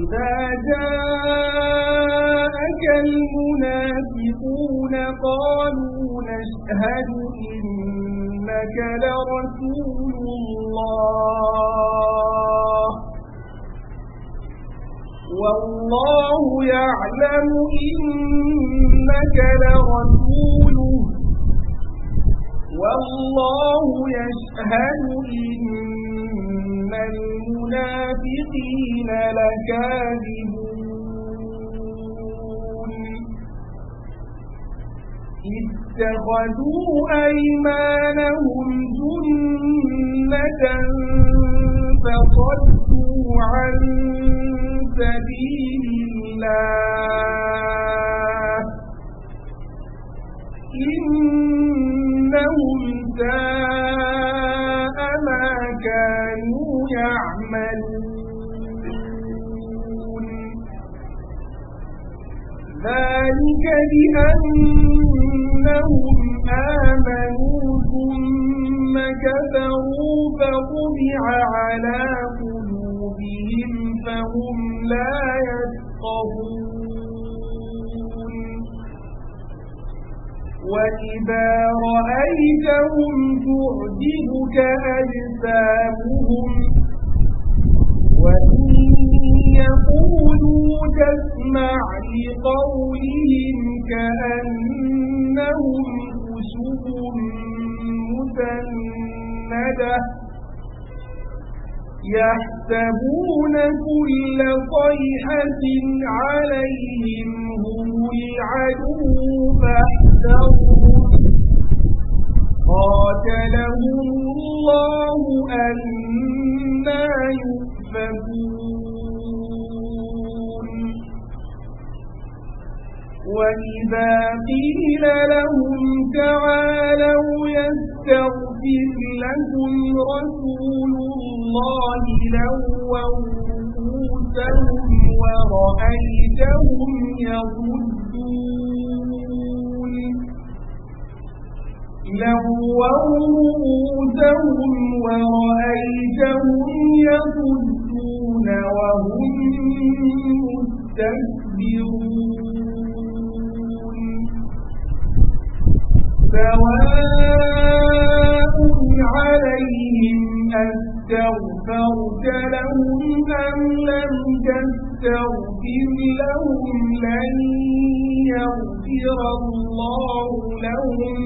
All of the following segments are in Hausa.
إذا جاءك المنافقون قالوا نشهد إنك لرسول الله والله يعلم إنك لرسول والله يشهد إن المنافقين لكاذبون اتخذوا أيمانهم جنة فصدوا عن سبيل الله إنهم ساء ما كانوا يعملون ذلك بأنهم آمنوا ثم كفروا فطبع على قلوبهم فهم لا يفقهون وَإِذَا رَأَيْتَهُمْ تُعْجِبُكَ أَجْسَامُهُمْ وَإِن يَقُولُوا تَسْمَعْ لِقَوْلِهِمْ كَأَنَّهُمْ خُشُبٌ مُّسَنَّدَةٌ يحسبون كل صيحة عليهم هم العدو فاحذرهم قاتلهم الله أنا يؤفكون وإذا قيل لهم تعالوا يستغفر لكم رسول الله لووا رؤوسهم ورأيتهم يردون لووا رؤوسهم ورأيتهم يصدون وهم مستكبرون سواء عليهم أستغفرت لهم أم لم تستغفر لهم لن يغفر الله لهم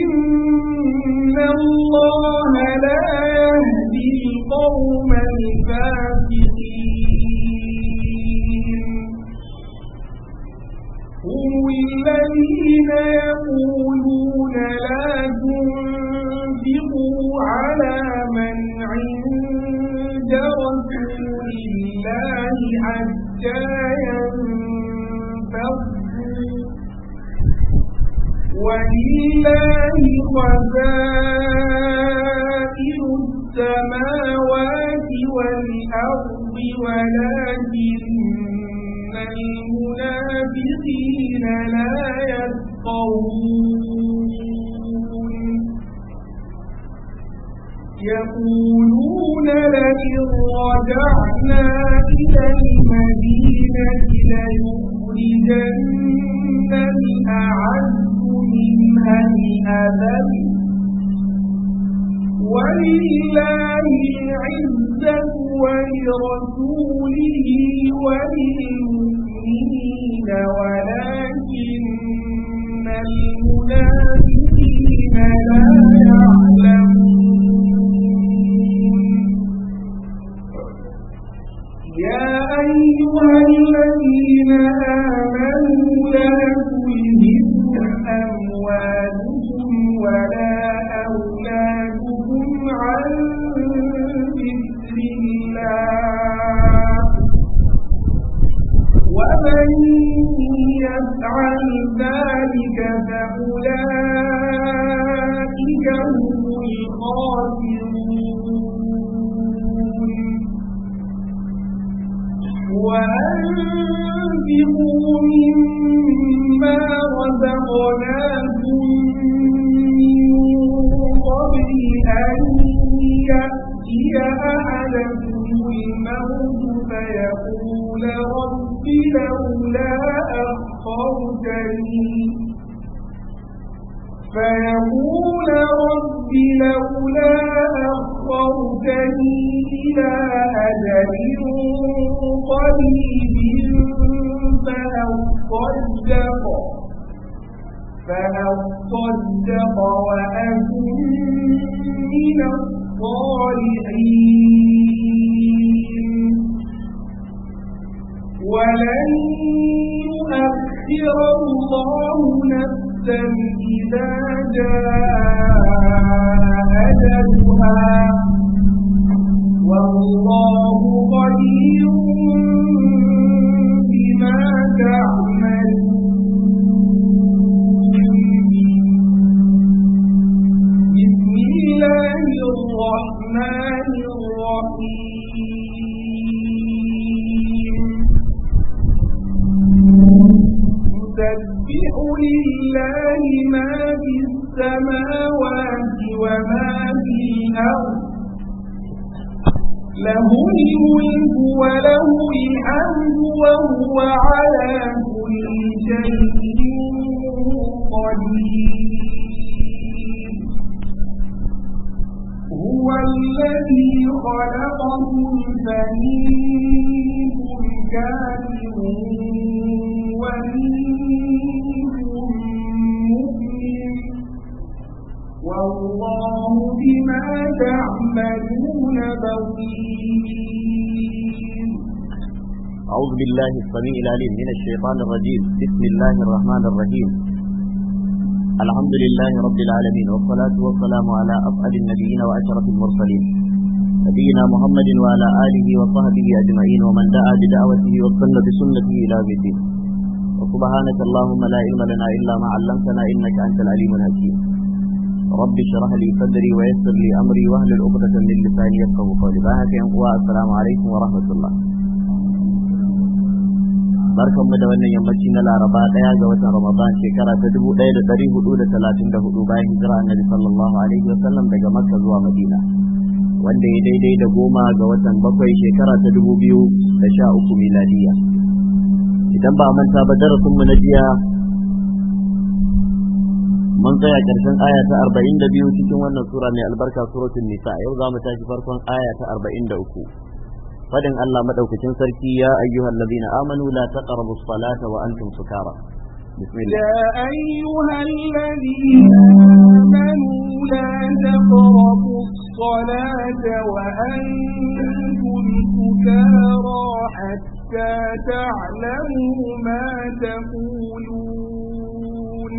إن الله لا يهدي القوم الفاسقين الذين يقولون لا تنفقوا على من عند رسول الله حتى ينفضوا ولله خزائن السماوات والأرض ولكن المنافقين لا يفقهون يقولون لئن رجعنا إلى المدينة ليخرجن الأعز منها الأذل ولله العزة ولرسوله وللمؤمنين الكافرين ولكن المنافقين لا يعلمون يا أيها الذين آمنوا لا أولئك هم الخاسرون وأنفقوا مما رزقناكم من قبل أن يأتي أحدكم الموت فيقول رب لولا أخرتني فيقول رب لولا أخرتني إلى أجل قريب فأصدق فأصدق وأكن من الصالحين ولن يؤخر الله نفسه نفسا إذا جاء أجلها والله قدير بما تعمل بسم الله الرحمن الرحيم يسبح لله ما في السماوات وما في الأرض له الملك وله الحمد وهو على كل شيء قدير هو الذي خلقكم فمنكم كافرون والله بما تعملون بصير أعوذ بالله السميع العليم من الشيطان الرجيم بسم الله الرحمن الرحيم الحمد لله رب العالمين والصلاة والسلام على أفعال النبيين وأشرف المرسلين نبينا محمد وعلى آله وصحبه أجمعين ومن دعا بدعوته وصل بسنته إلى الدين وسبحانك اللهم لا علم لنا إلا ما علمتنا إنك أنت العليم الحكيم رب اشرح لي صدري ويسر لي امري واهلل عقدة من لساني يفقهوا قولي باهك السلام عليكم ورحمة الله barkan mu da wannan yammaci na laraba daya ga watan ramadan shekara ta dubu ɗaya da ɗari hudu da talatin da hudu bayan hijira annabi sallallahu alaihi wa sallam daga makka zuwa madina wanda ya daidai da goma ga watan bakwai shekara ta dubu biyu da sha uku miladiya idan ba manta ba darasinmu na jiya من قيا كرسان آية أربعين دبيو تكون وانا سورة من البركة سورة النساء يوضع متاجي فرقان آية أربعين دوكو فدن الله مدوك تنسركي يا أيها الذين آمنوا لا تقربوا الصلاة وأنتم سكارى بسم الله يا أيها الذين آمنوا لا تقربوا الصلاة وأنتم سكارى حتى تعلموا ما تقولون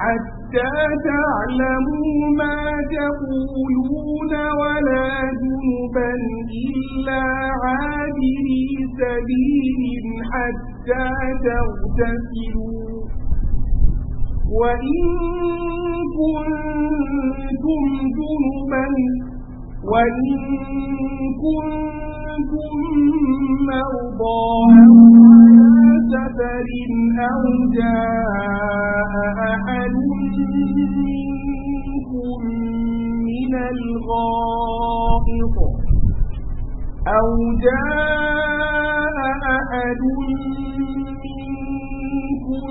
حتى تعلموا ما تقولون ولا جنبا إلا عابري سبيل حتى تغتسلوا وإن كنتم جنبا وإن كنتم مرضى على سفر أو جاء أحد منكم من الغائط أو جاء أحد منكم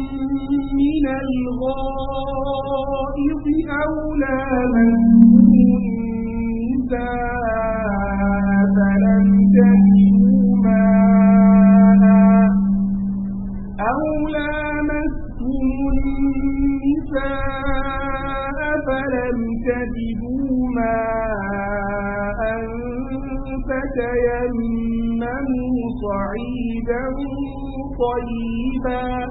من الغائط أو لامستم موسى النساء فلم صعيدا طيبا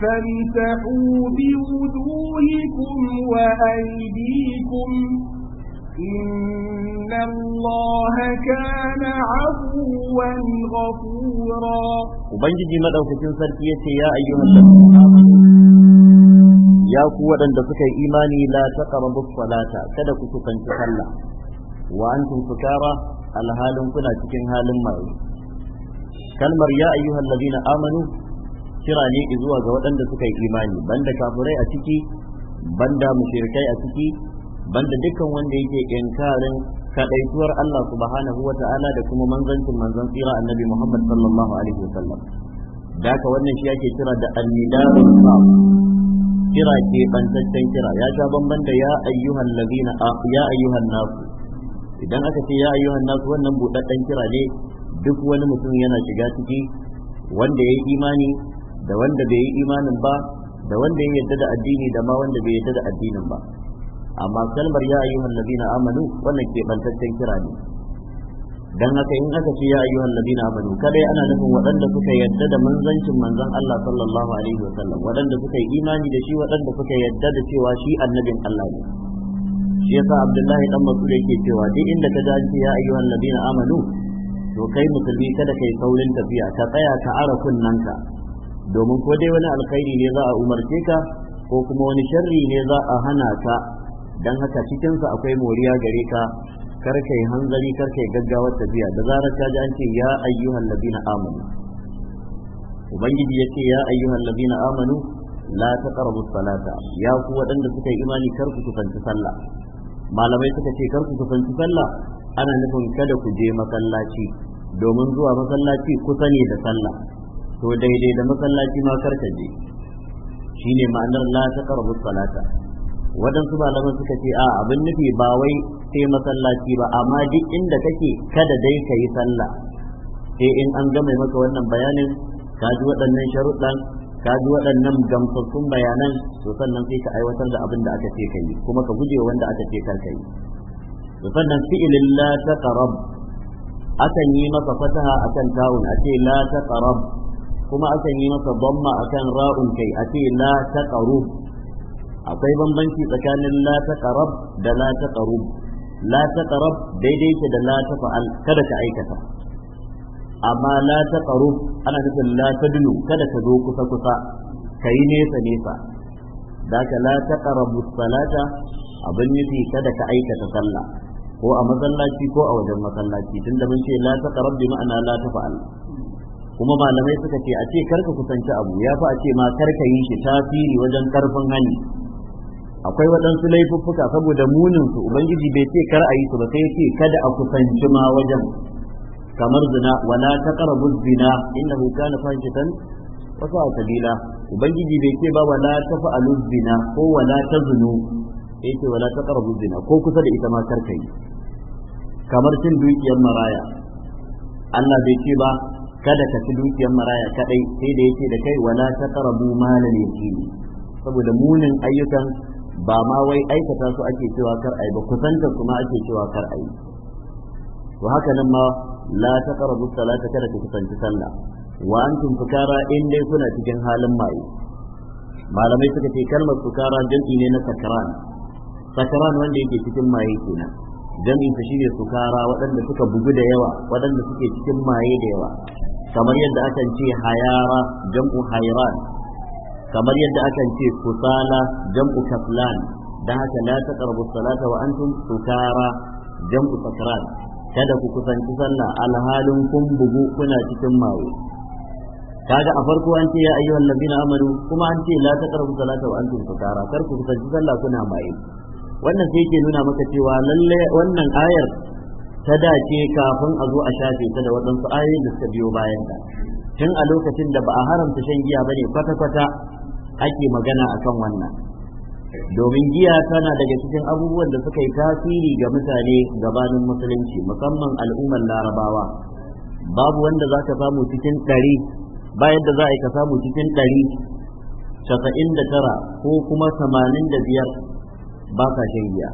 فامسحوا بوجوهكم وأيديكم إن الله كان عفوا غفورا وبنجي مدوكين سركي يا أيها ya ku waɗanda suka imani la taqrabu salata kada ku kusanci sallah wa antum sukara alhalin kuna cikin halin kalmar ya ayyuhal ladina amanu kira ne zuwa ga waɗanda suka yi imani banda kafirai a ciki banda mushrikai a ciki banda dukkan wanda yake inkarin kadaituwar Allah subhanahu wa ta'ala da kuma manzancin manzan tsira annabi Muhammad sallallahu alaihi wasallam da ka wannan shi yake kira da annidarul qam kira ke bantaccen kira ya ta bamban da ya ayyuhan ladina ya ayyuhan nas idan aka ce ya ayyuhan nas wannan budaddan kira ne duk wani mutum yana shiga ciki wanda ya yi imani da wanda bai yi imanin ba da wanda ya yarda da addini da ma wanda bai yarda da addinin ba amma kalmar ya ayyuhan ladina amanu wannan ke bantaccen kira ne dan haka in aka ce ya ayyuhan ladina amanu kadai ana nufin waɗanda suka yadda da manzancin manzan Allah sallallahu alaihi wa sallam waɗanda suka yi imani da shi waɗanda suka yadda da cewa shi annabin Allah ne shi yasa Abdullahi dan Mas'ud yake cewa duk inda ka ji ya ayyuhan ladina amanu to kai musulmi kada kai saurin tafiya ka tsaya ka ara kunnanka domin ko dai wani alkhairi ne za a umarce ka ko kuma wani sharri ne za a hana ka dan haka cikinsa akwai moriya gare ka karka yi hanzari karka yi gaggawar tafiya da zarar ka ji an ce ya ayyuhan ladina amanu ubangiji ya ce ya ayyuhan ladina amanu la taqrabu salata ya ku waɗanda suka yi imani kar ku kusanci sallah malamai suka ce kar ku kusanci sallah ana nufin kada ku je masallaci domin zuwa masallaci kusa ne da sallah to daidai da masallaci ma kar ka je shine ma'anar la taqrabu salata waɗansu malaman suka ce a abin nufi ba wai sai masallaci ba amma duk inda kake kada dai ka yi sallah sai in an gama maka wannan bayanin ka ji waɗannan sharuɗan ka ji waɗannan gamsassun bayanan to sannan sai ka aiwatar da abin da aka ce ka yi kuma ka guje wanda aka ce kar ka yi to sannan fi'ilin la taqrab akan yi masa fataha akan ta'un a ce la taqrab kuma akan yi masa dhamma akan ra'un kai a ce la taqrub akwai bambanci tsakanin la taqrab da la taqrub la taqrab daidai ke da la tafa'al kada ka aikata amma la taqrub ana nufin la tadnu kada ka zo kusa kusa kai nesa nesa ka la taqrabu salata abin nufi kada ka aikata sallah ko a masallaci ko a wajen masallaci tunda mun ce la taqrab bi ma'ana la tafa'al kuma malamai suka ce a ce karka kusanci abu ya fi a ce ma karka yi shi tasiri wajen karfin hani akwai waɗansu laifuffuka saboda munin su ubangiji bai ce kar a yi su ba sai ce kada a kusanci ma wajen kamar zina wala taqrabu zina innahu kana fahishatan wa sa'a sabila ubangiji bai ce ba wala tafa'alu zina ko wala tazunu Ya ce wala taqrabu zina ko kusa da ita ma kar kai kamar cin dukiyar maraya Allah bai ce ba kada ka ci dukiyar maraya kadai sai da yake da kai wala taqrabu malal yatimi saboda munin ayyukan ba ma wai aikata su ake cewa kar ai ba kusanta kuma ake cewa kar ai to haka nan ma la taqrabu salata kada ku kusanci sallah wa antum fukara in dai kuna cikin halin maye malamai suka ce kalmar fukara jam'i ne na sakaran sakaran wanda yake cikin maye kenan jam'in ta shine sukara waɗanda suka bugu da yawa waɗanda suke cikin maye da yawa kamar yadda akan ce hayara jam'u hayran kamar yadda akan ce kusala jam'u kaflan dan haka la taqrabu salata wa antum sukara jam'u sakran kada ku kusanci sallah alhalin kun bugu kuna cikin maye kaga a farko an ce ya ayyuhal ladina amanu kuma an ce la taqrabu salata wa antum sukara kar ku kusanci sallah kuna maye wannan sai yake nuna maka cewa lalle wannan ayar ta dace kafin a zo a shafe ta da waɗansu ayoyin da suka biyo bayan ta tun a lokacin da ba a haramta shan giya bane kwata-kwata ake magana a kan wannan domin giya tana daga cikin abubuwan da suka yi tasiri ga mutane gabanin musulunci musamman al'ummar larabawa babu wanda za ka samu cikin ɗari ba yadda za a yi ka samu cikin ɗari casa'in da tara ko kuma samanin da biyar ba ka shan giya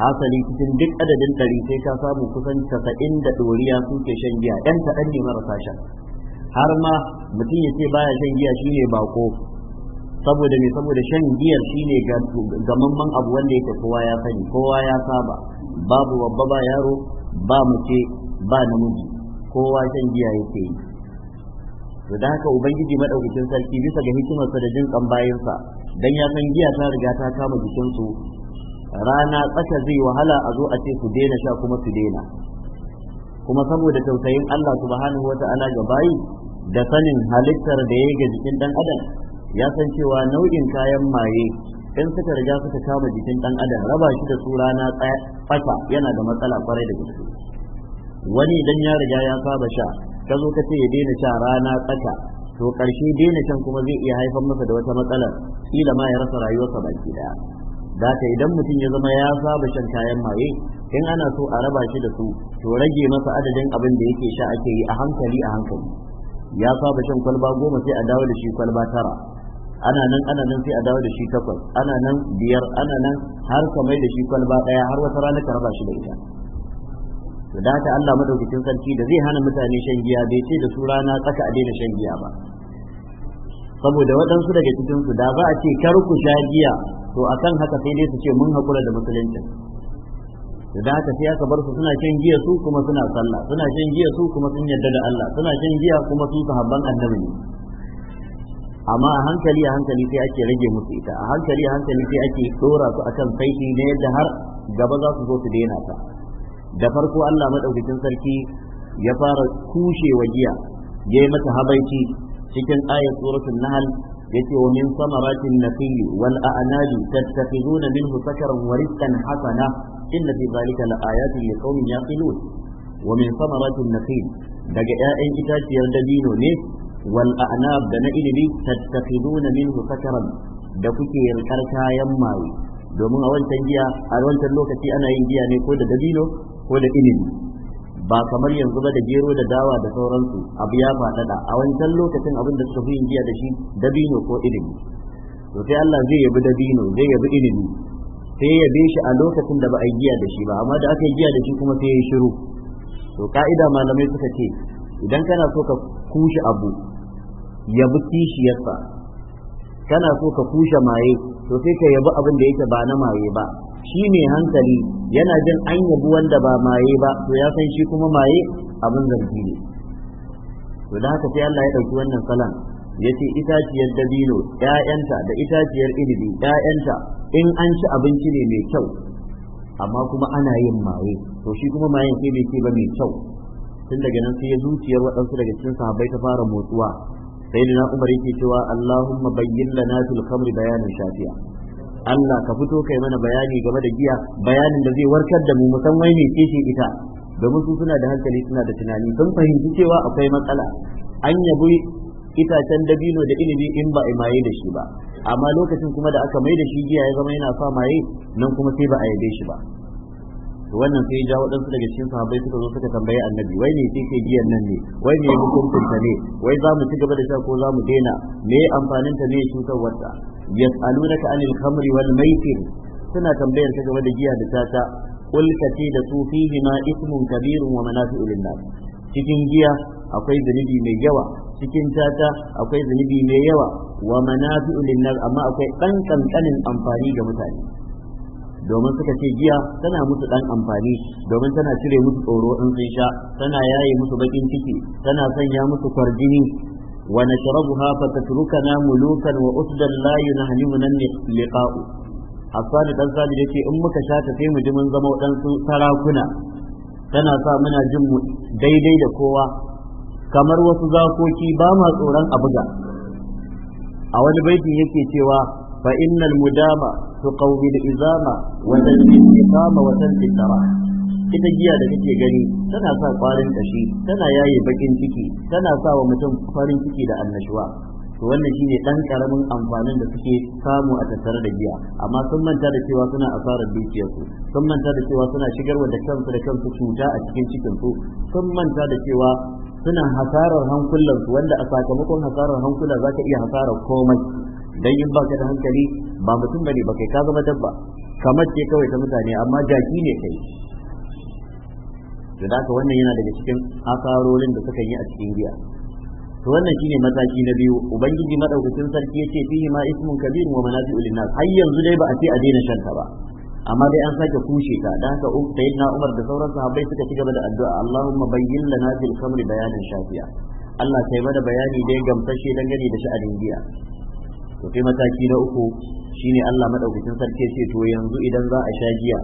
hasali cikin duk adadin ɗari sai ka samu kusan casa'in da ɗoriya suke shan giya ɗan kaɗan ne marasa shan har ma mutum ya ce baya shan giya shine bako saboda me saboda shan giyar shine gamamman abu wanda yake kowa ya sani kowa ya saba babu babba ba yaro ba mace ba namiji kowa shan giya yake yi to da haka ubangiji madaukakin sarki bisa ga hikimarsa da jin kan bayansa dan ya san giya ta riga ta kama jikinsu rana tsaka zai wahala a zo a ce su daina sha kuma su daina kuma saboda tausayin Allah subhanahu wata'ala ga bayi da sanin halittar da ya ga jikin dan adam ya san cewa nau'in kayan maye in suka riga suka kama jikin dan adam raba shi da su rana fasa yana da matsala kwarai da gaske wani idan ya riga ya saba sha ka zo ka ce ya daina sha rana tsaka to karshe daina shan kuma zai iya haifar masa da wata matsala kila ma ya rasa rayuwarsa baki daya da ka idan mutum ya zama ya saba shan kayan maye in ana so a raba shi da su to rage masa adadin abin da yake sha ake yi a hankali a hankali ya saba shan kwalba goma sai a dawo da shi kwalba tara ana nan ana nan sai a dawo da shi takwas ana nan biyar ana nan har ka mai da shi kwalba daya har wata rana ka raba shi da ita to da haka Allah madaukakin sarki da zai hana mutane shan giya bai ce da su rana tsaka a daina shan giya ba saboda waɗansu daga cikin su da za a ce kar ku sha giya to akan haka sai dai su ce mun hakura da musulunci da haka sai aka bar su suna shan giya su kuma suna sallah suna shan giya su kuma sun yarda da Allah suna shan giya kuma su sahabban annabi amma a hankali a hankali sai ake rage musu ita a hankali a hankali sai ake dora su akan saiti na yadda har gaba za su zo su daina ta da farko Allah madaukakin sarki ya fara kushe wa giya ya yi mata habaici cikin ayat suratul nahl yace wa min samaratin nafiy wal a'nadi tattakhizuna minhu sakaran wa rizqan hasana inna fi dhalika laayatin liqaumin yaqilun wa min samaratin nafiy daga 'ya'yan itaciyar dabino ne wal a'nab da na ilimi tattakhiduna minhu sakaran da kuke rikar kayan maye domin a wancan giya a wancan lokaci ana yin giya ne ko da dabino ko da ilimi ba kamar yanzu ba da gero da dawa da sauransu abu ya faɗaɗa a wancan lokacin abin da suka fi yin giya da shi dabino ko ilimi to sai Allah zai yabi dabino zai yabi ilimi sai ya yabe shi a lokacin da ba a yi giya da shi ba amma da aka yi giya da shi kuma sai ya shiru to ka'ida malamai suka ce idan kana so ka kushe abu bi kishiyarsa kana so ka kushe maye to sai ka yabi abin da yake ba na maye ba shi mai hankali yana jin an yabi wanda ba maye ba to ya san shi kuma maye abin zargi ne to da haka sai Allah ya ɗauki wannan salan yace itaciyar dabino 'ya'yanta da itaciyar inibi 'ya'yanta in an ci abinci ne mai kyau amma kuma ana yin maye to shi kuma mayen sai bai ce ba mai kyau tun daga nan sai ya zuciyar waɗansu daga cikin sahabbai ta fara motsuwa sai na umar yake cewa allahumma bayyin lana fil khamri bayanin shafiya Allah ka fito kai mana bayani game da giya bayanin da zai warkar da mu musamman ne ce ita domin su suna da hankali suna da tunani sun fahimci cewa akwai matsala an yabi itacen dabino da ilimi in ba a maye da shi ba amma lokacin kuma da aka mai da shi giya ya zama yana sa maye nan kuma sai ba a yabe shi ba wannan sai ja waɗansu daga cikin sahabbai suka zo suka tambayi annabi wai ne kike giyan nan ne wai ne hukuncin ne wai za mu ci gaba da sha ko za mu daina me amfanin ta ne cutarwar ta yas'alunaka anil khamri wal maitir suna tambayar ka game da giya da tata kul da su fihi ma ismun kabirun wa manafi'u lin-nas cikin giya akwai zunubi mai yawa cikin tata akwai zunubi mai yawa wa manafi'u lin amma akwai ɗan kankanin amfani ga mutane domin suka ce giya tana musu dan amfani domin tana cire musu tsoro in sun sha tana yaye musu bakin ciki tana sanya musu kwarjini wa nashrabuha fatatrukana mulukan wa usdan la yunahnimuna liqa'u Hassan dan Sadi yace in muka sha ta sai mu ji mun zama wadansu sarakuna tana sa muna jin mu daidai da kowa kamar wasu zakoki ba ma tsoron a buga a wani baiti yake cewa فإن المدامة تقوي الإزامة وتنفي الإقامة وتنفي السراح ita giya da kake gani tana sa kwarin kashi tana yaye bakin ciki tana sa wa mutum farin ciki da annashuwa to wannan shine dan karamin amfanin da suke samu a tattare da giya amma sun manta da cewa suna asarar dukiyarsu sun manta da cewa suna shigar da kansu da kansu cuta a cikin cikin su sun manta da cewa suna hasarar hankulansu wanda a sakamakon hasarar hankula zaka iya hasarar komai dan in baka da hankali ba mutum bane ba kai ka kamar ce kawai ta mutane amma jaki ne kai to da wannan yana daga cikin asarorin da suka yi a cikin giya to wannan shine mataki na biyu ubangiji madaukakin sarki yace fihi ma ismun kabir wa manafi'u linnas har yanzu dai ba a ce a daina shan ta ba amma dai an sake kushe ta dan haka sayyidina Umar da sauran sahabbai suka ci gaba da addu'a Allahumma bayyin lana fil khamri bayanin shafiya Allah kai mana bayani dai gamsashe dangane da sha'anin giya to sai mataki na uku shine Allah madaukakin sarki ce to yanzu idan za a sha giya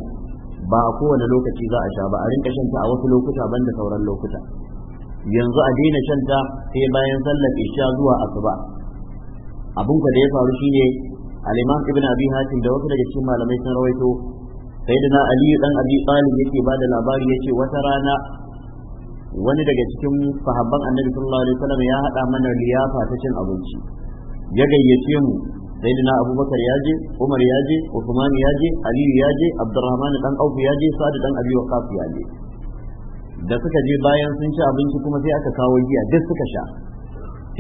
ba a kowane lokaci za a sha ba a rinka shan ta a wasu lokuta banda sauran lokuta yanzu a daina shan ta sai bayan sallar isha zuwa asuba abun da ya faru shine al-Imam Ibn Abi Hatim da wasu daga cikin malamai sun rawaito sayyidina Ali dan Abi Talib yake bada labari yace wata rana wani daga cikin sahabban Annabi sallallahu alaihi wasallam ya hada mana liyafa ta cin abinci ya gayyace mu sayyidina abubakar ya je umar ya je usman ya je aliyu ya je abdurrahman dan auf ya je sa'ad dan abi waqaf ya je da suka je bayan sun ci abinci kuma sai aka kawo giya duk suka sha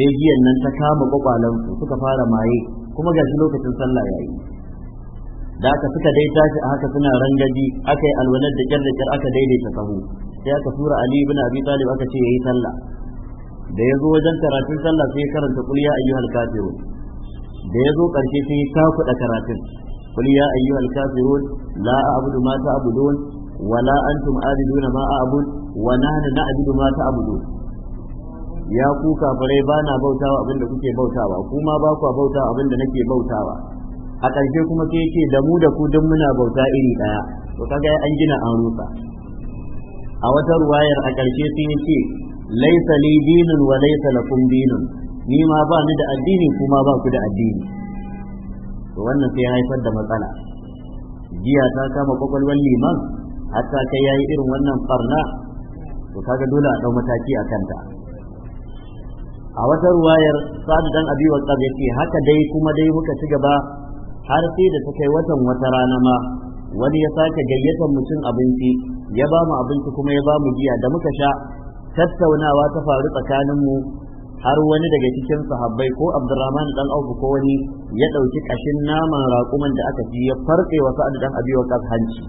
sai giyan nan ta kama kwakwalansu suka fara maye kuma gashi lokacin sallah ya yi. da aka suka dai tashi a haka suna rangaji aka yi alwalar da kyar da kyar aka daidaita sahu sai aka tura ali ibn abi talib aka ce yayi sallah da ya zo wajen karatun sallah sai ya karanta kul ya ayyuhal kafirun da ya zo karshe sai ya takuda karatun kul ya ayyuhal kafirun la a'budu ma ta'budun la antum a'buduna ma a'bud wa nahnu na'budu ma ta'budun ya ku kafirai ba na bautawa abinda kuke bautawa kuma ba ku bautawa abinda nake bautawa a ƙarshe kuma sai yake da mu da ku duk muna bauta iri ɗaya to kaga an gina an rusa a wata ruwayar a ƙarshe sai yake laisa li dinun wa laisa lakum dinun ni ma ba ni da addini kuma ba ku da addini to wannan sai ya haifar da matsala jiya ta kama kwakwalwar liman hatta kai yayi irin wannan farna to kaga dole a dau mataki a kanta a wata ruwayar sa'adu dan abi wa yace haka dai kuma dai muka ci gaba har sai da ta kai watan wata rana ma wani ya sake gayyatar mutum abinci ya ba mu abinci kuma ya ba mu jiya, da muka sha tattaunawa ta faru tsakanin mu har wani daga cikin sahabbai ko Abdurrahman dan abu ko wani ya dauki kashin naman raƙuman da aka ji ya farke wa sa'ad dan Abi Waqqas hanci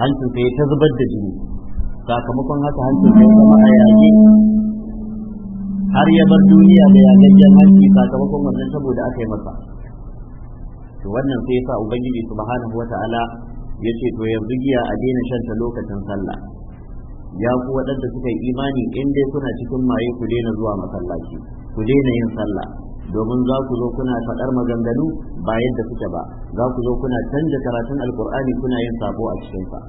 hancin sai ta zubar da jini sakamakon haka hancin sai zama a har ya bar duniya da yagaggen hanci sakamakon wannan saboda aka yi masa to wannan sai ya sa ubangiji subhanahu wata'ala yace to yanzu giya a daina shan lokacin sallah ya ku waɗanda suka yi imani in dai kuna cikin maye ku daina zuwa masallaci ku daina yin sallah domin za ku zo kuna faɗar maganganu ba yadda kuke ba za ku zo kuna canza karatun alkur'ani kuna yin sabo a cikinsa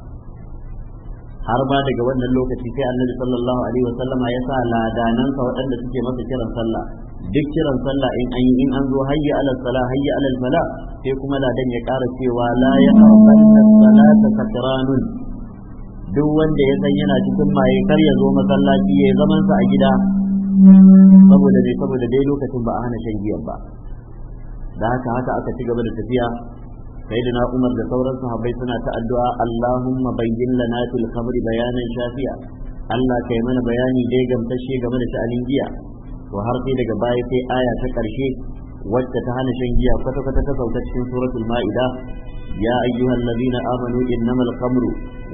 har ba daga wannan lokaci sai annabi sallallahu alaihi wasallam ya sa ladanansa waɗanda suke masa kiran sallah duk kiran sallah in an in an zo hayya ala sala hayya ala sai kuma ladan ya ƙara cewa la ya salata sakranun duk wanda ya san yana cikin maye kar ya zo masallaci ya zaman sa a gida saboda dai saboda dai lokacin ba a hana shan giyan ba da haka haka aka ci gaba da tafiya da Umar da sauran sahabbai suna ta addu'a Allahumma bayyin lana fil khamri bayanan shafiya Allah kai mana bayani dai gamsashe game da sha'anin giya to har sai daga baya sai aya ta karshe wacce ta hana shan giya kwata kwata ta sauka cikin suratul ma'ida يا أيها الذين آمنوا إنما الخمر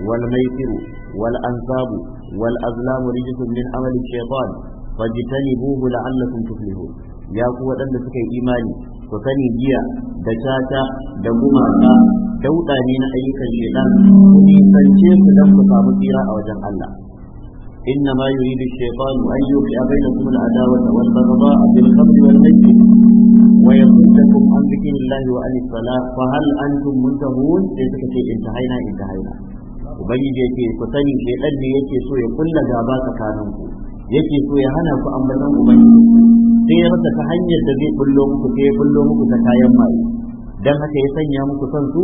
والميسر والأنصاب والأظلام رجس من عمل الشيطان فاجتنبوه لعلكم تفلحون يا قوة أن سكي إيماني وسني جيا دشاتا دموماتا dauda ne na ayyukan shaitan ku nisance ku dan ku samu tsira a wajen Allah إنما يريد الشيطان أن يوقع بينكم العداوة والبغضاء في الخمر والميسر ويصدكم عن ذكر الله وعن الصلاة فهل أنتم منتهون؟ ليس انتهينا انتهينا ubangiji yake ku sani shaidan ne yake so ya kulla gaba tsakanin ku yake so ya hana ku ambatan ubangiji sai ya rasa ta hanyar da zai bullo muku sai ya muku ta kayan maye dan haka ya sanya muku son su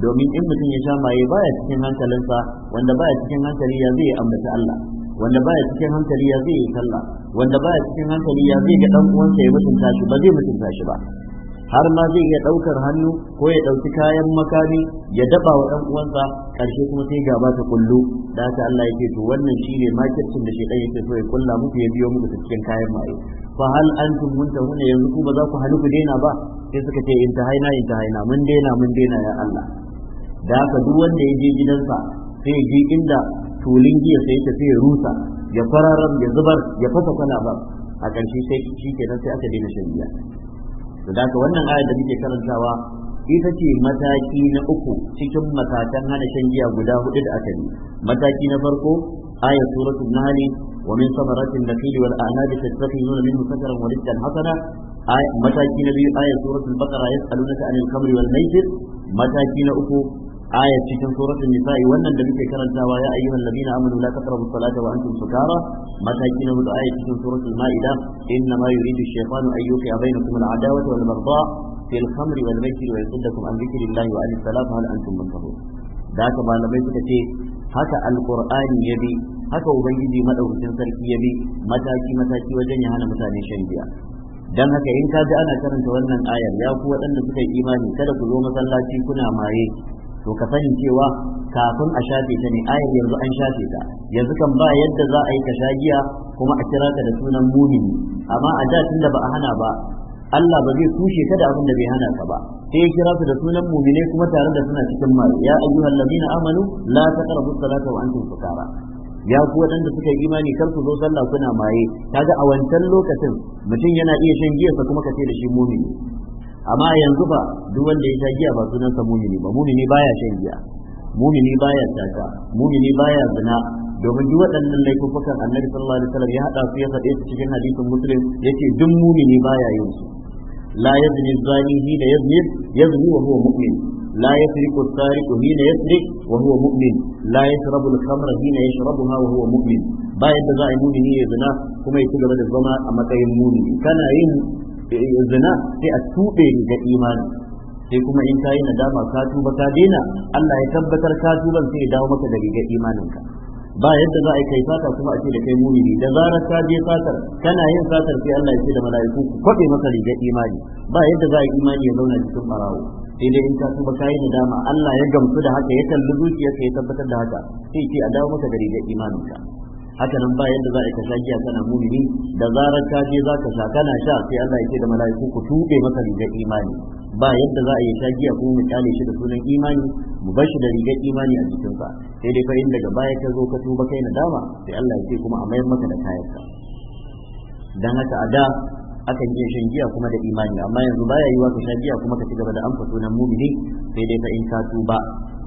domin in mutum ya sha maye baya cikin hankalinsa wanda baya cikin hankali ya zai ambaci Allah wanda baya cikin hankali ya zai yi sallah wanda baya cikin hankali ya zai ga dan ya mutunta shi ba zai mutunta shi ba har ma zai iya ɗaukar hannu ko ya ɗauki kayan makami ya daba wa dan ƙarshe kuma sai ba ta kullu da ta Allah yake to wannan shi ne makircin da shedan yake so ya kulla muku ya biyo muku cikin kayan maye fa hal antum muntahuna yanzu ku ba za ku halu ku daina ba sai suka ce ta haina mun daina mun daina ya Allah da haka duk wanda ya je gidansa sai ya je inda tulin giya sai ta sai rusa ya fararar ya zubar ya fasa kwalaban a ƙarshe sai shi kenan sai aka daina shan giya da ka wannan ayar da muke karantawa ita ce mataki na uku cikin matakan hana shan giya guda hudu da aka yi mataki na farko min سورة النهل ومن ثمرات النخيل والأعناب تتخذون منه سكرا ورزقا حسنا آية متى كنا آية سورة البقرة يسألونك عن الخمر والميسر Mataki na uku. aya cikin suratul nisa'i wannan da muke karantawa ya ayyuhal ladina amanu la taqrabu salata wa antum sukara mataki na hudu aya cikin suratul ma'ida inna ma yuridu shaytanu an yuqi'a bainakum al-adawata wal baghdha fil khamri wal maisir wa an dhikrillahi wa anis salati hal antum muntahu da haka malamai suka ce haka alqur'ani ya bi haka ubangiji madaukakin sarki ya bi mataki mataki wajen ya hana mutane shan dan haka in ka ji ana karanta wannan ayar ya ku waɗanda suka yi imani kada ku zo masallaci kuna maye to ka sani cewa kafin a shafe ta ne ayar yanzu an shafe ta yanzu kan ba yadda za a yi ka sha giya kuma a kira ka da sunan mumini amma a da tunda ba a hana ba Allah ba zai tushe ka da abin da bai hana ka ba sai ya kira su da sunan mumine kuma tare da suna cikin mai ya ayyuhal ladina amanu la taqrabu salata wa antum sukara ya ku waɗanda suka yi imani kar ku zo sallah kuna maye kaga a wancan lokacin mutum yana iya shan giyarsa kuma ka ce da shi mumini amma yanzu ba duk wanda ya sha giya ba sunansa mumini ba mumini baya shan giya mumini baya sata mumini baya zina domin duk waɗannan laifukan annabi sallallahu alaihi wasallam ya hada su ya faɗe su cikin hadisin muslim yace duk mumini baya yin su la yazni zani hina yazni yazni wa huwa mu'min لا يسرق السارق حين يسرق وهو مؤمن لا يشرب الخمر حين يشربها وهو مؤمن ba yadda za a yi mumini ya zina kuma ya ci da zama a matsayin mumini kana yin zina sai a ni rigar imani sai kuma in ka yi nadama ka tuba ka daina Allah ya tabbatar ka tuba sai ya dawo maka da rigar imaninka ba yadda za a kai fata kuma a ce da kai mumini da zarar ka je fatar kana yin fatar sai Allah ya ce da mala'iku ku kwabe maka rigar imani ba yadda za a yi imani ya zauna cikin barawo sai dai in ka tuba ka yi nadama Allah ya gamsu da haka ya kalli zuciyarka ya tabbatar da haka sai ce a dawo maka da rigar imaninka haka nan bayan da za a sha giya kana mumini da zarar ka je za ka sha kana sha sai Allah ya ce da mala'iku ku tuɓe maka rigar imani ba yadda za a yi sha giya kuma mu kyale shi da sunan imani mu bar shi da rigar imani a jikinsa sai dai fa in daga baya ka zo ka tuba kai nadama sai Allah ya ce kuma a mayar maka da kayanka dan haka a da akan iya shan giya kuma da imani amma yanzu baya yiwa ka sha giya kuma ka ci gaba da amsa sunan mumini sai dai fa in ka tuba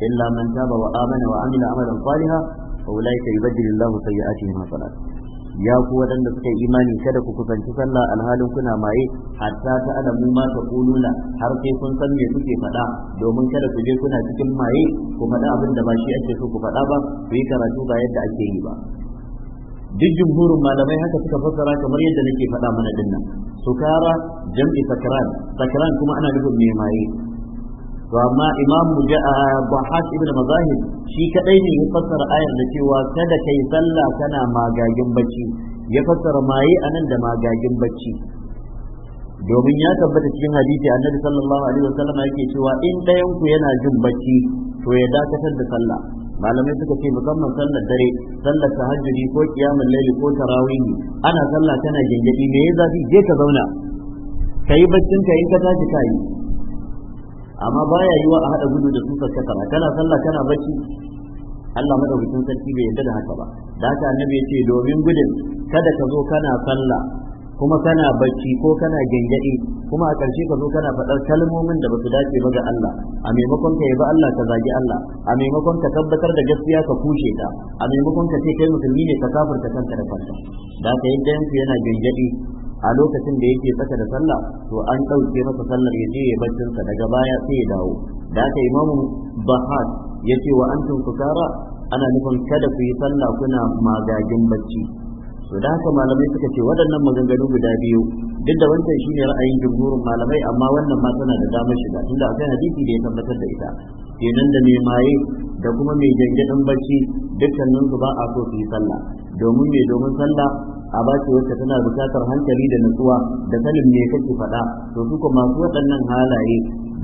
illa man taba wa amana wa amila amalan salihan fa ulaika yubaddilu Allahu sayyi'atihim hasanat ya ku waɗanda suka yi imani kada ku kusanci sallah alhalin kuna maye hatta ta alamu ma ta har sai kun san me kuke faɗa domin kada ku je kuna cikin maye ku faɗa abin da ba shi ake so ku faɗa ba ku yi karatu ba yadda ake yi ba duk jumhurin malamai haka suka fassara kamar yadda nake faɗa mana dinnan sukara jam'i sakran sakran kuma ana nufin mai maye to amma imam bahas ah, ibn mazahib shi kadai ne ya fassara ayar da cewa kada kai sallah kana magagin bacci ya fassara maye anan da magagin bacci domin ya tabbata cikin hadisi annabi sallallahu alaihi wasallam yake cewa in ɗayan ku yana jin bacci to ya dakatar da sallah malamai suka ce musamman sallar dare sallar tahajjudi ko kiyamul laili ko tarawihi ana sallah tana gengedi me ya zafi je ka zauna kai baccin ka in ka tashi amma baya yiwa a hada gudu da susar kasara kana sallah kana barci? Allah madaukakin sarki bai yarda da haka ba da haka annabi ya ce domin gudun kada ka zo kana sallah kuma kana barci ko kana gyangyaɗe kuma a ƙarshe ka zo kana faɗar kalmomin da basu dace ba ga Allah a maimakon ka yabi Allah ka zagi Allah a maimakon ka tabbatar da gaskiya ka kushe ta a maimakon ka ce kai musulmi ne ka kafirta kanka da kanka da haka yadda yanku yana gyangyaɗe a lokacin da yake tsaka da sallah to an ɗauke masa sallar ya je ya sa daga baya sai ya dawo da aka imamu bahad ya ce wa antum sukara ana nufin kada ku yi sallah kuna magagin bacci to da haka malamai suka ce waɗannan maganganu guda biyu duk da wancan shine ra'ayin jumhurin malamai amma wannan ma tana da damar shiga tunda akwai hadisi da ya tabbatar da ita kenan da mai maye da kuma mai jangadin bacci dukkanin su ba a so su yi sallah domin mai domin sallah a bace wacce tana bukatar hankali da nutsuwa da sanin me kake faɗa to su kuma masu waɗannan halaye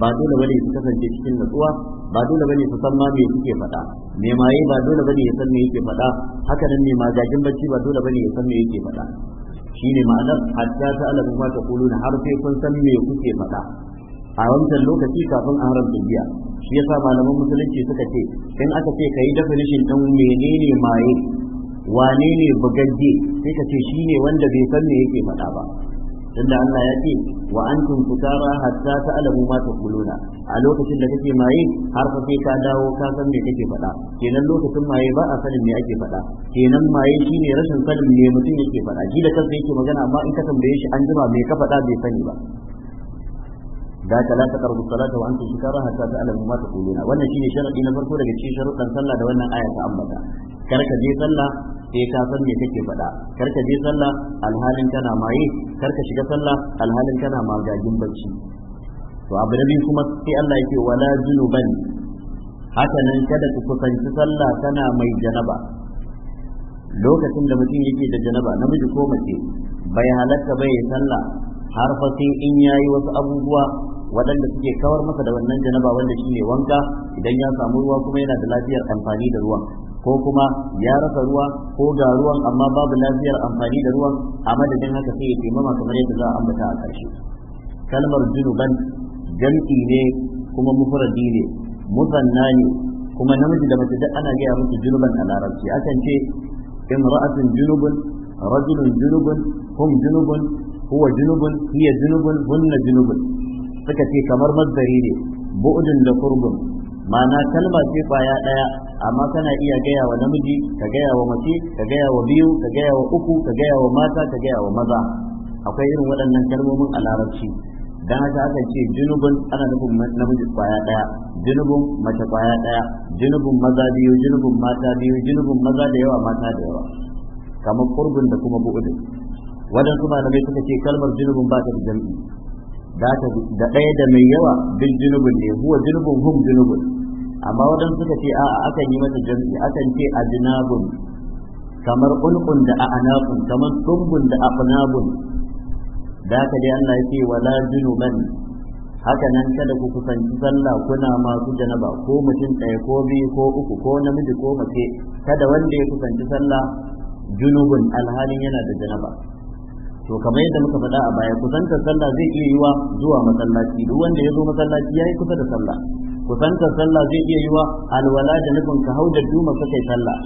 ba dole bane su kasance cikin nutsuwa ba dole bane su san ma me suke faɗa me maye ba dole bane ya san me yake faɗa haka nan ne magajin bacci ba dole bane ya san me yake faɗa shine ma'anar hatta ta alamu ma ta kuluna har sai kun san me kuke faɗa a wancan lokaci kafin a haram dubiya shi yasa malaman musulunci suka ce in aka ce ka yi definition ɗin menene maye wane ne bugagge sai ka ce shi ne wanda bai san me yake faɗa ba tunda Allah ya ce wa antum sukara hatta ta'lamu ma taquluna a lokacin da kake maye har fa sai ka dawo ka san me kake faɗa kenan lokacin maye ba a sanin me ake faɗa kenan maye shine rashin sanin me mutum yake faɗa shi da kansa yake magana amma in ka tambaye shi an jima me ka faɗa bai sani ba ذاك لا تقربوا الصلاة وأنتم سكارى حتى تعلموا ما تقولون وأن شيء شرط إن فرقوا لك شيء شرط أن صلى وأن آية تأمتا كرك دي صلى sai ka san me kake faɗa kar ka je sallah alhalin kana maye kar ka shiga sallah alhalin kana magagin bacci to abu kuma sai Allah yake wala junuban haka nan kada ku kusanci sallah mai janaba lokacin da mutum yake da janaba namiji ko mace bai halatta bai sallah har fa sai in yayi wasu abubuwa waɗanda suke kawar masa da wannan janaba wanda shine wanka idan ya samu ruwa kuma yana da lafiyar amfani da ruwan ko kuma ya rasa ruwa ko ga ruwan amma babu lafiyar amfani da ruwan a madadin haka sai ya taimama kamar yadda za a ambata a ƙarshe kalmar junuban jam'i ne kuma mufradi ne musanna ne kuma namiji da mace duk ana gaya musu junuban a larabci akan ce ra'asin junubun rajulun junubun hum junubun huwa junubun hiya junubun hunna junubun suka ce kamar mazdari ne bu'udun da kurbun ma'ana kalma ce kwaya daya amma kana iya gaya wa namiji ka gaya wa mace ka gaya wa biyu ka gaya wa uku ka gaya wa mata ka gaya wa maza akwai irin waɗannan kalmomin a larabci dan haka aka ce junubun ana nufin namiji kwaya daya junubun mace kwaya daya junubun maza biyu junubun mata biyu junubun maza da yawa mata da yawa kamar kurbun da kuma bu'udun waɗansu malamai suka ce kalmar junubun ba ta da jam'i da ɗaya da mai yawa duk junubun ne huwa junubun hum junubun amma wadan suka ce a'a akan yi mata jam'i akan ce ajnabun kamar ulqun da a a'naqun kamar dumbun da aqnabun da ka dai Allah yake wala junuban haka nan kada ku kusanci sallah kuna masu janaba ko mutum ɗaya ko biyu ko uku ko namiji ko mace kada wanda ya kusanci sallah junubun alhalin yana da janaba to kamar yadda muka faɗa a baya kusantar sallah zai iya yiwa zuwa masallaci duk wanda ya zo masallaci ya yi kusa da sallah kusantar sallah zai iya yiwa alwala da nufin ka hau da duma ka kai sallah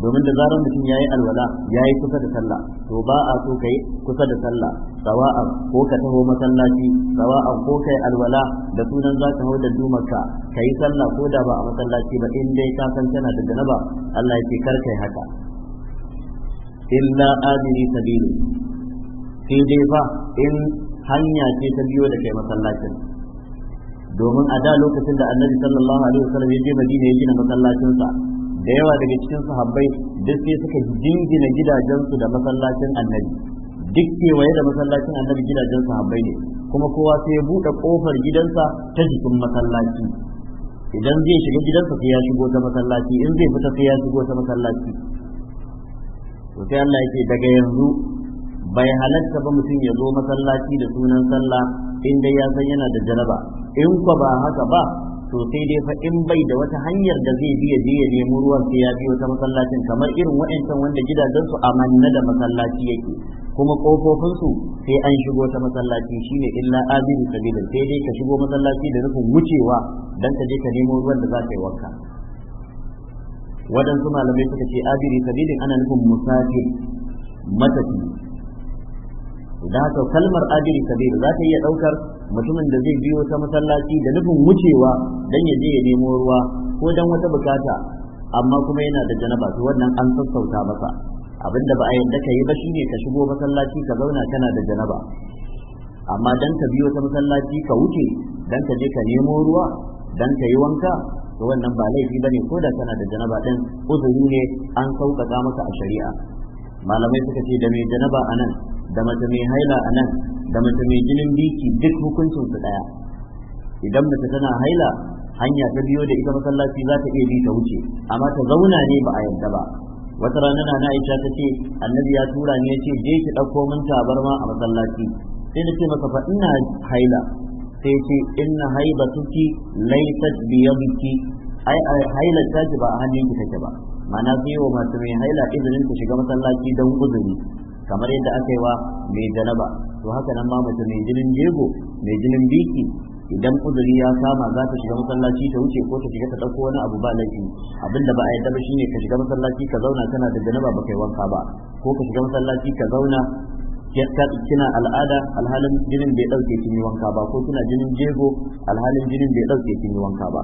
domin da zarar mutum ya yi alwala ya yi kusa da sallah to ba a so ka yi kusa da sallah sawa'an ko ka taho masallaci sawa'an ko kai alwala da sunan za ka hau da ka yi sallah ko da ba a masallaci ba in dai ka san tana da janaba Allah ya ce kar ka yi haka illa adiri sabilu sai dai fa in hanya ce ta biyo da kai masallacin domin a da lokacin da annabi sallallahu alaihi wasallam ya je madina ya gina masallacinsa da yawa daga cikin sahabbai duk sai suka jingina gidajensu da masallacin annabi duk kewaye da masallacin annabi gidajen sahabbai ne kuma kowa sai ya buɗe ƙofar gidansa ta jikin masallaci idan zai shiga gidansa sai ya shigo ta masallaci in zai fita sai ya shigo ta masallaci to sai Allah yake daga yanzu bai halatta ba mutum ya zo masallaci da sunan sallah in dai ya san yana da janaba in ko ba haka ba to sai dai fa in bai da wata hanyar da zai biya je ya nemi ruwan sai ya biyo ta masallacin kamar irin wa'ancan wanda gidajen su amanna da masallaci yake kuma kofofin su sai an shigo ta masallaci shine illa azimi sabilin sai dai ka shigo masallaci da nufin wucewa dan ka je ka nemo ruwan da za ka yi wanka waɗansu malamai suka ce abiri sabilin ana nufin musafir matafi da haka kalmar ajiri kabir za ta iya daukar mutumin da zai biyo ta masallaci da nufin wucewa dan ya je ya nemo ruwa ko dan wata bukata amma kuma yana da janaba to wannan an sassauta masa abinda ba a yadda ka yi ba shine ka shigo masallaci ka zauna kana da janaba amma dan ka biyo ta masallaci ka wuce dan ka je ka nemo ruwa dan ka yi wanka to wannan ba laifi bane ko da kana da janaba din uzuri ne an sauƙaƙa masa a shari'a malamai suka ce da mai janaba a nan da mace mai haila a nan da mace mai jinin biki duk hukuncin su daya idan mace tana haila hanya ta biyo da ita masallaci za ta iya bi ta wuce amma ta zauna ne ba a yadda ba wata rana na Aisha ta ce annabi ya tura ne ya ce je ki ɗauko min tabarma a masallaci sai na ce masa fa ina haila sai ce inna haibatuki laysat biyadiki ai haila ta ba a hannunki take ba mana su yi wa masu mai haila izinin su shiga masallaci don uzuri kamar yadda aka yi wa mai janaba to haka nan ma mutum mai jinin jego mai jinin biki idan uzuri ya kama za ta shiga masallaci ta wuce ko ta shiga ta ɗauko wani abu ba laifi abinda ba a yadda ba shine ka shiga masallaci ka zauna kana da janaba ba kai wanka ba ko ka shiga masallaci ka zauna kina al'ada alhalin jinin bai ɗauke kin yi wanka ba ko kina jinin jego alhalin jinin bai ɗauke kin yi wanka ba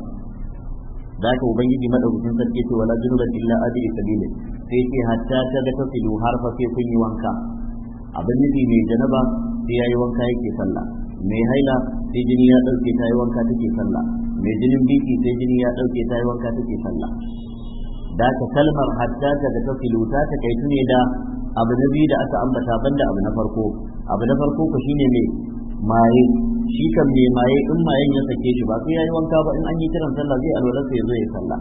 da haka ubangiji madaukakin sarki ce wala junuban illa adri sabili sai ce hatta ta ga tasilu har fa sai wanka abin nufi mai janaba sai yayi wanka yake sallah mai haila sai jini ya dauke ta yi wanka take sallah mai jinin biki sai jini ya dauke ta yi wanka take sallah da haka kalmar hatta ta ga tasilu ta ta kai ne da abu na biyu da aka ambata banda abu na farko abu na farko ku shine mai maye shi kan mai maye in mayen ya sake shi ba sai yayi wanka ba in an yi kiran sallah zai alwala sai zo ya sallah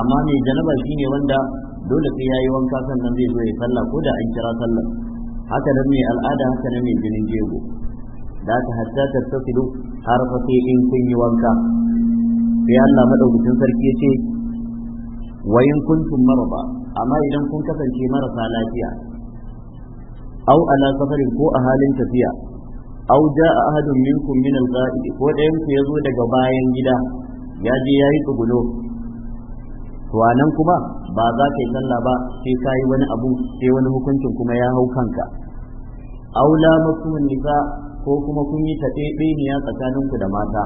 amma mai janaba ne wanda dole sai yayi wanka sannan zai zo ya sallah ko da an kira sallah haka nan mai al'ada haka nan mai jinin jego da ta hatta har fa sai in kun yi wanka sai Allah madaukakin sarki ce wayin kuntum marba amma idan kun kasance marasa lafiya au ala safarin ko a halin tafiya aw jaa ahadun minkum min al ghaibi ko ɗayan ku yazo daga bayan gida ya je yayi tsugulo to anan kuma ba za ka yi sallah ba sai ka yi wani abu sai wani hukuncin kuma ya hau kanka aw lamasum nisa ko kuma kun yi tafe ɗaya tsakanin ku da mata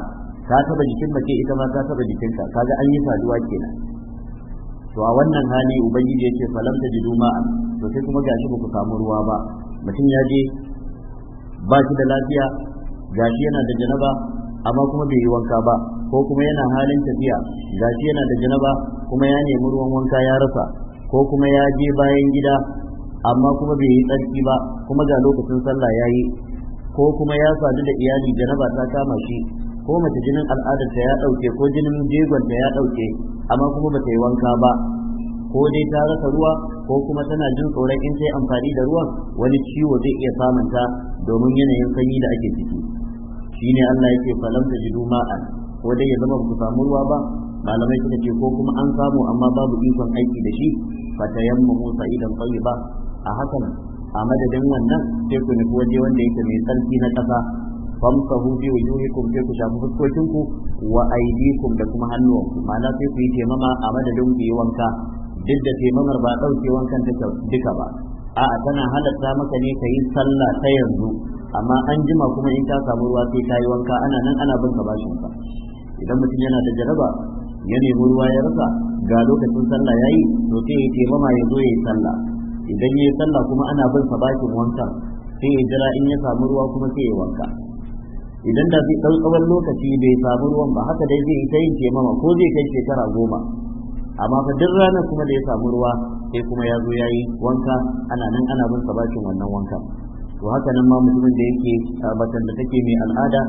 ka taba jikin mace ita ma ka taba jikinka kaga an yi saduwa kenan to a wannan hali ubangiji yace falam tajidu ma'a to sai kuma gashi ba ku samu ruwa ba mutum ya je ba shi da lafiya gashi yana da janaba amma kuma bai yi wanka ba ko kuma yana halin tafiya gashi yana da janaba kuma ya nemi ruwan wanka ya rasa ko kuma ya je bayan gida amma kuma bai yi tsarki ba kuma ga lokacin sallah ya yi ko kuma ya sadu da iyali janaba ta kama shi ko mace jinin al'adarta ya ɗauke ko jinin jegonta ya ɗauke amma kuma bata yi wanka ba ko dai ta rasa ruwa ko kuma tana jin tsoron in sai amfani da ruwan wani ciwo zai iya samunta domin yanayin sanyi da ake ciki shine Allah yake falam ta jidu ma'a ko dai ya zama ba ku samu ruwa ba malamai suka ce ko kuma an samu amma babu ikon aiki da shi fata yamma musa idan ba a hakan a madadin wannan sai ku nufi waje wanda yake mai tsarki na ƙasa famsahu bi wujuhikum sai ku shafi wa aidikum da kuma hannuwanku ma'ana sai ku yi taimama a madadin ku wanka duk da taimamar ba ɗauke wankan ta duka ba a'a tana halatta maka ne ka yi sallah ta yanzu amma an jima kuma in ka samu ruwa sai ka yi wanka ana nan ana bin ka bashin ka idan mutum yana da jaraba ya nemi ruwa ya rasa ga lokacin sallah yayi to sai ya taimama ya zo ya yi sallah idan ya yi sallah kuma ana bin sa bashin wankan sai ya jira in ya samu ruwa kuma sai ya wanka idan da zai ɗan lokaci bai samu ruwan ba haka dai zai yi ta yin taimama ko zai kai shekara goma amma fa duk ranar kuma da ya samu ruwa sai kuma ya zo ya yi wanka ana nan ana bin sa bashin wannan wanka to haka nan ma mutumin da yake macen da take mai al'ada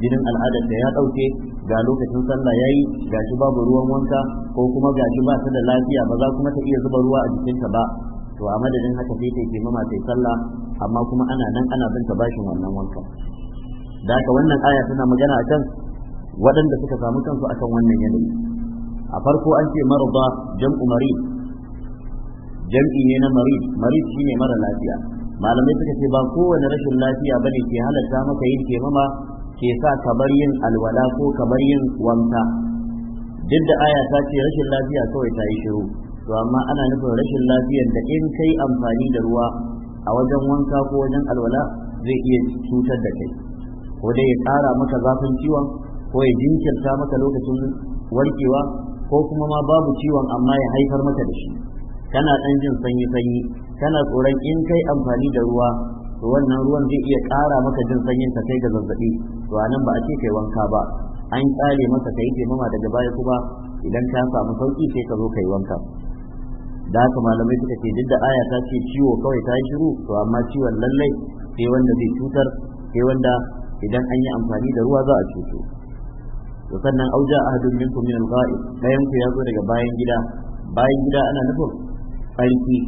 jinin al'adar ta ya ɗauke ga lokacin sallah yayi ga shi babu ruwan wanka ko kuma ga shi ba ta da lafiya ba za kuma ta iya zuba ruwa a jikinta ba to a madadin haka sai ta ke mama sai sallah amma kuma ana nan ana bin bashin wannan wanka da haka wannan aya tana magana akan waɗanda suka samu kansu akan wannan yanayi a farko an ce marba jam'u marid jam'i ne na marid marid shine mara lafiya malamai suka ce ba kowane rashin lafiya bane ke halarta maka yin kemama ke sa kamar yin alwala ko kabar yin wanka duk da aya ta ce rashin lafiya kawai ta yi shiru to amma ana nufin rashin lafiyar da in kai amfani da ruwa a wajen wanka ko wajen alwala zai iya cutar da kai ko dai ya ƙara maka zafin ciwon ko ya jinkirta maka lokacin warkewa ko kuma ma babu ciwon amma ya haifar maka da shi kana ɗan jin sanyi sanyi kana tsoron in kai amfani da ruwa to wannan ruwan zai iya ƙara maka jin sanyin ka kai ga zazzabi to anan ba a ce kai wanka ba an tsare maka kai taimama daga baya kuma idan ka samu sauki sai ka zo kai wanka da haka malamai suka ce duk da aya ta ce ciwo kawai ta yi shiru to amma ciwon lallai sai wanda zai cutar sai wanda idan an yi amfani da ruwa za a cuto to sannan auja ahadun minkum min al-ghaib bayan ku ya zo daga bayan gida bayan gida ana nufin tsarki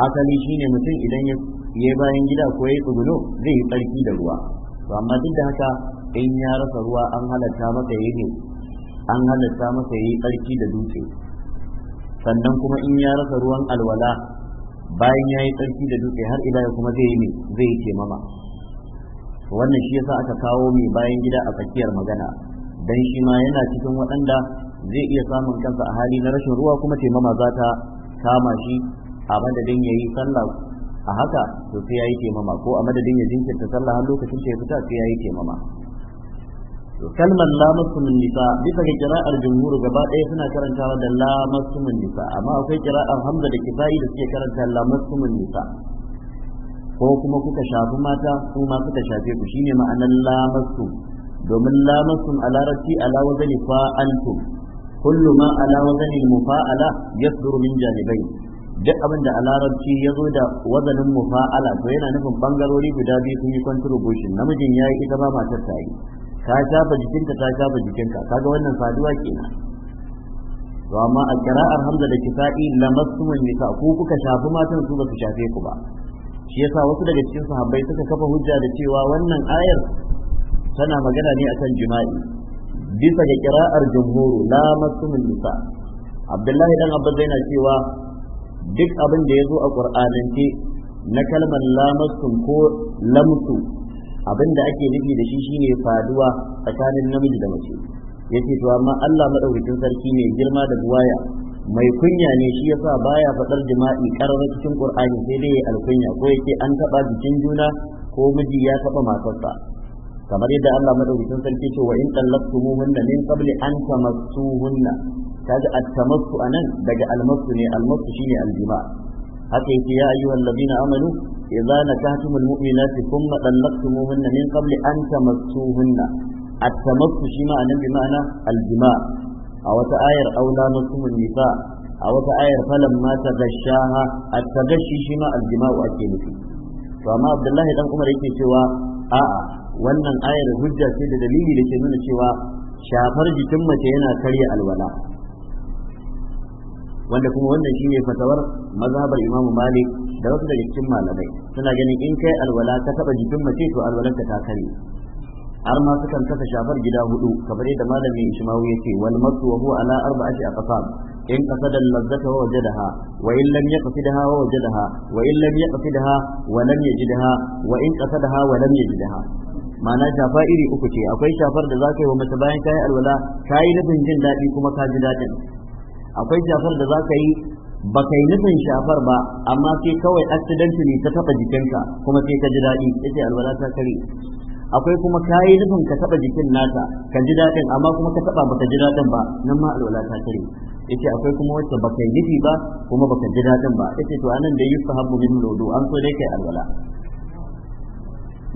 asali shine mutum idan ya yi bayan gida ko ya yi tsuguno zai yi tsarki da ruwa to amma duk da haka in ya rasa ruwa an halatta masa yi an halatta masa yi tsarki da dutse sannan kuma in ya rasa ruwan alwala bayan ya yi tsarki da dutse har ila ya kuma zai yi ne zai yi wannan shi yasa aka kawo mai bayan gida a tsakiyar magana dan shi ma yana cikin waɗanda zai iya samun kansa a hali na rashin ruwa kuma taimama za ta kama shi a madadin yi sallah a haka to sai taimama ko a madadin ya jinkirta sallah har lokacin ta ya fita sai yayi taimama kalmar la masumun nisa bisa ga kira'ar jumhur gaba ɗaya suna karantawa da la masumun nisa amma akwai kira'ar hamza da kifayi da suke karanta la masumun nisa ko kuma kuka shafi mata su ma suka shafe ku shine ma'anar la domin lamassun alarati ala wazani fa’antu kullu ma ala wazani mufa'ala yasduru min janibai duk abin da a ya zo da wazanin mufa'ala to yana nufin bangarori guda biyu sun yi contribution namijin ya yi ita ba matar ta yi ka shafa jikinka ta shafa jikinka kaga wannan faduwa kenan to amma a kira'ar hamza da kisa'i lamassumun nisa ku kuka shafi matan su ba su shafe ku ba shi yasa wasu daga cikin sahabbai suka kafa hujja da cewa wannan ayar tana magana ne akan jima'i bisa ga kira'ar jumhuru la masumul nisa abdullahi dan abbas yana cewa duk abin da ya zo a qur'anance na kalmar lamasum ko lamsu abin da ake nufi da shi shine faduwa tsakanin namiji da mace yace to amma Allah madaukakin sarki ne girma da buwaya mai kunya ne shi yasa baya fadar jima'i karar cikin qur'ani sai dai alkunya ko yake an taba jikin juna ko miji ya taba matarsa kamar yadda Allah madaukakin sarki ce wa in tallaqtumuhunna min qabli an tamassuhunna kaga at-tamassu anan daga al-massu ne al-massu shine al-jima haka yake ya ayyuhal ladina amanu idza nakahtumul mu'minati thumma tallaqtumuhunna min qabli an tamassuhunna at-tamassu shi ma'anan bi ma'ana al a wata ayar aula masumun nisa a wata ayar falan ma ta gashaha at-tagashi shi ma al-jima'u ake nufi to amma Abdullahi dan Umar yake cewa a'a wannan ayar hujja ce da dalili da ke nuna cewa shafar jikin mace yana karya alwala wanda kuma wannan shi ne fatawar mazhabar imam malik da wasu daga cikin malamai suna ganin in kai alwala ta taba jikin mace to alwalarka ta kare har ma sukan kasa shafar gida hudu kamar yadda malamin ishmawu yake wal masu wa huwa ala arba'ati aqsam in qasada al-lazzata wa wajadaha wa in lam yaqsidha wa wajadaha wa in lam yaqsidha wa lam yajidha wa in qasadaha wa lam yajidha ma'ana shafa iri uku ce akwai shafar da za ka yi wa mace bayan ka yi alwala ka yi nufin jin daɗi kuma ka ji daɗin akwai shafar da za ka yi ba kai nufin shafar ba amma sai kawai accidentally ta taba jikinka kuma sai ka ji daɗi yace alwala ta kare akwai kuma yi nufin ka taba jikin nata ka ji daɗin amma kuma ka taba baka ji daɗin ba nan ma alwala ta kare yace akwai kuma wacce ba kai nufi ba kuma baka ji daɗin ba yace to anan da yusahabu min lodo an so dai kai alwala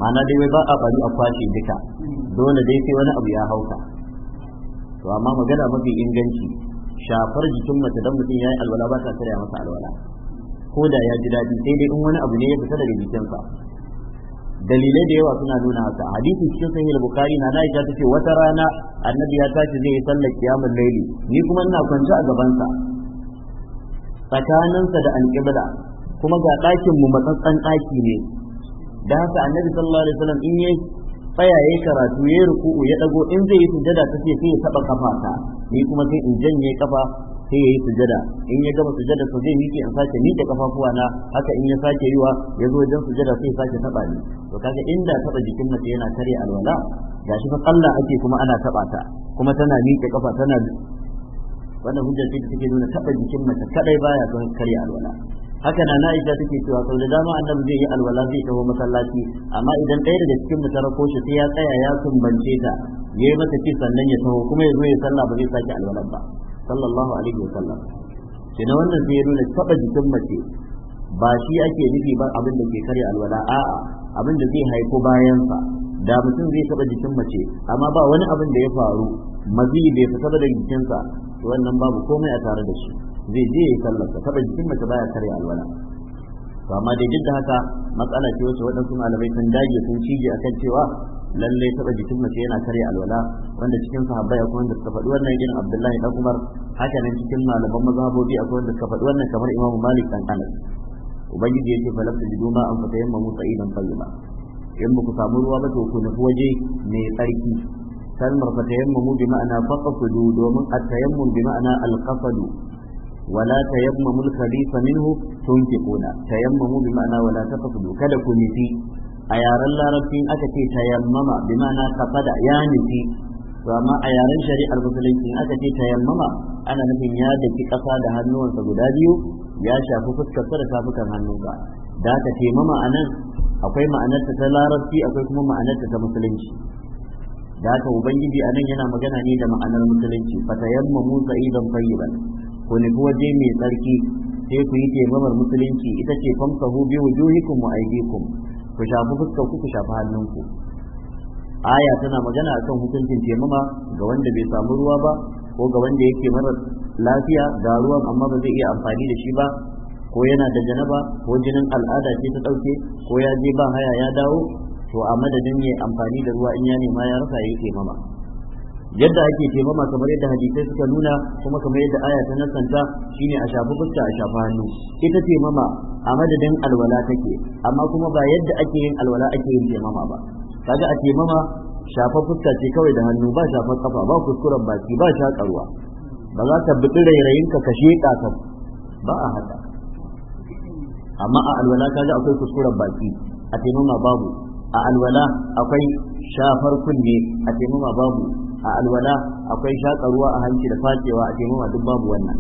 ma'ana dai wai ba a bari a kwashe duka dole dai sai wani abu ya hauka to amma magana mafi inganci shafar jikin mace dan mutum yayi alwala ba ta karya masa alwala ko da ya ji daɗi sai dai in wani abu ne ya fita daga jikinsa dalilai da yawa suna nuna haka hadisi cikin sahih bukhari na Aisha tace wata rana annabi ya tashi zai yi sallar kiyamul laili ni kuma ina kwance a gabansa. sa tsakaninsa da alƙibla kuma ga ɗakin mu matsatsan ɗaki ne da haka annabi sallallahu alaihi wasallam in yayi tsaya yayi karatu yayi ruku'u ya dago in zai yi sujada ta sai ya taba ta ni kuma sai in janye kafa sai yayi sujada in ya gama sujada to zai miƙe in sake miƙe kafafuwa na haka in ya sake yiwa ya zo wajen sujada sai sake taba ni to kaga inda taba jikin mace yana karya alwala gashi fa kalla ake kuma ana taba ta kuma tana miƙe kafa tana wannan hujjar take take nuna taba jikin mace kadai baya don karya alwala haka na Aisha take cewa sau da dama annabi zai yi alwala zai taho masallaci amma idan ɗaya daga cikin mu shi sai ya tsaya ya sumbance ta ya yi mata ci sannan ya taho kuma ya zo ya sallah ba zai sake alwala ba sallallahu alaihi wa sallam shi na wannan sai ya nuna taɓa jikin mace ba shi ake nufi ba abin da ke karya alwala a'a abin da zai haiko bayansa da mutum zai taɓa jikin mace amma ba wani abin da ya faru mazi bai fita da jikinsa wannan babu komai a tare da shi zai je ya sallarsa taba jikin mace baya karya alwala to amma dai duk da haka matsala ce wacce waɗansu malamai sun dage sun cije akan cewa lalle taba jikin mace yana karya alwala wanda cikin sahabbai akwai wanda suka faɗi wannan irin Abdullahi dan Umar haka nan cikin malaman mazhabobi akwai wanda suka faɗi wannan kamar Imam Malik dan Anas ubangiji yace falam tajidu ma an fatayamma musa'idan tayyiba in ba ku samu ruwa ba to ku nufi waje mai tsarki kalmar fatayammamu bi ma'ana faqasudu domin at-tayammum bi ma'ana al-qasadu wala tayammamul khabitha minhu tunfiquna tayammamu bi ma'ana wala taqasudu kada ku nufi a yaren larabci aka ce tayammama bi ma'ana qasada ya nufi to amma a yaren shari'ar musulunci aka ce tayammama ana nufin ya daki ƙasa da hannuwansa guda biyu ya shafi fuskarsa da tafukan ba da aka ce mama anan akwai ma'anarta ta larabci akwai kuma ma'anarta ta musulunci da haka ubangiji a nan yana magana ne da ma'anar musulunci yamma musa idan tayyiban ko ne kuwa je mai tsarki sai ku yi taimamar musulunci ita ce famsahu bi wujuhikum wa aydikum ku shafi fuskar ku ku shafi hannunku aya tana magana akan hukuncin taimama ga wanda bai samu ruwa ba ko ga wanda yake marar lafiya ga ruwan amma ba zai iya amfani da shi ba ko yana da janaba ko jinin al'ada ce ta ɗauke ko ya je ba haya ya dawo to a madadin ya amfani da ruwa in ya nema ya rasa yayi taimama yadda ake taimama kamar yadda hadisai suka nuna kuma kamar yadda aya ta nasanta shine a shafi fuska a shafi hannu ita taimama a madadin alwala take amma kuma ba yadda ake yin alwala ake yin taimama ba kaga a taimama shafa fuska ce kawai da hannu ba shafar kafa ba kuskuren baki ba ruwa? ba za ka buɗi rairayin ka kashe ka ba a haka amma a alwala kaga akwai kuskuren baki a taimama babu a alwala akwai shafar kunne a taimama babu a alwala akwai shaƙa ruwa a hanci da facewa a taimama duk babu wannan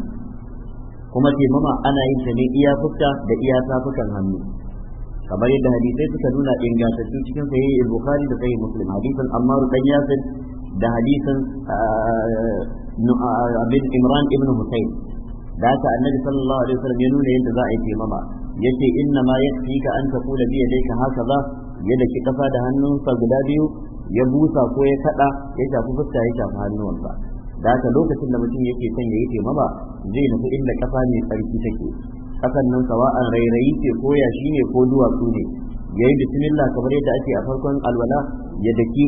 kuma taimama ana yin ta ne iya fuska da iya safukan hannu kamar yadda hadisai suka nuna ingantattu cikin sahih bukhari da sahih muslim hadisan ammar dan yasir da hadisan abin imran ibn husayn da haka annabi sallallahu alaihi wasallam ya nuna yadda za a yi taimama yace inna ma yakfika an taqula bi yadayka hakaza ya daki kafa da hannunsa guda biyu ya busa ko ya kada ya shafi fuska ya shafi hannuwansa da haka lokacin da mutum yake son ya yi taimama zai nufi inda kafa mai tsarki take kasan nan an rairayi ce ko ya shi ne ko duwatsu ne ya yi bismillah kamar yadda ake a farkon alwala ya daki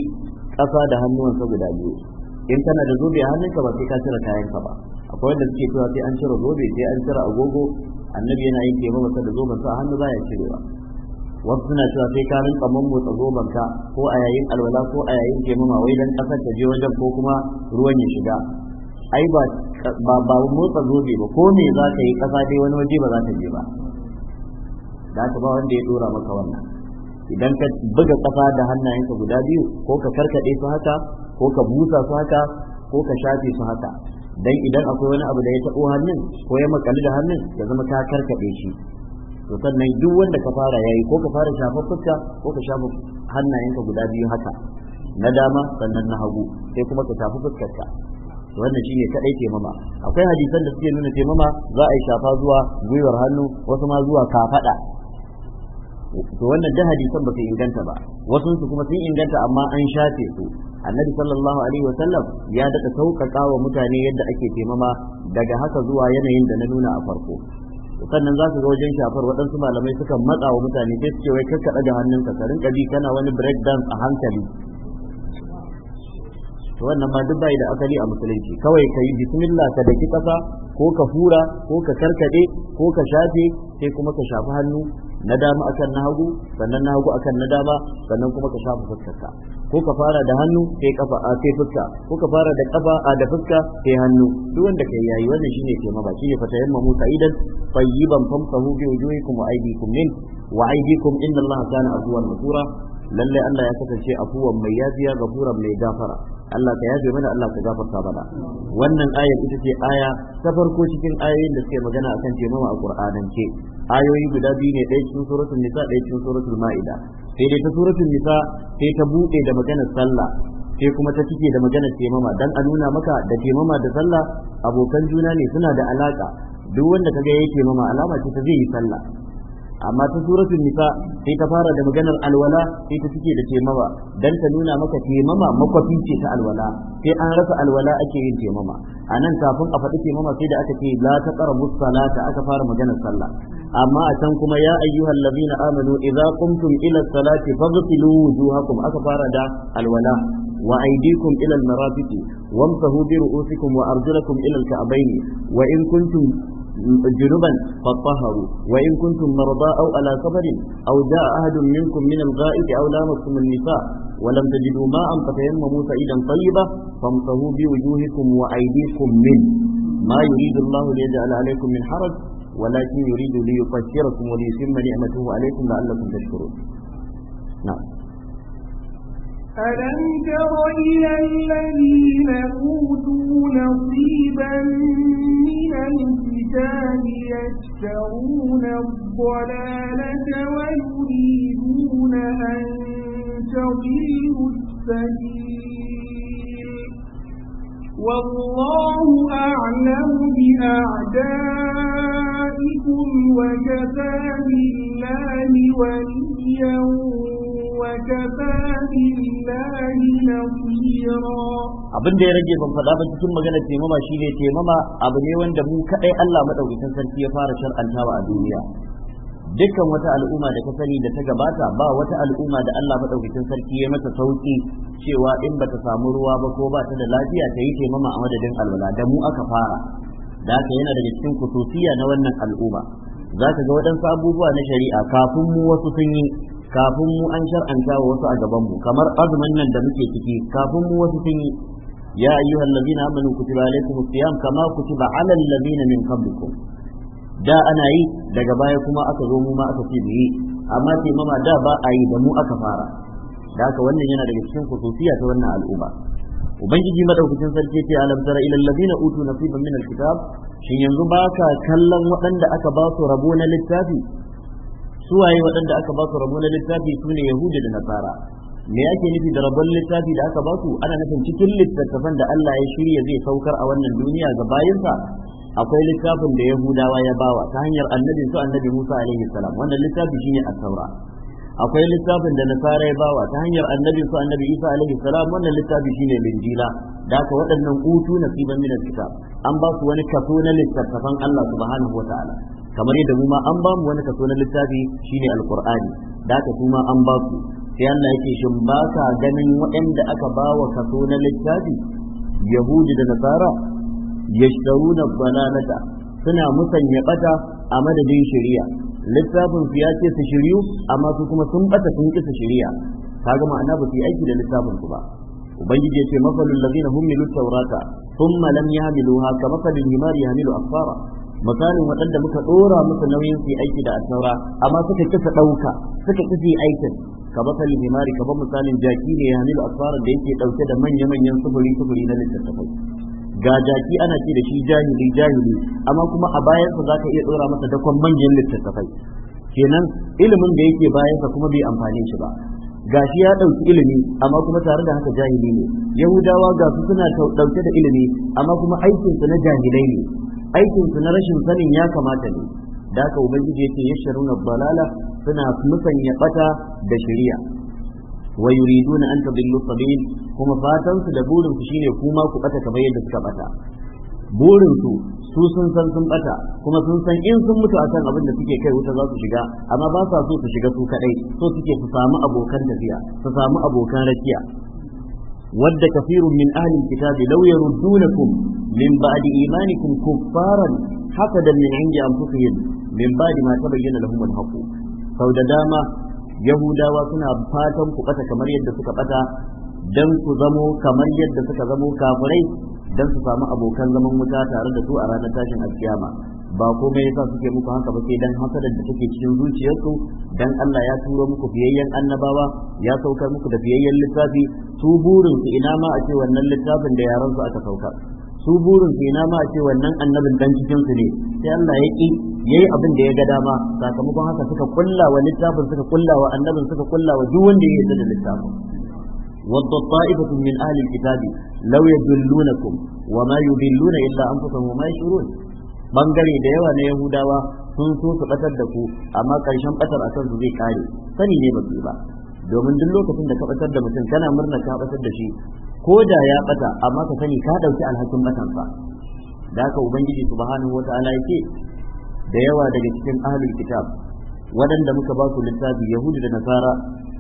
kafa da hannuwansa guda biyu in tana da zobe a hannunka ba sai ka cire kayanka ba akwai wanda suke cewa sai an cire zobe sai an cire agogo annabi yana yin taimama da zoben sa a hannu baya cirewa wasu suna cewa sai ka rinka mammotsa zobanka ko a yayin alwala ko a yayin kemama wai dan kasar ta je wajen ko kuma ruwan ya shiga ai ba ba motsa zobe ba ko me za ka yi kasa dai wani waje ba za ta je ba da ta ba wanda ya dora maka wannan idan ka buga kasa da hannayenka guda biyu ko ka karkade su haka ko ka busa su haka ko ka shafe su haka dan idan akwai wani abu da ya taɓo hannun ko ya makali da hannun ya zama ka karkade shi to sannan duk wanda ka fara yayi ko ka fara shafa fuska ko ka shafa hannayenka guda biyu haka na dama sannan na hagu sai kuma ka shafi fuskarka wannan shine kadai taimama akwai hadisan da suke nuna taimama za a yi shafa zuwa gwiwar hannu wasu ma zuwa kafada to wannan da hadisan ba su inganta ba wasu su kuma sun inganta amma an shafe su annabi sallallahu alaihi wasallam ya daɗa sauƙaƙa wa mutane yadda ake taimama daga haka zuwa yanayin da na nuna a farko sannan za su ga wajen shafar waɗansu malamai sukan matsa wa mutane sai suke wai kakka ɗaga hannunka ka rinka kana wani break dance a hankali to wannan ma duk bai da asali a musulunci kawai ka yi bismillah ka daki ƙasa ko ka hura ko ka karkaɗe, ko ka shafe sai kuma ka shafi hannu na dama akan na hagu sannan na hagu akan na dama sannan kuma ka shafa fuskarka ko ka fara da hannu sai kafa a sai fuska ko ka fara da kafa a da fuska sai hannu duk wanda kai yayi wannan shine ke mabaki ya fata yamma musa idan tayyiban famsahu bi wujuhikum wa aydikum min wa aydikum inna allaha kana afuwan ghafura lalle Allah ya kasance afuwan mai ga gafuran mai gafara Allah ka yaje mana Allah ka gafarta mana wannan ayar ita ce aya ta farko cikin ayoyin da suke magana akan taimama a Qur'anance ayoyi guda biyu ne ɗaya cikin suratul nisa ɗaya cikin suratul ma'ida sai dai ta suratul nisa sai ta buɗe da maganar sallah sai kuma ta cike da maganar taimama dan a nuna maka da taimama da sallah abokan juna ne suna da alaƙa duk wanda kaga gaya taimama alama ce ta zai yi sallah amma ta suratul nisa sai ta fara da maganar alwala sai ta suke da taimama dan ta nuna maka taimama makwafi ce ta alwala sai an rasa alwala ake yin taimama a nan kafin a faɗi taimama sai da aka ce la taqrabu salata aka fara maganar sallah amma a can kuma ya ayyuhal ladina amanu idza qumtum ila salati faghsilu wujuhakum aka fara da alwala وأيديكم إلى المرافق وامسحوا برؤوسكم وأرجلكم إلى الكعبين وإن كنتم جنبا فطهروا وإن كنتم مرضى أو على سفر أو جاء أحد منكم من الغائط أو لامستم النساء ولم تجدوا ماء فتيمموا سعيدا طيبا فامسحوا بوجوهكم وأيديكم منه ما يريد الله ليجعل عليكم من حرج ولكن يريد ليطهركم وليتم نعمته عليكم لعلكم تشكرون نعم ألم تر إلى الذين أوتوا نصيبا من الكتاب يشترون الضلالة ويريدون أن تضلوا السبيل والله أعلم بأعدائكم وكفى بالله وليا abin da ya rage ban faɗa ba cikin magana taimama shine taimama abu ne wanda mu kaɗai Allah madaukakin sarki ya fara shar'antawa a duniya dukkan wata al'umma da ka sani da ta gabata ba wata al'umma da Allah madaukakin sarki ya mata sauki cewa in bata samu ruwa ba ko ba ta da lafiya ta yi taimama a madadin alwala da mu aka fara da haka yana daga cikin kususiya na wannan al'umma za ka ga waɗansu abubuwa na shari'a kafin mu wasu sun yi kafin mu an shar'anta wa wasu a gaban mu kamar azumin nan da muke ciki kafin mu wasu sun yi ya ayyuhal ladina amanu kutiba alaykumus siyam kama kutiba alal ladina min qablikum da ana yi daga baya kuma aka zo mu ma aka ce mu yi amma sai mama da ba a yi da mu aka fara da haka wannan yana daga cikin kususiya ta wannan al'umma ubangiji madaukakin sarki ce alam tara ila na utu nasiban min alkitab shin yanzu ba ka kallon waɗanda aka ba su rabo na littafi su waye waɗanda aka ba su rabo na littafi su ne yahudi da nasara me ake nufi da rabon littafi da aka ba su ana nufin cikin littattafan da Allah ya shirya zai saukar a wannan duniya ga bayinsa akwai littafin da yahudawa ya bawa ta hanyar annabin su annabi Musa alaihi salam wannan littafi shine at akwai littafin da nasara ya bawa ta hanyar annabin su annabi Isa alaihi salam wannan littafi shine linjila da aka waɗannan kutu nasiban min kitab an ba su wani kaso na littattafan Allah subhanahu wataala kamar yadda mu ma an ba mu wani kaso na littafi shine alqur'ani da ka kuma an ba ku sai Allah yake shin ba ka ganin waɗanda aka ba wa kaso na littafi yahudi da nasara yashtaruna balalata suna musanya bata a madadin shari'a littafin su ya ce su shiryu amma su kuma sun bata sun kisa shari'a kaga ma'ana ba su yi aiki da littafin su ba ubangiji ya ce mafalul ladina hum milu tawrata thumma lam yahmiluha ka mafalul himari misalin waɗanda muka ɗora musu nauyin su aiki da asaura amma suka kisa ɗauka suka kisa aikin ka masalin himari ka ba misalin jaki ne ya hamilu asfarar da yake ɗauke da manya-manyan sufuri sufuri na littattafai ga jaki ana ci da shi jahili jahili amma kuma a bayan za ka iya ɗora masa dakon manyan littattafai kenan ilimin da yake sa kuma bai amfane shi ba gashi ya ɗauki ilimi amma kuma tare da haka jahili ne yahudawa ga su suna ɗauke da ilimi amma kuma aikinsu na jahilai ne aikin su na rashin sanin ya kamata ne da haka ubangiji yace yashruna balala suna musanya bata da shari'a wa yuriduna an tadillu sabil kuma fatan su da burin su shine kuma ku bata kamar yadda suka bata burin su su sun san sun bata kuma sun san in sun mutu akan abin da suke kai wuta za su shiga amma ba sa so su shiga su kadai so suke su samu abokan tafiya su samu abokan rakiya ود كثير من أهل الكتاب لو يردونكم من بعد إيمانكم كفارا حسدا من عند أنفسهم من بعد ما تبين لهم الحق سودا داما يهودا وسنا فاتم فقط كمر يد فقط dan su zamo kamar yadda suka zamo kafirai dan su samu abokan zaman wuta tare da su a ranar tashin alkiyama ba komai yasa suke muku haka ba sai dan hasadar da take cikin zuciyarsu dan Allah ya turo muku biyayyen annabawa ya saukar muku da biyayyen littafi su burin su ina ma a ce wannan littafin da yaran su aka sauka su burin su ina ma a ce wannan annabin dan cikin su ne sai Allah ya ki yayi abin da ya ga dama sakamakon haka suka kulla wa littafin suka kulla wa annabin suka kulla wa duk wanda ya yarda da littafin wadda ta'ifatu min ahli alkitabi law yadullunkum wama yudilluna illa anfusahum wa ma bangare da yawa na yahudawa sun so su batar da ku amma karshen batar a kansu zai kare sani ne baki ba domin duk lokacin da ka batar da mutum kana murna ka batar da shi ko da ya bata amma ka sani ka dauki alhakin fa. da haka ubangiji subhanahu wataala yake da yawa daga cikin ahlul kitab waɗanda muka ba su littafi yahudu da nasara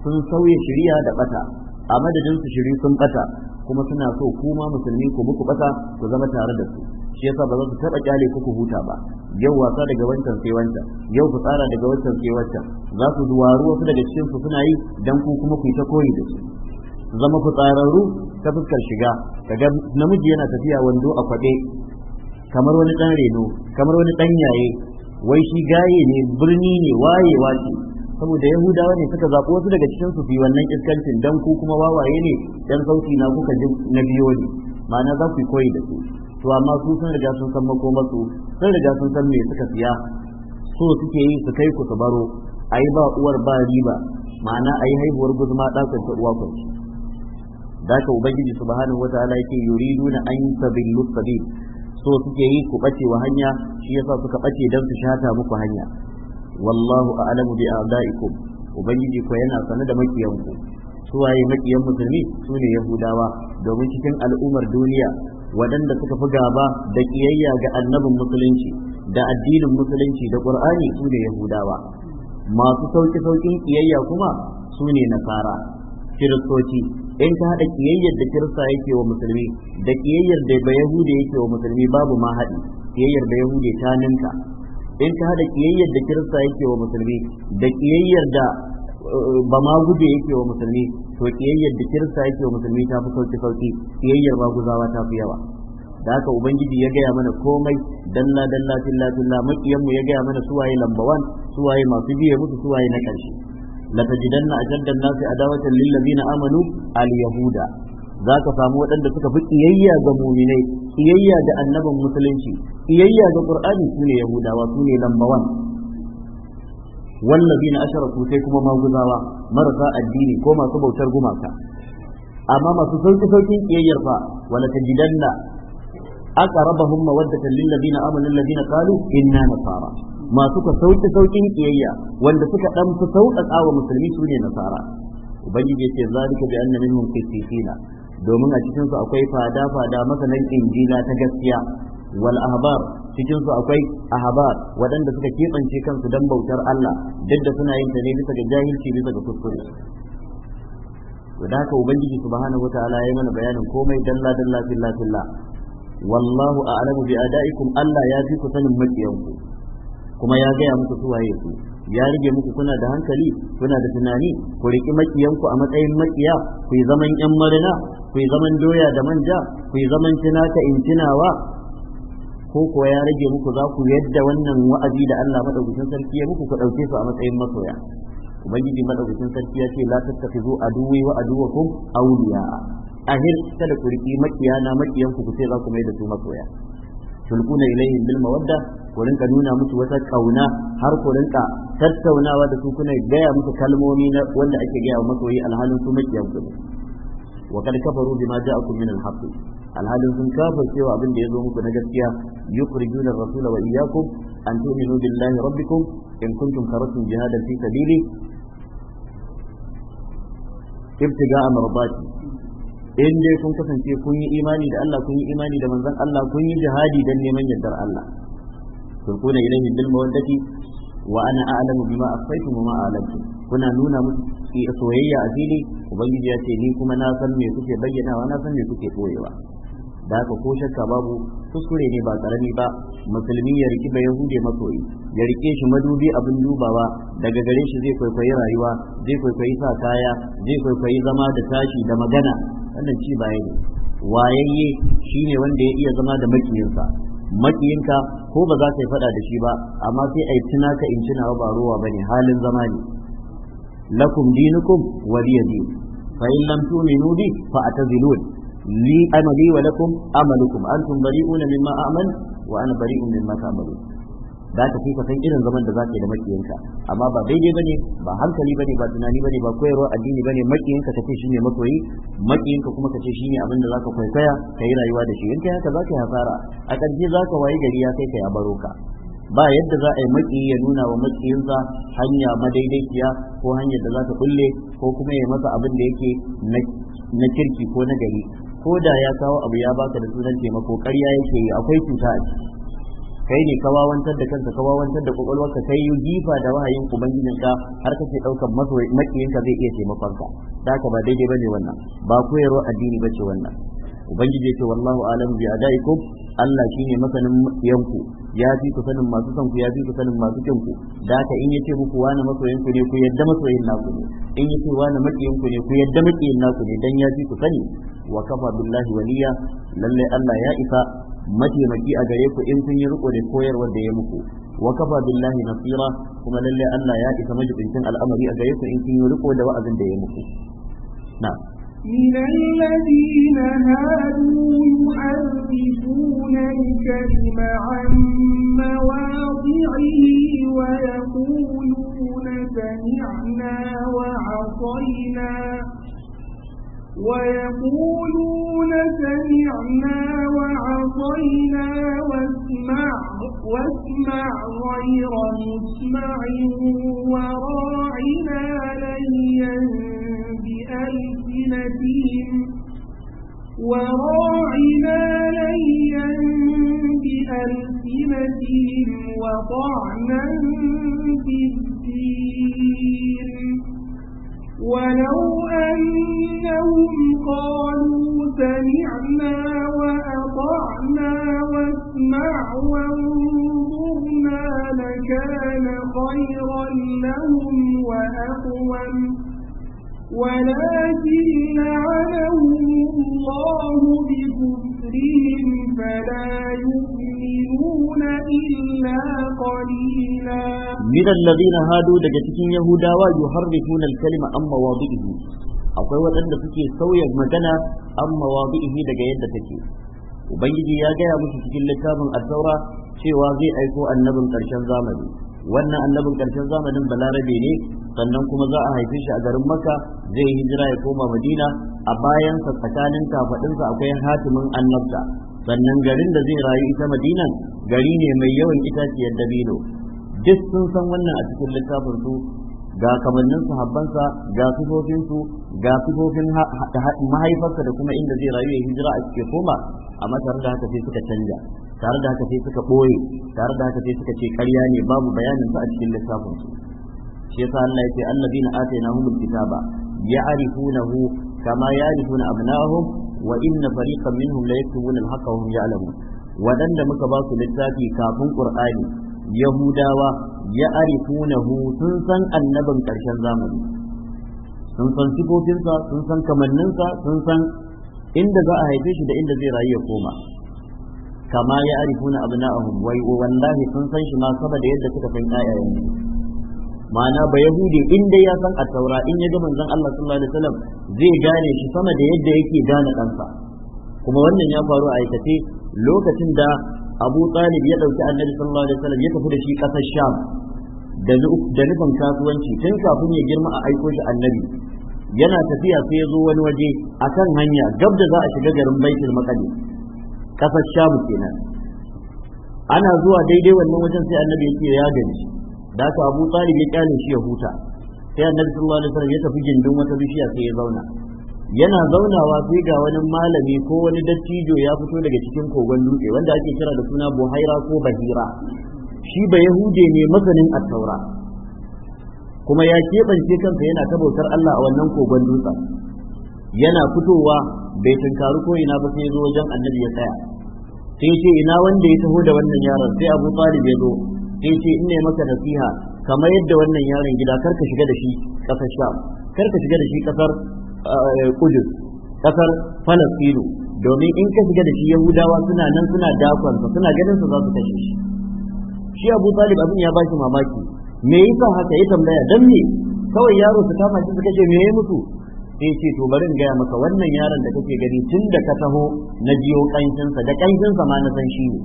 sun sauya shari'a da bata a madadin su shiri sun bata kuma suna so kuma musulmi ku muku bata ku zama tare da su shi yasa ba za su taba kyale ku huta ba yau wasa daga wancan sai wancan yau ku tsara daga wancan sai wancan za su duwaru wasu daga cikin su suna yi dan ku kuma ku yi ta koyi da su zama ku tsararru ta fuskar shiga kaga namiji yana tafiya wando a kwaɗe kamar wani dan reno kamar wani dan yaye wai shi gaye ne birni ne wayewa ce saboda yahudawa ne suka zaɓi wasu daga cikin su fi wannan iskancin dan ku kuma wawaye ne dan sauti na kuka ji na biyo ne ma'ana za ku koyi da su to amma su sun riga sun san makomarsu sun riga sun san me suka siya so suke yi su kai ku su baro a ba uwar ba riba ma'ana a yi haihuwar guzuma ɗaukar ta uwa kwanci da ka ubangiji subhanahu wa ta'ala yake yuridu na an sabillu sabil so suke yi ku bace wa hanya shi yasa suka bace dan su shata muku hanya wallahu a'lamu bi a'daikum ubangiji ko yana sane da makiyanku su waye makiyan musulmi su ne yahudawa domin cikin al'ummar duniya waɗanda suka fi gaba da ƙiyayya ga annabin musulunci da addinin musulunci da ƙur'ani su ne yahudawa masu sauki saukin kiyayya kuma su ne nasara kiristoci in ka haɗa ƙiyayyar da kirista yake wa musulmi da ƙiyayyar da ba yahudi yake wa musulmi babu ma haɗi kiyayyar da yahudi ta ninka in ka haɗa ƙiyayyar da kirista yake wa musulmi da ƙiyayyar da ba ma guje yake wa musulmi to kiyayyar da kirista yake wa musulmi ta fi sauki sauki kiyayyar ba guzawa ta fi yawa da haka ubangiji ya gaya mana komai danna danna tilla tilla mu ya gaya mana suwaye lambawan suwaye masu biye musu suwaye na ƙarshe latajidanna ajadda an-nas adawatan lil ladina amanu al yahuda zaka samu waɗanda suka fi kiyayya ga mu'minai kiyayya da annabin musulunci kiyayya ga qur'ani sune yahudawa sune lambawan wallazina asharaku sai kuma maguzawa marasa addini ko masu bautar gumaka amma masu sauki saukin kiyayyar fa wala tajidanna aqrabahum mawaddatan lil ladina amanu alladhina qalu inna nasara masu ka sauki sauƙin kiyayya wanda suka dan su sauƙaƙa wa musulmi su ne nasara ubangiji ce zalika bi anna minhum qissina domin a cikin su akwai fada fada masanan injila ta gaskiya wal cikinsu cikin su akwai ahabar waɗanda suka kebance kansu dan bautar Allah duk da suna yin ta ne bisa ga jahilci bisa ga kuskure to da haka ubangiji subhanahu wataala ya mana bayanin komai dalla dalla filla filla wallahu a'lamu bi adaikum Allah ya fi ku sanin makiyanku kuma ya gaya muku su waye su ya rige muku kuna da hankali kuna da tunani ku riki makiyanku a matsayin makiya ku yi zaman yan marina ku yi zaman doya da manja ku yi zaman tinaka in tinawa ko ko ya rage muku za ku yadda wannan wa'azi da Allah madaukakin sarki ya muku ku dauke su a matsayin masoya ubangiji madaukakin sarki ya ce la tattakhizu aduwi wa aduwakum awliya ahir kada ku riki makiyana makiyan ku sai za ku mai da su masoya tulquna ilayhim bil mawadda ku rinka nuna musu wata kauna har ku rinka tattaunawa da su kuna gaya musu kalmomi na wanda ake gaya wa masoyi alhalin su makiyan ku ne wa kad kafaru bima ja'akum alhalin sun kafir cewa abin da yazo muku na gaskiya yukhrijuna ar-rasula wa iyyakum an tu'minu billahi rabbikum in kuntum in dai kun kasance kun yi imani da Allah kun yi imani da manzon Allah kun yi jihadi dan neman yardar Allah tulquna ilayhi bil mawaddati wa ana a'lamu bima akhfaytum wa ma alamtu. kuna nuna musu soyayya a fili ubangiji ya ce ni kuma na san me kuke bayyanawa na san me kuke koyewa da haka ko shakka babu kuskure ne ba karami ba musulmi ya riki ba yahudi masoyi ya rike shi madubi abin dubawa daga gare shi zai kwaikwayi rayuwa zai kwaikwayi sa kaya zai kwaikwayi zama da tashi da magana wannan ci baya ne wayayye shine wanda ya iya zama da makiyinsa makiyinka ko ba za ka yi fada da shi ba amma sai ai tuna ka in tuna ba ruwa halin zama ne lakum dinukum waliya din fa in lam tu'minu bi fa atazilun li amali wa lakum amalukum antum bari'un mimma a'mal wa ana bari'un mimma ta'malun da ka ka san irin zaman da za ka yi da makiyinka amma ba daidai bane ba hankali bane ba tunani bane ba koyarwa addini bane makiyinka ka ce shine masoyi makiyinka kuma ka ce shine abin da zaka kwaikwaya ka yi rayuwa da shi in kai haka ka yi hasara a ƙarshe ka wayi gari ya kai ka ya baro ka ba yadda za a yi maki ya nuna wa makiyinsa hanya madaidaiciya ko hanyar da za ka kulle ko kuma ya masa abin da yake na kirki ko na gari ko da ya kawo abu ya baka da sunan taimako ƙarya yake yi akwai cuta a ciki kai ne ka wawantar da kanka ka wawantar da kwakwalwarka kai yi jifa da wahayin ubangijin ka har kake daukan masoyi makiyinka zai iya taimakon ka da ba daidai bane wannan ba koyarwa addini bace wannan ubangiji yake wallahu alam bi adaikum Allah shine masanin yanku ya fi ku sanin masu son ku ya fi ku sanin masu kin ku da ka in yace muku wani masoyin ku ne ku yadda masoyin naku ne in yace wani makiyin ku ne ku yadda makiyin naku ne dan ya fi ku sani wa kafa billahi waliya lalle Allah ya isa mataimaki a gare ku in kun yi riko da koyarwar da ya muku wa kafa billahi nasira kuma lalle Allah ya isa majibincin al'amari a gare ku in kun yi riko da wa'azin da ya muku na'am من الذين هادوا يحرفون الكلم عن مواضعه ويقولون سمعنا وعصينا ويقولون سمعنا وعصينا واسمع واسمع غير مسمع وراعنا ليا بألسنتهم وراعنا ليا بألسنتهم وطعنا في الدين ولو أنهم قالوا سمعنا وأطعنا واسمع وانظرنا لكان خيرا لهم وأقوم ولكن لعنهم الله بكفرهم فلا يؤمنون إلا قليلا من الذين هادوا دجتكين يهودا ويحرفون الكلمة عن مواضعه akwai waɗanda suke sauya magana an mawazi'ihi daga yadda take ubangiji ya gaya musu cikin littafin at cewa zai aiko annabin ƙarshen zamani wannan annabin karshen zamanin balarabe ne sannan kuma za a haife shi a garin maka zai hijira ya koma madina a bayansa tsakanin kafaɗinsa akwai hatimin annabta sannan garin da zai rayu ita madinan gari ne mai yawan itaciyar dabino duk sun san wannan a cikin littafin su ga kamannin sahabbansa ga sifofinsu ga sifofin mahaifarsa da kuma inda zai rayu ya hijira a cikin koma a tare da haka sai suka canja tare da haka sai suka ɓoye tare da haka sai suka ce ƙarya ne babu bayanin su a cikin littafin su shi yasa Allah ya ce allazina atainahumul kitaba ya'rifunahu kama ya'rifuna abna'ahum wa inna fariqan minhum la yaktubuna al-haqqa wa hum ya'lamun wadanda muka ba su littafi kafin qur'ani yahudawa ya'rifunahu sun san annabin karshen zamani sun san sifofinsa sun san kamanninsa sun san inda za a haife shi da inda zai rayu ya koma kama ya arifuna ahu, wai wallahi sun san shi ma sama da yadda suka san ƴaƴayen ma'ana ba yahudi in dai ya san a taura in ya ga manzon Allah sallallahu alaihi wasallam zai gane shi sama da yadda yake gane kansa. kuma wannan ya faru a aikace lokacin da Abu Talib ya ɗauki Annabi sallallahu alaihi wasallam ya tafi da shi kasar Sham da nufin kasuwanci tun kafin ya girma a aiko shi Annabi yana tafiya sai ya zo wani waje akan hanya gab da za a shiga garin Baitul Maqdis kasar shamu kenan ana zuwa daidai wannan wajen sai annabi yake ya gani da ka abu talib ya kyale shi ya huta sai annabi sallallahu alaihi wasallam ya tafi gindin wata bishiya sai ya zauna yana zaunawa sai ga wani malami ko wani dattijo ya fito daga cikin kogon dutse wanda ake kira da suna buhaira ko bahira shi ba yahude ne masanin attaura kuma ya keɓance kansa yana ta bautar Allah a wannan kogon dutsen yana fitowa bai tunkaru ko ina ba sai zo wajen annabi ya tsaya sai ce ina wanda ya taho da wannan yaron sai abu talib ya zo sai ce in ne maka nasiha kamar yadda wannan yaron gida kar ka shiga da shi kasar sham kar ka shiga da shi kasar eh, kudus kasar falastinu domin in ka shiga da shi yahudawa suna nan suna dakonsa suna ganin za su kashe shi shi abu talib abin ya bashi mamaki me yasa haka ya tambaya dan me kawai yaro su kama shi su kashe me ya mutu sai ce to bari in gaya maka wannan yaron da kake gani tun da ka taho na biyo kanshinsa da kanshinsa ma na san shi ne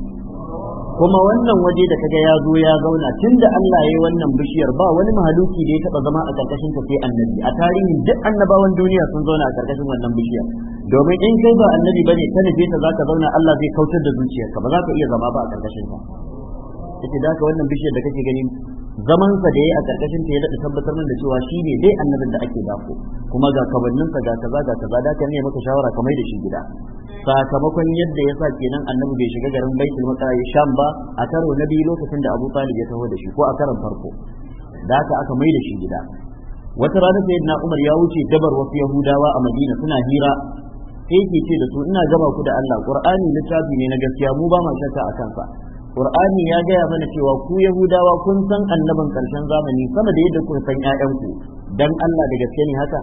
kuma wannan waje da kaga ya zo ya zauna tun da Allah ya yi wannan bishiyar ba wani mahaluki da ya taba zama a karkashin ta sai annabi a tarihin duk annabawan duniya sun zauna a karkashin wannan bishiyar domin in kai ba annabi bane ta nufe ta zaka zauna Allah zai kautar da zuciyarka ba za ka iya zama ba a karkashin ta yace da ka wannan bishiyar da kake gani zamansa da ya a karkashin ta ya daɗa tabbatar min da cewa shi ne dai annabin da ake dako kuma ga kabanninsa ga kaza ga kaza da ne maka shawara kamar da shi gida sakamakon yadda ya sa kenan annabi bai shiga garin baitul maqdis sham ba a karo na biyu lokacin da Abu Talib ya taho da shi ko a karon farko da haka aka mai da shi gida wata rana na Umar ya wuce dabar wasu Yahudawa a Madina suna hira sai ke ce da su ina gaba ku da Allah Qur'ani littafi ne na gaskiya mu ba mu shakka a kansa Qur'ani ya gaya mana cewa ku Yahudawa kun san annabin karshen zamani sama da yadda kun san ƴaƴanku dan Allah da gaske ne haka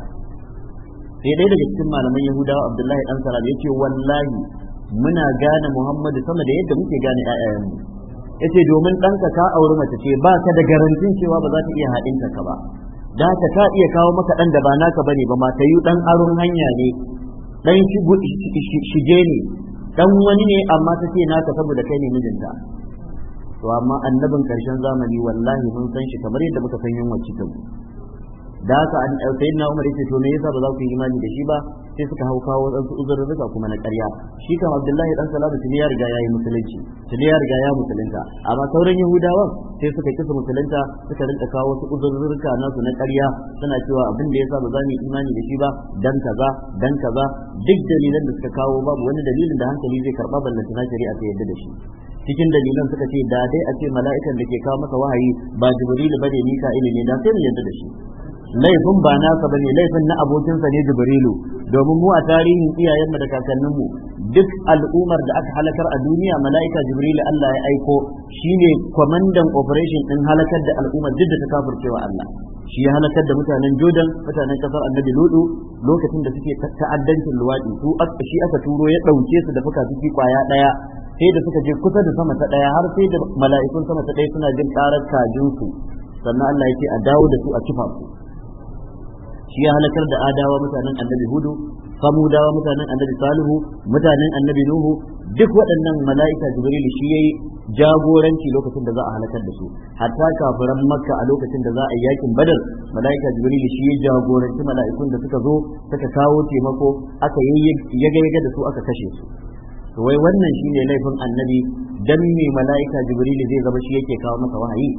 sai dai daga cikin malaman Yahudawa Abdullahi dan Salam yace wallahi muna gane Muhammadu sama da yadda muke gane ƴaƴanmu yace domin danka ka auri mace ce ba ka da garantin cewa ba za ta iya haɗinka ka ba da ka ta iya kawo maka ɗan da ba naka bane ba ma ta yi ɗan aron hanya ne ɗan shige ne dan wani ne amma ta ce naka saboda kai ne mijinta to amma annabin karshen zamani wallahi mun san shi kamar yadda muka san yunwa cikin da haka an na Umar yace to me yasa ba za ku yi imani da shi ba sai suka hau kawo wasu uzurruka kuma na ƙarya shi kam Abdullahi dan Salama tuni ya riga yayi musulunci tuni ya riga ya musulunta amma sauran yahudawa sai suka kisa musulunta suka rinka kawo wasu uzurruka nasu na ƙarya suna cewa abin da sa ba za mu yi imani da shi ba dan kaza dan kaza duk dalilan da suka kawo babu wani dalilin da hankali zai karba ballantana shari'a ta yadda da shi cikin dalilan suka ce da dai a ce mala'ikan da ke kawo masa wahayi ba jibril bane mika'il ilimi da sai mu yadda da shi laifin ba nasa bane laifin na abokinsa ne jibrilu domin mu a tarihin iyayenmu da kakanninmu duk al'ummar da aka halakar a duniya mala'ika jibrilu Allah ya aiko shine kwamandan operation din halakar da al'ummar duk da ta kafircewa Allah shi ya halakar da mutanen Jordan mutanen kasar Annabi Lutu lokacin da suke ta'addancin luwadi su shi aka turo ya dauke su da fuka fiki kwaya daya sai da suka je kusa da sama ta daya har sai da mala'ikun sama ta daya suna jin karar kajinsu sannan Allah yake a dawo da su a kifa su shi ya halakar da adawa mutanen annabi hudu samudawa mutanen annabi salihu mutanen annabi nuhu duk waɗannan mala'ika jibrilu shi yayi jagoranci lokacin da za a halakar da su hatta kafiran makka a lokacin da za a yi yakin badar mala'ika jibrilu shi ya jagoranci mala'ikun da suka zo suka kawo taimako aka yaga yaga da su aka kashe su to wai wannan shine laifin annabi dan me mala'ika jibrilu zai zama shi yake kawo maka wahayi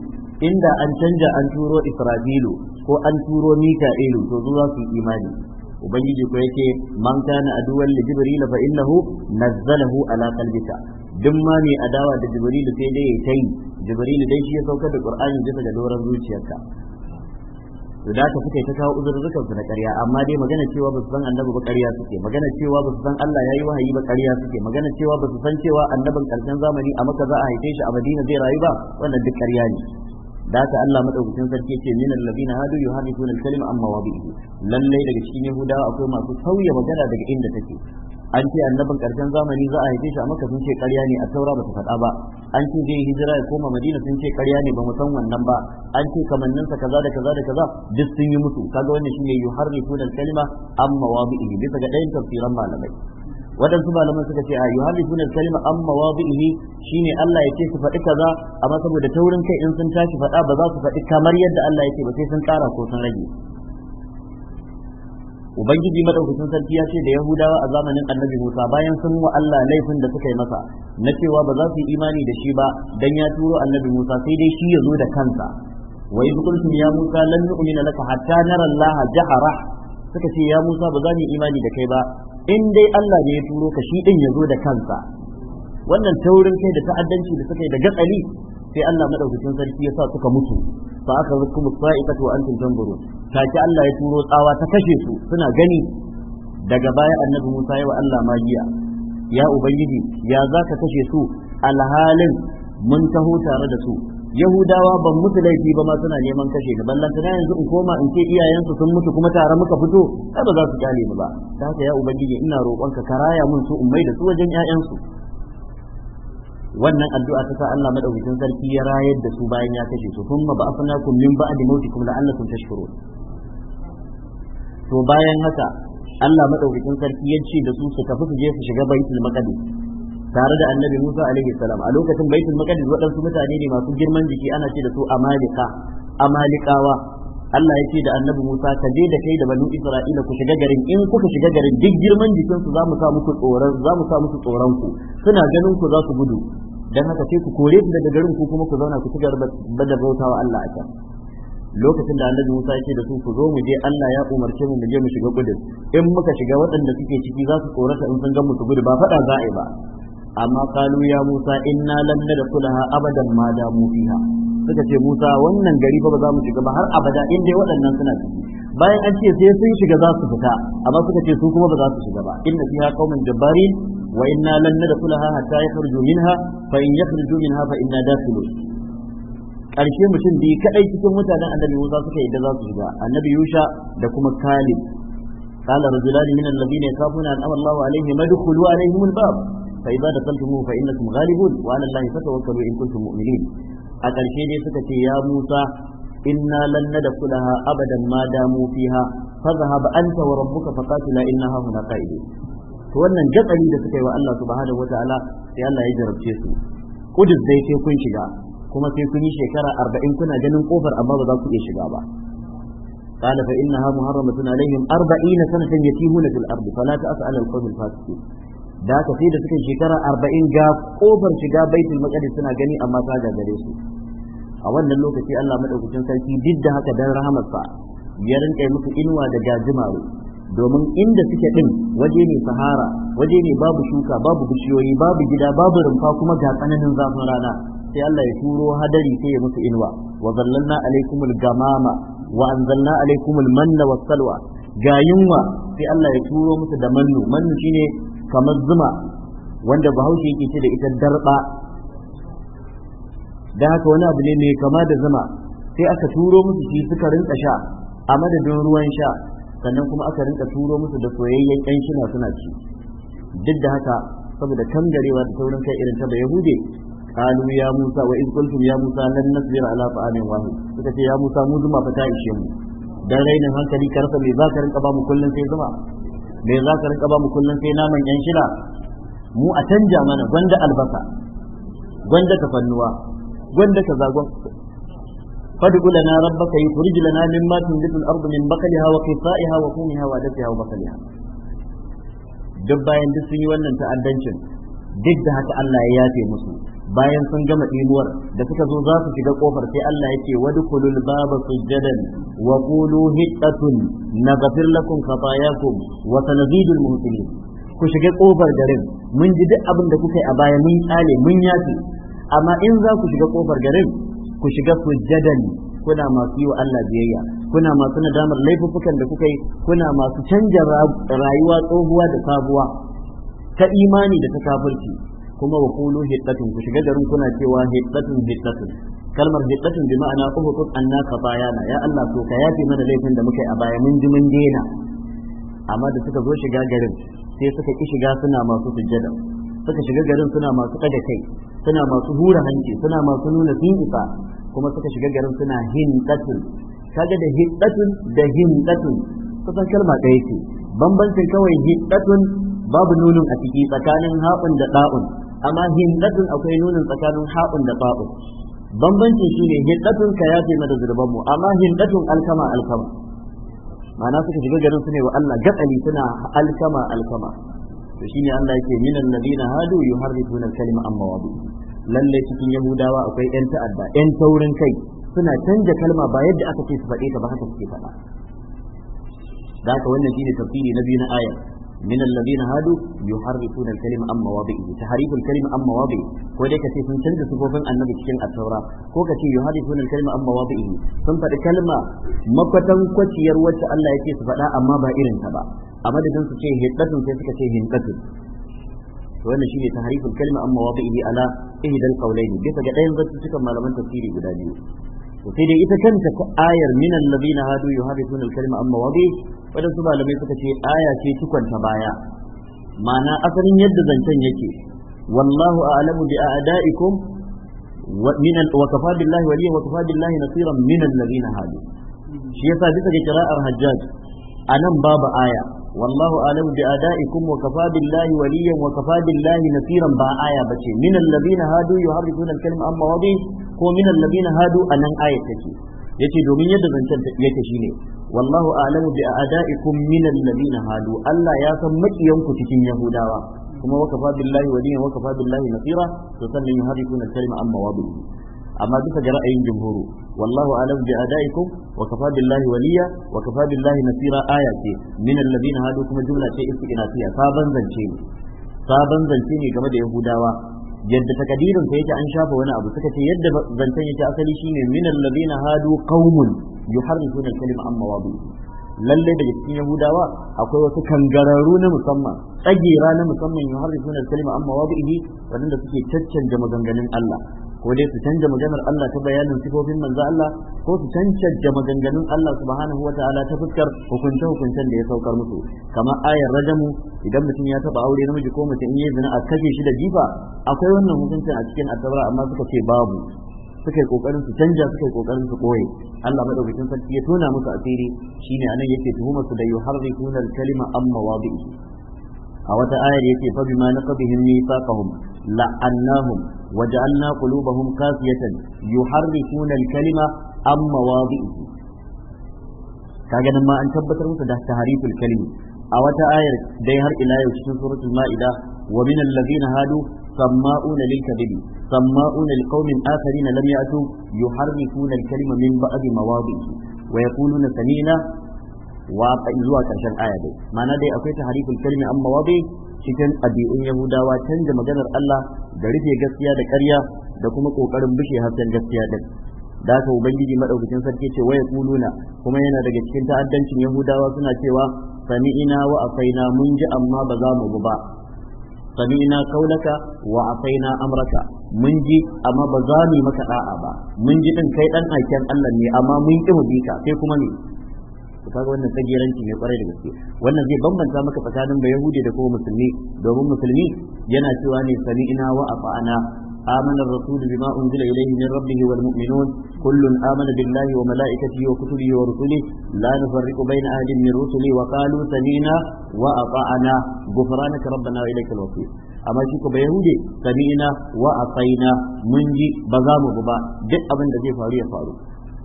inda an canja an turo israfilu ko an turo mika'ilu to zuwa su imani ubangiji ko yake man kana aduwan li jibril fa innahu nazzalahu ala qalbika duk ma mai adawa da jibril sai dai ya yi jibril dai shi ya saukar da qur'ani bisa da doran zuciyarka to da ka fike ta kawo uzurrukan su na ƙarya amma dai magana cewa ba su san annabi ba ƙarya suke magana cewa ba su san Allah yayi wahayi ba ƙarya suke magana cewa ba su san cewa annabin ƙarshen zamani a maka za a haife shi a Madina zai rayu ba wannan duk ƙarya ne da haka Allah madaukakin sarki ce min allazina hadu yuharrifuna al-kalima an mawadihi lalle daga cikin yahudawa akwai masu sauya magana daga inda take an ce annabin karshen zamani za a haife shi a maka sun ce ƙarya ne a taura ba ta faɗa ba an ce zai hijira ya koma madina sun ce ƙarya ne ba mu san wannan ba an ce kamanninsa kaza da kaza da kaza duk sun yi mutu kaga wannan shine yuharrifuna al-kalima amma wadihi bisa ga ɗayan tafsiran malamai waɗansu malaman suka ce a yuhallifuna kalima an mawadihi shine Allah ya ce su faɗi kaza amma saboda taurin kai in sun tashi faɗa ba za su faɗi kamar yadda Allah ya ce ba sai sun ƙara ko sun rage ubangiji madaukakin sarki ya ce da yahudawa a zamanin annabi musa bayan sun wa allah laifin da suka yi masa na cewa ba za su yi imani da shi ba dan ya turo annabi musa sai dai shi ya zo da kansa wa idh qultum ya musa lan nu'mina laka hatta nara allaha jahara suka ce ya musa ba za mu imani da kai ba in dai Allah ne ya turo ka shi din ya zo da kansa wannan taurin kai da ta'addanci da suka yi da gatsali sai Allah madaukakin sarki ya sa suka mutu fa aka zukum sa'iqatu wa antum tanzurun kaki Allah ya turo tsawa ta kashe su suna gani daga baya annabi Musa ya wa Allah magiya ya ubangiji ya zaka kashe su alhalin mun taho tare da su yahudawa ban musu laifi ba ma suna neman kashe ni ballan tana yanzu in koma in ce iyayensu sun mutu kuma tare muka fito ai ba za su kyale ni ba ta haka ya ubangiji ina roƙonka ka raya mun su ummai da su wajen ƴaƴansu wannan addu'a ta sa Allah madaukakin sarki ya rayar da su bayan ya kashe su kuma ba kun min ba'di mautikum la'allakum tashkurun to bayan haka Allah madaukakin sarki ya ce da su su tafi su je su shiga baitul maqdis tare da annabi Musa alaihi salam a lokacin baitul maqdis waɗansu mutane ne masu girman jiki ana ce da su amalika amalikawa Allah ya ce da annabi Musa ka je da kai da banu Isra'ila ku shiga garin in kuka shiga garin duk girman jikin su zamu sa muku tsoron zamu sa musu tsoron ku suna ganin ku za ku gudu dan haka sai ku kore su daga garin ku kuma ku zauna ku ci da bautawa Allah a can lokacin da annabi Musa ya ce da su ku zo mu je Allah ya umarce mu mu je mu shiga gudun in muka shiga waɗanda suke ciki za su tsorata in sun ga mu su gudu ba faɗa za a yi ba amma kalu ya Musa inna lan nadkhulaha abadan ma damu fiha suka ce Musa wannan gari fa ba za mu shiga ba har abada in dai waɗannan suna ciki bayan an ce sai sun shiga za su fita amma suka ce su kuma ba za su shiga ba inna fiha qauman jabbarin wa inna lan nadkhulaha hatta yakhruju minha fa in yakhruju minha fa inna dakhilun karshe mutum biyu kadai cikin mutanen annabi Musa suka yadda za su shiga annabi Yusha da kuma Kalib قال رجلان من الذين يخافون ان امر الله عليهم ادخلوا عليهم الباب فإذا دخلتموه فإنكم غالبون وعلى الله فتوكلوا إن كنتم مؤمنين أقل شيء سكت يا موسى إنا لن ندخلها أبدا ما داموا فيها فاذهب أنت وربك فقاتلا إنها هنا قائدون to wannan gatsari da suka yi wa Allah subhanahu wataala sai Allah ya jarabce su kudus dai sai kun shiga kuma sai kun yi shekara arba'in kuna ganin kofar amma ba za ku iya shiga ba قال فإنها محرمة عليهم أربعين سنة يتيهون في الأرض فلا تأس على القوم الفاسقين da aka sai da suka shekara arba'in ga kofar shiga baitul maqdis suna gani amma ta gagare su a wannan lokaci Allah madaukakin sarki duk da haka dan rahamarsa ya rinka musu inuwa da gajimare domin inda suke din waje ne sahara waje ne babu shuka babu bishiyoyi babu gida babu rumfa kuma ga tsananin zafin rana sai Allah ya turo hadari sai ya musu inuwa wa zallanna alaikumul gamama wa anzalna alaikumul manna was salwa ga yunwa sai Allah ya turo musu da mannu mannu shine kamar zuma wanda bahaushe yake ce da ita darba da haka wani abu ne mai kama da zuma sai aka turo musu shi suka rinka sha a madadin ruwan sha sannan kuma aka rinka turo musu da soyayyen yan shina suna ci duk da haka saboda kangarewa da saurin kai irin ta da yahude qalu ya musa wa in qultum ya musa lan nasbir ala ta'amin wahid suka ce ya musa mu zuma fa ta ishe mu dan rainin hankali karfa me zaka rinka ba mu kullun sai zuma me za ka rinka ba mu kullum sai naman yan shila mu a canja mana gwanda albasa gwanda tafannuwa gwanda kaza فادعوا لنا ربك يخرج لنا مما تنبت الارض من بقلها وقثائها وفومها وعدسها وبصلها duk bayan duk sun yi wannan ta'addancin duk da haka Allah ya yafe musu bayan sun gama ɗimuwar da suka zo za su shiga kofar sai Allah yake wadkhulul baba sujadan wa qulu hiqqatun naghfir lakum khatayakum wa sanazidul muhsinin ku shiga kofar garin mun ji duk abin da kuka yi a baya mun tsale mun yafi amma in za ku shiga kofar garin ku shiga sujadan kuna masu yi wa Allah biyayya kuna masu nadamar laifukan da kuka yi kuna masu canja rayuwa tsohuwa da sabuwa ta imani da ta kafirci kuma wa qulu hiddatun ku shiga garin kuna cewa hiddatun hiddatun kalmar hiddatun bi ma'ana ubutut annaka qatayana ya Allah to ka yafi mana laifin da muka yi a baya mun ji mun dena amma da suka zo shiga garin sai suka ki shiga suna masu sujjada suka shiga garin suna masu kada kai suna masu hura hanci suna masu nuna sun isa kuma suka shiga garin suna hiddatun kaga da hiddatun da hiddatun kusan kalma ɗaya ce bambancin kawai hiddatun babu nunin a ciki tsakanin haɓun da ɗa'un amma hindatun akwai nunin tsakanin ha'un da bambancin bambanci ne hindatun ka ya mana zurban mu amma hindatun alkama alkama ma'ana suka shiga garin su ne wa Allah gatsali suna alkama alkama to shine Allah yake minan nabina hadu yuharrifuna al-kalima amma wadu Lallai cikin yahudawa akwai yan ta'adda yan taurin kai suna canja kalma ba yadda aka ce su faɗe ta ba haka suke faɗa da haka wannan shine tafsiri na biyu na ayar من الذين هادوا يحرفون الكلمة عن مواضعه تحريف الكلمة عن مواضعه وده كتير من تنزل صفوفا النبي كتير التوراة هو كتير يحرفون الكلمة عن مواضعه ثم كلمة ما كتن كتير وش الله يكي سفلا أما بائرن تبا أما ده تنسى شيء هتبتن تنسى شيء هنكتن وأن شيء تحريف الكلمة عن مواضعه على إهدى القولين بيسا قدين ذات تشكم معلومات تفسيري قدانيه to sai dai ita kanta ayar minan ladina hadu yuhabituna al-kalima amma wabi wadansu malamai suka ce aya ce tukwanta baya ma'ana asalin yadda zancen yake wallahu a'lamu bi a'da'ikum wa min wa kafa billahi waliya wa kafa billahi nasiran min alladhina hadu shi yasa bisa ga qira'ar hajjaj anan babu aya wallahu a'lamu bi a'da'ikum wa kafa billahi waliya wa kafa billahi nasiran ba aya bace min alladhina hadu yuharrifuna al-kalima amma wadi ko minal na hadu a anan ayat take yace domin yadda zancen ta yake shine wallahu a'lamu bi a'da'ikum minal na hadu Allah ya san makiyanku cikin yahudawa kuma wakafa billahi waliyan wakafa billahi nasira to sannan yuharifuna al-kalima amma wadu amma bisa ga ra'ayin jumhuru wallahu alam bi adaikum wa kafa billahi waliya wa kafa billahi nasira aya ce min alladhina hadu kuma jumla ce istiqnafiya sabon zance ne sabon zance ne game da yahudawa yadda takadirin sa yake an shafa wani abu suka ce yadda zancen yake asali shine min allazina hadu qaumun yuharrifuna kalima amma wabu lalle daga cikin yahudawa akwai wasu kangararru na musamman tsagera na musamman yuharrifuna al-kalima amma wadu wanda suke caccanja maganganun Allah ko dai su canja maganar Allah ta bayanin sifofin manzo Allah ko su cancanta maganganun Allah subhanahu wataala ta fuskar hukunce hukuncen da ya saukar musu kamar ayar rajamu idan mutum ya taba aure namiji ko mutum in yi zina a kashe shi da jifa akwai wannan hukuncin a cikin attaura amma suka ce babu suka yi kokarin su canja suka yi kokarin su koye Allah madaukakin sarki ya tona musu asiri shine anan yake tuhumar su da yuharrifuna al-kalima amma wadi'i a wata ayar yake fa bima naqabihim mithaqahum la'annahum وجعلنا قلوبهم قاسية يحرفون الكلمة عن مواضعه كاجنا ما أن تبتر مسدى تحريف الكلمة أو تآير ديهر إلى يوشن سورة المائدة ومن الذين هادوا سماؤون للكذب سماؤون لقوم آخرين لم يأتوا يحرفون الكلمة من بعد مواضعه ويقولون سمينا wa zuwa karshen aya dai mana dai akwai ta tahriful kalmi amma wabe cikin ɗabi'un yahudawa canza maganar Allah da rufe gaskiya da ƙarya da kuma ƙoƙarin bushe hasken gaskiya din da haka ubangiji maɗaukacin sarki ce waya kuluna kuma yana daga cikin ta'addancin yahudawa suna cewa sami'ina wa asaina mun ji amma ba za mu bi ba sami'ina kaulaka wa asaina amraka mun ji amma ba za mu maka da'a ba mun ji din kai dan aikin Allah ne amma mun ki mu ka sai kuma ne ka kaga wannan tsagiranci ne kwarai da gaske wannan zai bambanta maka tsakanin ba yahudi da kuma musulmi domin musulmi yana cewa ne sami'na wa afa'ana آمن الرسول بما أنزل إليه من ربه والمؤمنون كل آمن بالله وملائكته وكتبه ورسله لا نفرق بين أهل من رسله وقالوا سمعنا وأطعنا غفرانك ربنا وإليك الوصير amma shi ko bayahudi sami'na wa asaina mun ji ba za mu ba duk abin da zai faru ya faru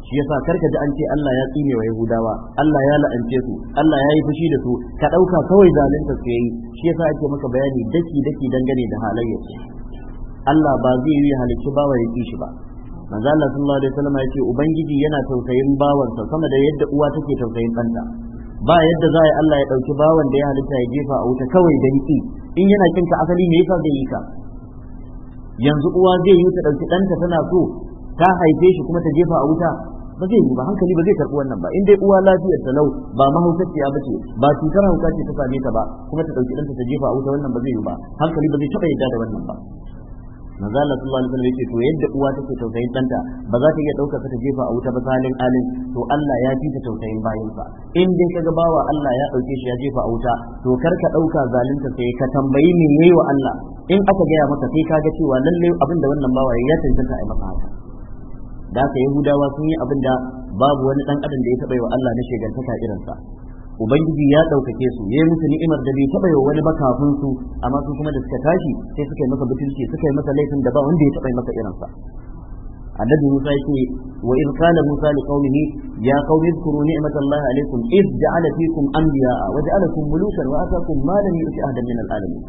shi yasa karka ji an ce Allah ya tsine wa Yahudawa Allah ya la'ance su Allah ya yi fushi da su ka dauka kawai zalunta su yayi shi yasa ake maka bayani daki daki dangane da halayya Allah ba zai yi halicci ya shi ba manzo Allah sallallahu alaihi wasallam ya ce ubangiji yana tausayin bawansa sama da yadda uwa take tausayin ɗanta ba yadda za a Allah ya ɗauki bawan da ya halitta ya jefa a wuta kawai da ki in yana kin ka asali me yasa zai yi ka yanzu uwa zai yi ta ɗauki ɗanta tana so ta haife shi kuma ta jefa a wuta ba zai yi ba hankali ba zai karɓi wannan ba in dai uwa lafiyar ta lau ba mahaukaciya ba ce ba cutar hauka ce ta same ta ba kuma ta ɗauki ɗanta ta jefa a wuta wannan ba zai yi ba hankali ba zai taɓa yadda da wannan ba manzo Allah sallallahu alaihi wasallam yake to yadda uwa take tausayin ɗanta ba za ta iya ɗauka ta jefa a wuta ba salin alin to Allah ya fi ta tausayin bayin sa in dai kaga bawa Allah ya ɗauke shi ya jefa a wuta to kar ka dauka zalunta sai ka tambayi me yayi wa Allah in aka gaya maka sai kaga cewa lalle abin da wannan bawa ya tantance a masa haka da haka yahudawa sun yi abin da babu wani dan adam da ya taba yi wa Allah na shegantaka irinsa ubangiji ya ɗaukake su ya yi musu ni'imar da bai taɓa wa wani ba su amma su kuma da suka tashi sai suka yi masa butulci suka yi masa laifin da ba wanda ya taɓa yi masa irinsa annabi Musa ce wa in qala Musa li qaumihi ya qaumi zkuru ni'matallahi alaykum id ja'ala fikum anbiya wa ja'alakum mulukan wa ataakum ma lam yu'ti ahadan min al-alamin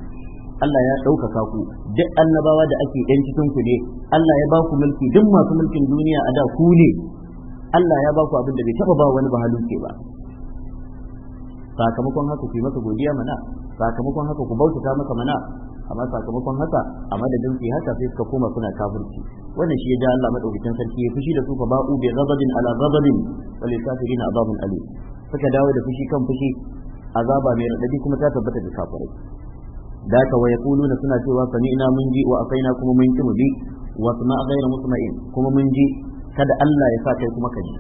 Allah ya ɗaukaka ku duk annabawa da ake yan cikin ku ne Allah ya ba ku mulki duk masu mulkin duniya a da ku ne Allah ya ba ku abin da bai taba ba wani ba haluke ba sakamakon haka ku yi masa godiya mana sakamakon haka ku bautata masa mana amma sakamakon haka a madadin su haka sai suka koma suna kafirci wannan shi ya ja Allah madaukakin sarki ya fushi da su fa ba'u bi ghadabin ala ghadabin wa kafirin azabun alim suka dawo da fushi kan fushi azaba mai radadi kuma ta tabbata da kafirai da ka wa yaquluna suna cewa sami'na mun ji wa asaina kuma mun ki mu bi wa suna sama ghayra musma'in kuma mun ji kada Allah ya sa kai kuma ka ji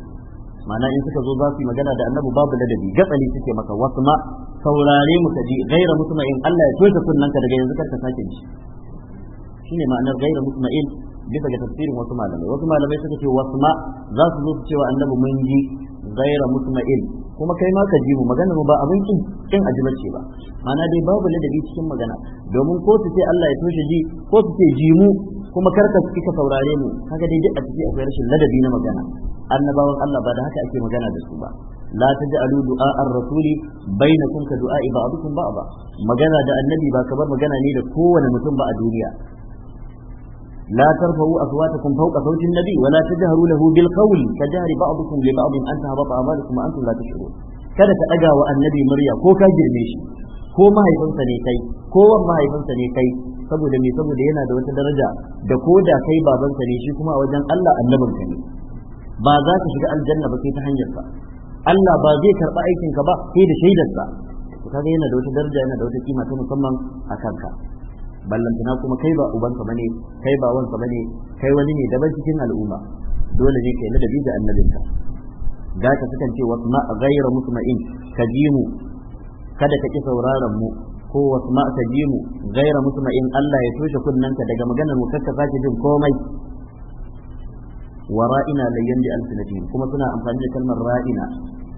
ma'ana in suka zo za su yi magana da annabu babu ladabi gatsali suke maka wasu ma saurare mu ka ji gaira musma'in Allah ya toshe sunnan ka daga yanzu karka sake ji shine ma'anar gaira musma'in bisa ga tafsirin wasu malamai wasu malamai suka ce wa suna za su zo su cewa annabu mun ji gaira musma'il kuma kai ma ka ji mu magana mu ba abin kin kin aji bace ba ma'ana dai babu ladabi cikin magana domin ko su ce Allah ya toshe ji ko su ce ji mu kuma karka kika saurare mu kaga dai duk a ciki akwai rashin ladabi na magana annabawan Allah ba da haka ake magana da su ba la taj'alu du'a ar-rasuli bainakum ka du'a ba'dukum ba'da magana da annabi ba kamar magana ne da kowane mutum ba a duniya لا ترفعوا أصواتكم فوق صوت النبي ولا تجهروا له بالقول كجهر بعضكم لبعض أن تهبط أعمالكم وأنتم لا تشعرون kada ka ɗaga wa annabi murya ko ka girme shi ko mahaifinsa ne kai ko wan mahaifinsa ne kai saboda me saboda yana da wata daraja da ko da kai babansa ne shi kuma a wajen Allah annabinka ne ba za ka shiga aljanna ba sai ta hanyar sa Allah ba zai karba aikinka ba sai da shaidar sa kaga yana da wata daraja yana da wata kima ta musamman a kanka ballantana kuma kai ba ubanka bane kai ba wanka bane kai wani ne daban cikin al'umma dole ne kai ladabi da annabinka da ka sukan ce wasu ma ghayra ka ji mu kada ka ki sauraron mu ko wasu ma ka ji mu gaira musma'in Allah ya toshe kunnanka daga maganar mu kakka sake jin komai wara'ina layyan bi alsinatihim kuma suna amfani da kalmar ra'ina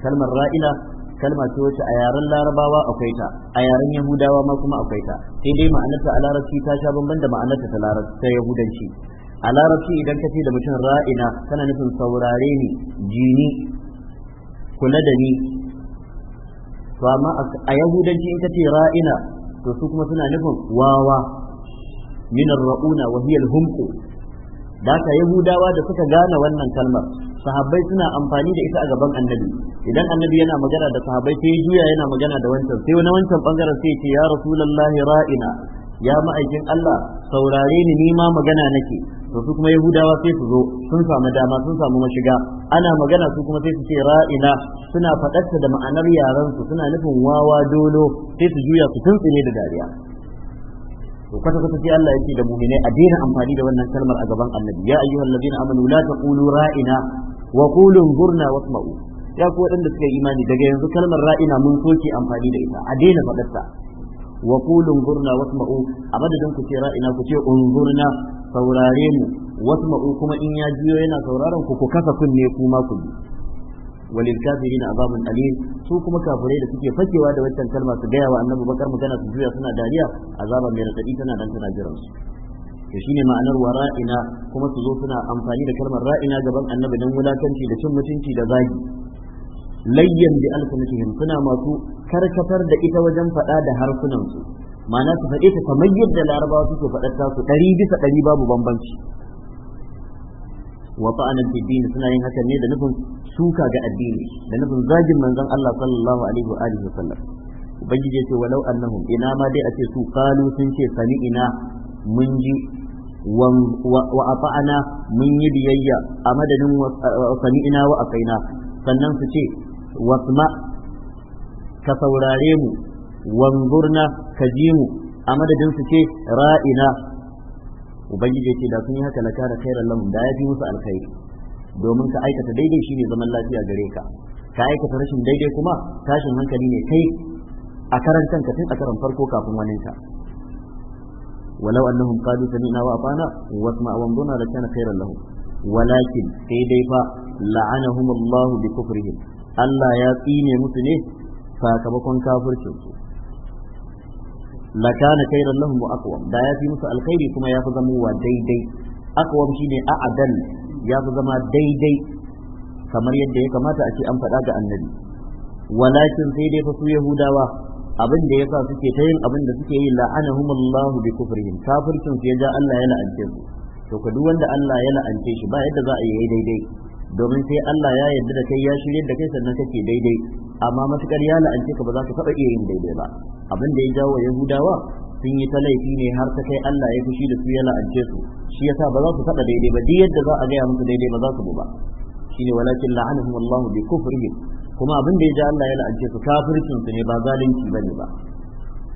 kalmar ra'ina kalma ce wacce a yaren larabawa akwai ta a yaren yahudawa ma kuma akwai ta sai dai ma'anarta a larabci ta sha bamban da ma'anarta ta larabci ta yahudanci a larabci idan ka ce da mutum ra'ina kana nufin saurare ni jini kula da ni to amma a yahudanci in ka ce ra'ina to su kuma suna nufin wawa min ar-ra'una wa hiya al-humqu da haka yahudawa da suka gane wannan kalmar sahabbai suna amfani da ita a gaban annabi idan annabi yana magana da sahabbai sai juya yana magana da wancan sai wani wancan bangaren sai ce ya rasulullahi ra'ina ya ma'aikin Allah saurare ni ni ma magana nake to su kuma yahudawa sai su zo sun samu dama sun samu mashiga ana magana su kuma sai su ce ra'ina suna faɗarta da ma'anar yaran su suna nufin wawa dolo sai su juya su tuntsine da dariya to kwata kwata sai Allah yake da mu'mine a daina amfani da wannan kalmar a gaban annabi ya ayyuhal ladina amanu la taqulu ra'ina wa qulu zurna wasma'u ya ku waɗanda suka yi imani daga yanzu kalmar ra'ina mun soke amfani da ita a daina faɗarta wa qulu zurna wasma'u a madadin ku ce ra'ina ku ce unzurna saurare mu wasma'u kuma in ya jiyo yana sauraron ku ku kasa kunne kuma ku bi walil kafirin azabun alim su kuma kafirai da suke fakewa da wancan kalma su gaya wa annabi bakar magana su juya suna dariya azaban mai radadi tana dan tana su to shine ma'anar wa ra'ina kuma su zo suna amfani da kalmar ra'ina gaban annabi dan wulakanci da cin mutunci da zagi layyan bi alsanatihim suna masu karkatar da ita wajen faɗa da harsunansu ma'ana su faɗe ta kamar yadda larabawa suke faɗar su ɗari bisa ɗari babu bambanci wa ta'anan fi dini suna yin hakan ne da nufin suka ga addini da nufin zagin manzon Allah sallallahu alaihi wa alihi wasallam ubangiji ce walau annahum ina ma dai a ce su kalu sun ce sami ina mun ji wa ata'ana mun yi biyayya a madadin sami ina wa akaina sannan su ce wasma ka saurare mu wanzurna ka ji mu a madadin su ce ra'ina ubangiji ce da sun yi haka lakara khairan lahum da ya fi musu alkhairi domin ka aikata daidai shine zaman lafiya gare ka ka aikata rashin daidai kuma tashin hankali ne kai a karan kanka tun a karan farko kafin wani ka walau annahum qalu sami'na wa ata'na wasma wa anzurna lakana khairan lahum walakin sai dai fa la'anahum Allah bi kufrihim Allah ya tsine musu ne sakamakon kafircin su la kana khairan lahum wa da ya fi musu alkhairi kuma ya fi zamowa daidai aqwam shine a'adal ya fi zama daidai kamar yadda ya kamata a ce an faɗa ga annabi walakin sai dai fa su yahudawa abin da yasa suke ta yin abin da suke yi la'anahumullahu bi kufrihim kafircin su ya ja Allah ya la'ance su to ka duk wanda Allah ya la'ance shi ba yadda za a yi daidai domin sai Allah ya yarda da kai ya shirye da kai sannan kake daidai amma matukar ya la'ance ka ba za ka taɓa iya yin daidai ba abin da ya jawo wa yahudawa sun yi ta laifi ne har ta kai Allah ya fushi da su ya la'ance su shi yasa ba za su faɗa daidai ba duk yadda za a gaya musu daidai ba za su ba shine walakin la'anahum Allahu bi kufrihim kuma abin da ya ja Allah ya la'ance su kafircin su ne ba zalunci bane ba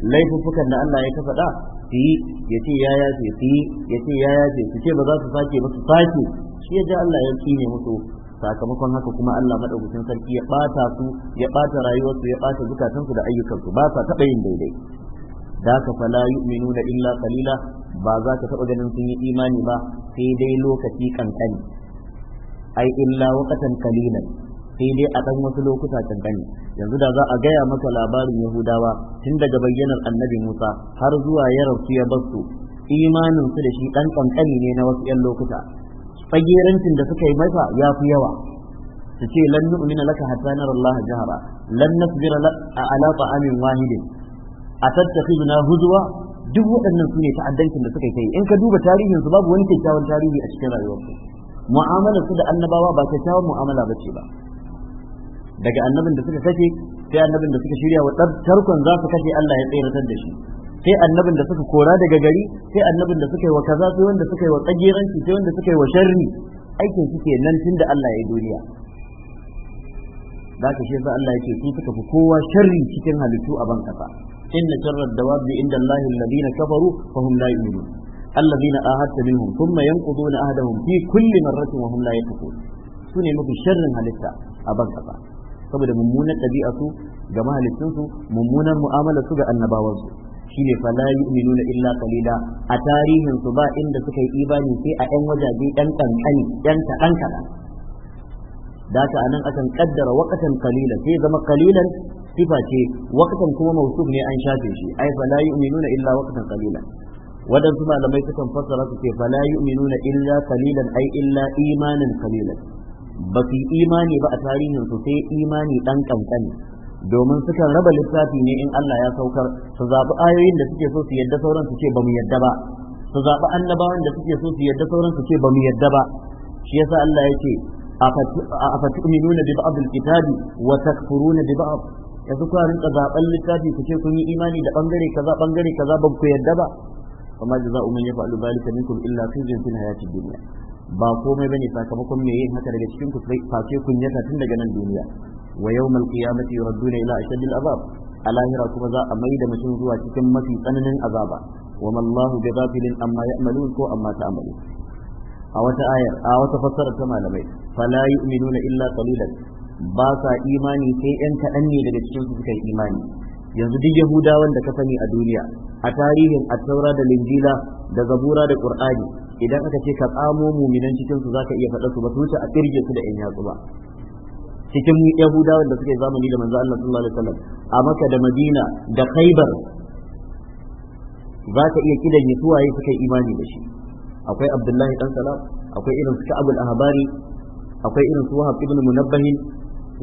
laifuffukan da Allah ya da su yi ya ce ya yafe su yi ya ce ya su ce ba za su sake ba su sake shi ya ja Allah ya tsine musu sakamakon haka kuma Allah madaukakin sarki ya bata su ya bata rayuwarsu ya bata zukatansu da ayyukansu ba sa taɓa yin daidai da ka fala yu'minuna illa qalila ba za ka taɓa ganin sun yi imani ba sai dai lokaci kankani ai illa waqatan qalilan sai dai a ɗan wasu lokuta kankani yanzu da za a gaya maka labarin yahudawa tun daga bayyanar annabi musa har zuwa ya rasu ya basu imanin su da shi ɗan kankani ne na wasu 'yan lokuta tsagerancin da suka yi masa ya fi yawa su ce lan nu'mina laka hatta nara Allah jahara lan nasbira ala ta'amin wahidin atattakhiduna huzwa duk waɗannan su ne ta'addancin da suka yi in ka duba tarihin su babu wani kyakkyawan tarihi a cikin rayuwarsu mu'amalar su da annabawa ba kyakkyawan mu'amala ba ce ba daga annabin da suka kashe sai annabin da suka shirya wa tarkon za su kashe Allah ya tseratar da shi sai annabin da suka kora daga gari sai annabin da suka yi wa kaza sai wanda suka yi wa tsagiranci sai wanda suka yi wa sharri aikin su ke nan tun da Allah ya yi duniya da ka shi yasa Allah yake sun suka fi kowa sharri cikin halittu a ban kasa inna sharrad dawabi inda Allah alladhina kafaru fa hum la yu'minun alladhina ahadta minhum thumma na ahdahum fi kulli marratin wa hum la Su ne mafi sharrin halitta a ban kasa saboda mummunan ɗabi'a su ga mahalicinsu mummunan mu'amala su ga annabawansu shine fa la yu'minuna illa qalila a tarihin su ba inda suka yi imani sai a ɗan wajaje ɗan kankani ɗan ta ɗan kaɗan da ta anan akan kaddara waqatan qalila sai zama qalilan sifa ce waqatan kuma mawsuf ne an shafe shi ai fa la yu'minuna illa waqatan qalila wadansu malamai sukan fassara su ce fa la yu'minuna illa qalilan ai illa imanan qalilan ba su imani ba a tarihin su sai imani dan kankani domin sukan raba lissafi ne in Allah ya saukar su zaɓi ayoyin da suke so su yadda sauran su ce ba mu yadda ba su zaɓi annabawan da suke so su yadda sauran su ce ba mu yadda ba shi yasa Allah ya ce afatu'minuna bi ba'd al-kitabi wa takfuruna bi ya yanzu kwarin rinka zaɓen littafi su ce kun yi imani da bangare kaza bangare kaza ba ku yadda ba kuma jaza'u man yaf'alu dhalika minkum illa khizyun fil hayatid dunya ba komai bane sakamakon me yin haka daga cikin ku face kunyata tun daga nan duniya wa yawmal qiyamati yuradduna ila ashaddil azab a lahira kuma za a maida mutum zuwa cikin mafi tsananin azaba wa mallahu bi ghafilin amma ya'malun ko amma ta'malun a wata ayar a wata fassara ta malamai fala yu'minuna illa qalilan ba sa imani sai yan kaɗan ne daga cikin su suka yi imani yanzu duk yahudawan da ka sani a duniya a tarihin attaura da linjila da zabura da qur'ani idan aka ce ka tsamo muminan cikin su zaka iya faɗa su ba su wuce a kirge su da yan yatsu ba cikin yahudawan da suke zamani da manzo Allah sallallahu alaihi wasallam a Makka da Madina da khaybar zaka iya kidan waye suka imani da shi akwai Abdullahi dan Salam akwai irin su Abul Ahbari akwai irin su Wahab ibn Munabbahin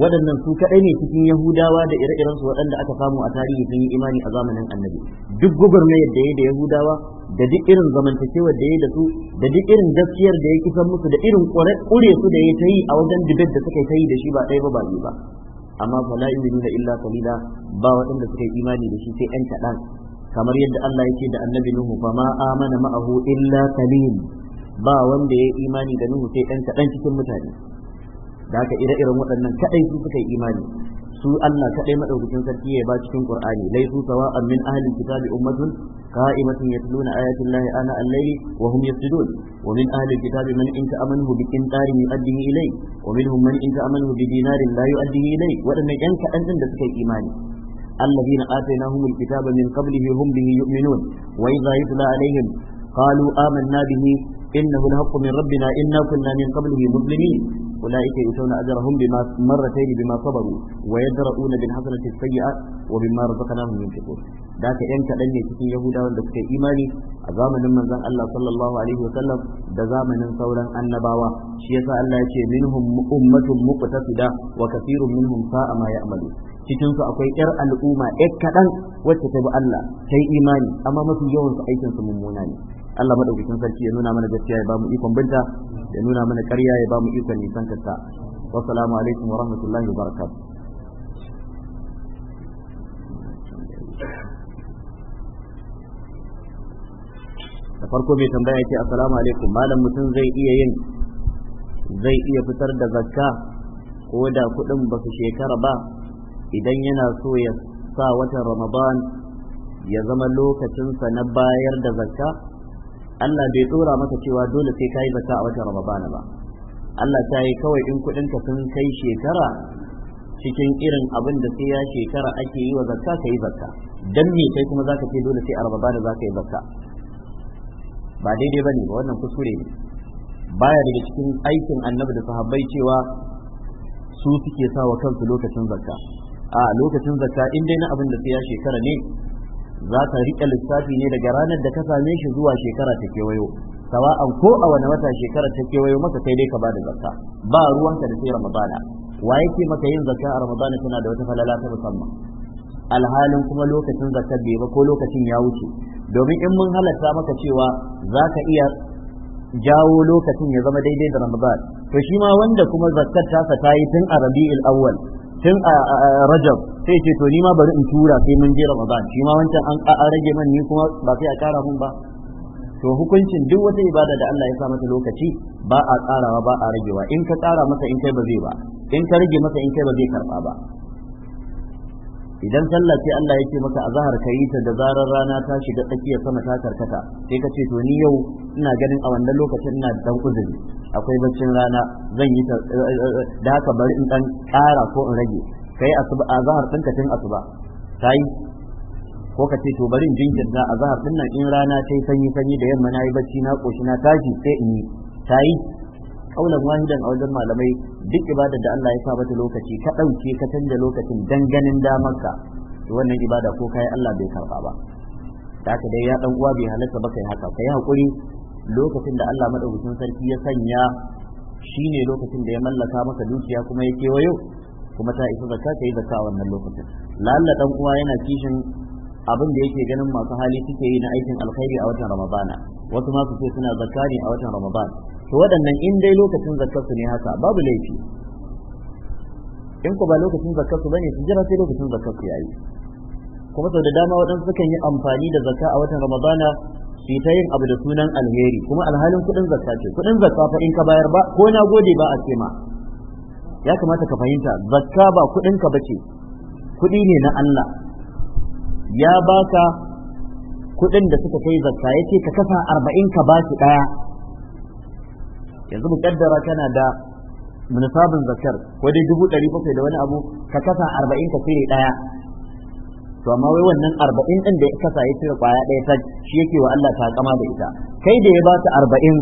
waɗannan su kaɗai ne cikin yahudawa da ire-irensu waɗanda aka samu a tarihi sun yi imani a zamanin annabi duk gwagwarmayar da ya da yahudawa da duk irin zamantakewar da ya da su da duk irin gaskiyar da ya kisan musu da irin ƙure su da ya ta yi a wajen dibet da suka ta yi da shi ba ɗaya ba ba ba amma fala yu'minuna illa qalila ba waɗanda suka yi imani da shi sai ɗan kaɗan kamar yadda Allah yake da annabi Nuhu fa ma amana ma'ahu illa qalil ba wanda ya yi imani da Nuhu sai ɗan kaɗan cikin mutane da haka ire-iren waɗannan kaɗai su suka yi imani su Allah kaɗai maɗaukakin sarki ya ba cikin Qur'ani laisu sawa'an min ahlil kitabi ummatun qa'imatun yatluna ayati llahi ana al-layli wa hum yasjudun wa min ahlil kitabi man in ta'amanu bi qintarin yu'addihi ilay wa minhum man in ta'amanu bi dinarin la yu'addihi ilay waɗannan ƴan kaɗan din da suka yi imani الذين آتيناهم min من قبله هم به يؤمنون وإذا يتلى عليهم قالوا amanna bihi. إنه الحق من ربنا إنا كنا من قبله مظلمين أولئك يؤتون أجرهم بما مرتين بما صبروا ويدرؤون بالحسنة السيئة وبما رزقناهم ينفقون ذاك إن كأن يتكي يهودا وندك إيماني أزامن من ذن الله صلى الله عليه وسلم دزامن ثورا النباوة شيسا الله يتي منهم أمة مقتصدة وكثير منهم ساء ما يعملون cikin su akwai yar al'umma ɗaya kaɗan wacce ta bi Allah ta yi imani amma mafi yawan su aikin su mummuna ne Allah madaukakin sarki ya nuna mana gaskiya ya ba mu ikon binta ya nuna mana ƙarya ya ba mu ikon nisan kanta salamu alaikum wa rahmatullahi wa barakatuh da farko mai tambaya ce assalamu alaikum malam mutum zai iya yin zai iya fitar da zakka ko da kuɗin ba su shekara ba idan yana so ya sa watan ramadan ya zama lokacinsa na bayar da zakka Allah bai tsora maka cewa dole sai ka yi zakka a watan Ramadan ba Allah ta yi kawai in kuɗin ka sun kai shekara cikin irin abin da sai ya shekara ake yi wa zakka ka yi zakka dan me kai kuma zaka ce dole sai a Ramadan zaka yi zakka ba daidai bane ba wannan kuskure ne baya daga cikin aikin annabi da sahabbai cewa su suke sa wa kansu lokacin zakka a lokacin zakka in dai na abin da sai ya shekara ne za ka riƙe lissafi ne daga ranar da ka same shi zuwa shekara ta kewayo sawa'an ko a wani wata shekara ta kewayo maka kai dai ka bada zakka ba ruwanka da sai ramadana wa yake maka yin zakka a ramadana tana da wata falala ta musamman alhalin kuma lokacin zakkar bai ba ko lokacin ya wuce domin in mun halatta maka cewa za ka iya jawo lokacin ya zama daidai da ramadan to shi ma wanda kuma zakkar tasa ta yi tun a rabi'il awwal tun a rajab sai ce to ni bari in tura sai mun je Ramadan shi ma wancan an rage man ni kuma ba sai a kara mun ba to hukuncin duk wata ibada da Allah ya sa mata lokaci ba a karawa ba a ragewa in ka kara masa in kai ba zai ba in ka rage masa in kai ba zai karba ba idan sallah ce Allah ya ce maka a zahar ka yi ta da zarar rana ta shiga tsakiyar sama ta karkata sai ka ce to ni yau ina ganin a wannan lokacin ina da dan kuzuri akwai baccin rana zan yi eh, eh, eh, da haka bari in dan ƙara ko in rage kai asuba zahar ɗinka tun asuba kai ko ka ce to bari in jinkirta azhar din nan in rana ta yi sanyi sanyi da yamma na yi bacci na koshi na tashi sai in yi tayi ƙaunar wahidan a wajen malamai duk ibadar da Allah ya sa mata lokaci ka ɗauke ka canja lokacin dan ganin damarka to wannan ibada ko kai Allah bai karba ba da haka dai ya dan uwa bai halarta ba kai haka kai hakuri lokacin da Allah madaukakin sarki ya sanya shine lokacin da ya mallaka maka dukiya kuma ya kewayo kuma ta isa zakka ta yi zakka a wannan lokacin lalla dan uwa yana kishin abin da yake ganin masu hali suke yi na aikin alkhairi a watan ramadana wasu ma su ce suna zakka ne a watan Ramadana. to waɗannan in dai lokacin zakkar su ne haka babu laifi in ku ba lokacin zakkar su bane su jira sai lokacin zakkar su yayi kuma sau da dama waɗansu sukan yi amfani da zakka a watan ramadana su ta yin abu da sunan alheri kuma alhalin kuɗin zakka ce kuɗin zakka fa in ka bayar ba ko na gode ba a ce ma ya kamata ka fahimta zakka ba kuɗinka bace ce kuɗi ne na Allah ya baka kuɗin da suka kai zakka ya ce ka kasa 40 ka ba daya ɗaya yanzu mukaddara kana da munasabin zakkar ko dai dubu ɗari bakwai da wani abu ka kasa arba'in ka cire ɗaya to amma wai wannan arba'in ɗin da ya kasa ya cire kwaya ɗaya ta shi yake wa Allah ta kama da ita kai da ya ba ta arba'in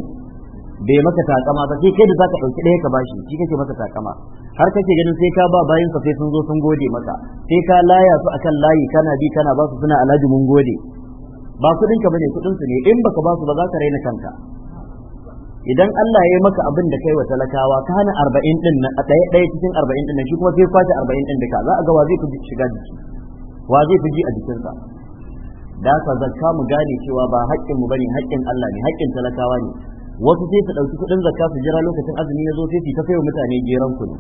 bai maka takama ba sai kai da zaka dauki ɗaya ka bashi shi kake maka takama har kake ganin sai ka ba bayin ka sai sun zo sun gode maka sai ka laya su akan layi kana bi kana ba su suna alhaji mun gode ba su dinka bane kudin su ne in baka ba su ba za ka raina kanka idan Allah ya yi maka abin da kai wa talakawa ka hana 40 din nan ɗaya ɗaya cikin 40 din nan shi kuma sai kwace 40 din duka za a ga wa zai fi shiga jiki wa zai fi ji a jikinsa da ka zakka mu gane cewa ba haƙƙin mu bane haƙƙin Allah ne haƙƙin talakawa ne wasu sai su ɗauki kuɗin zakka su jira lokacin azumi ya zo sai su ta wa mutane jeran kunu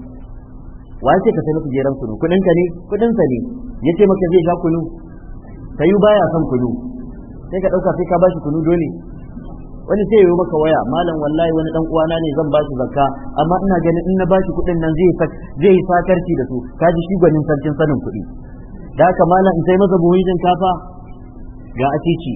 wa ce ka sai musu jeran kunu kuɗin ka ne kuɗin ka ne ya ce maka zai sha kunu kayu baya son kunu sai ka ɗauka sai ka bashi kunu dole wani sai yayi maka waya malam wallahi wani dan uwana ne zan bashi zakka amma ina ganin in na bashi kuɗin nan zai zai sakarci da su kaji shi gwanin sarkin sanin kuɗi da haka malam in sai masa buhun shinkafa ga atici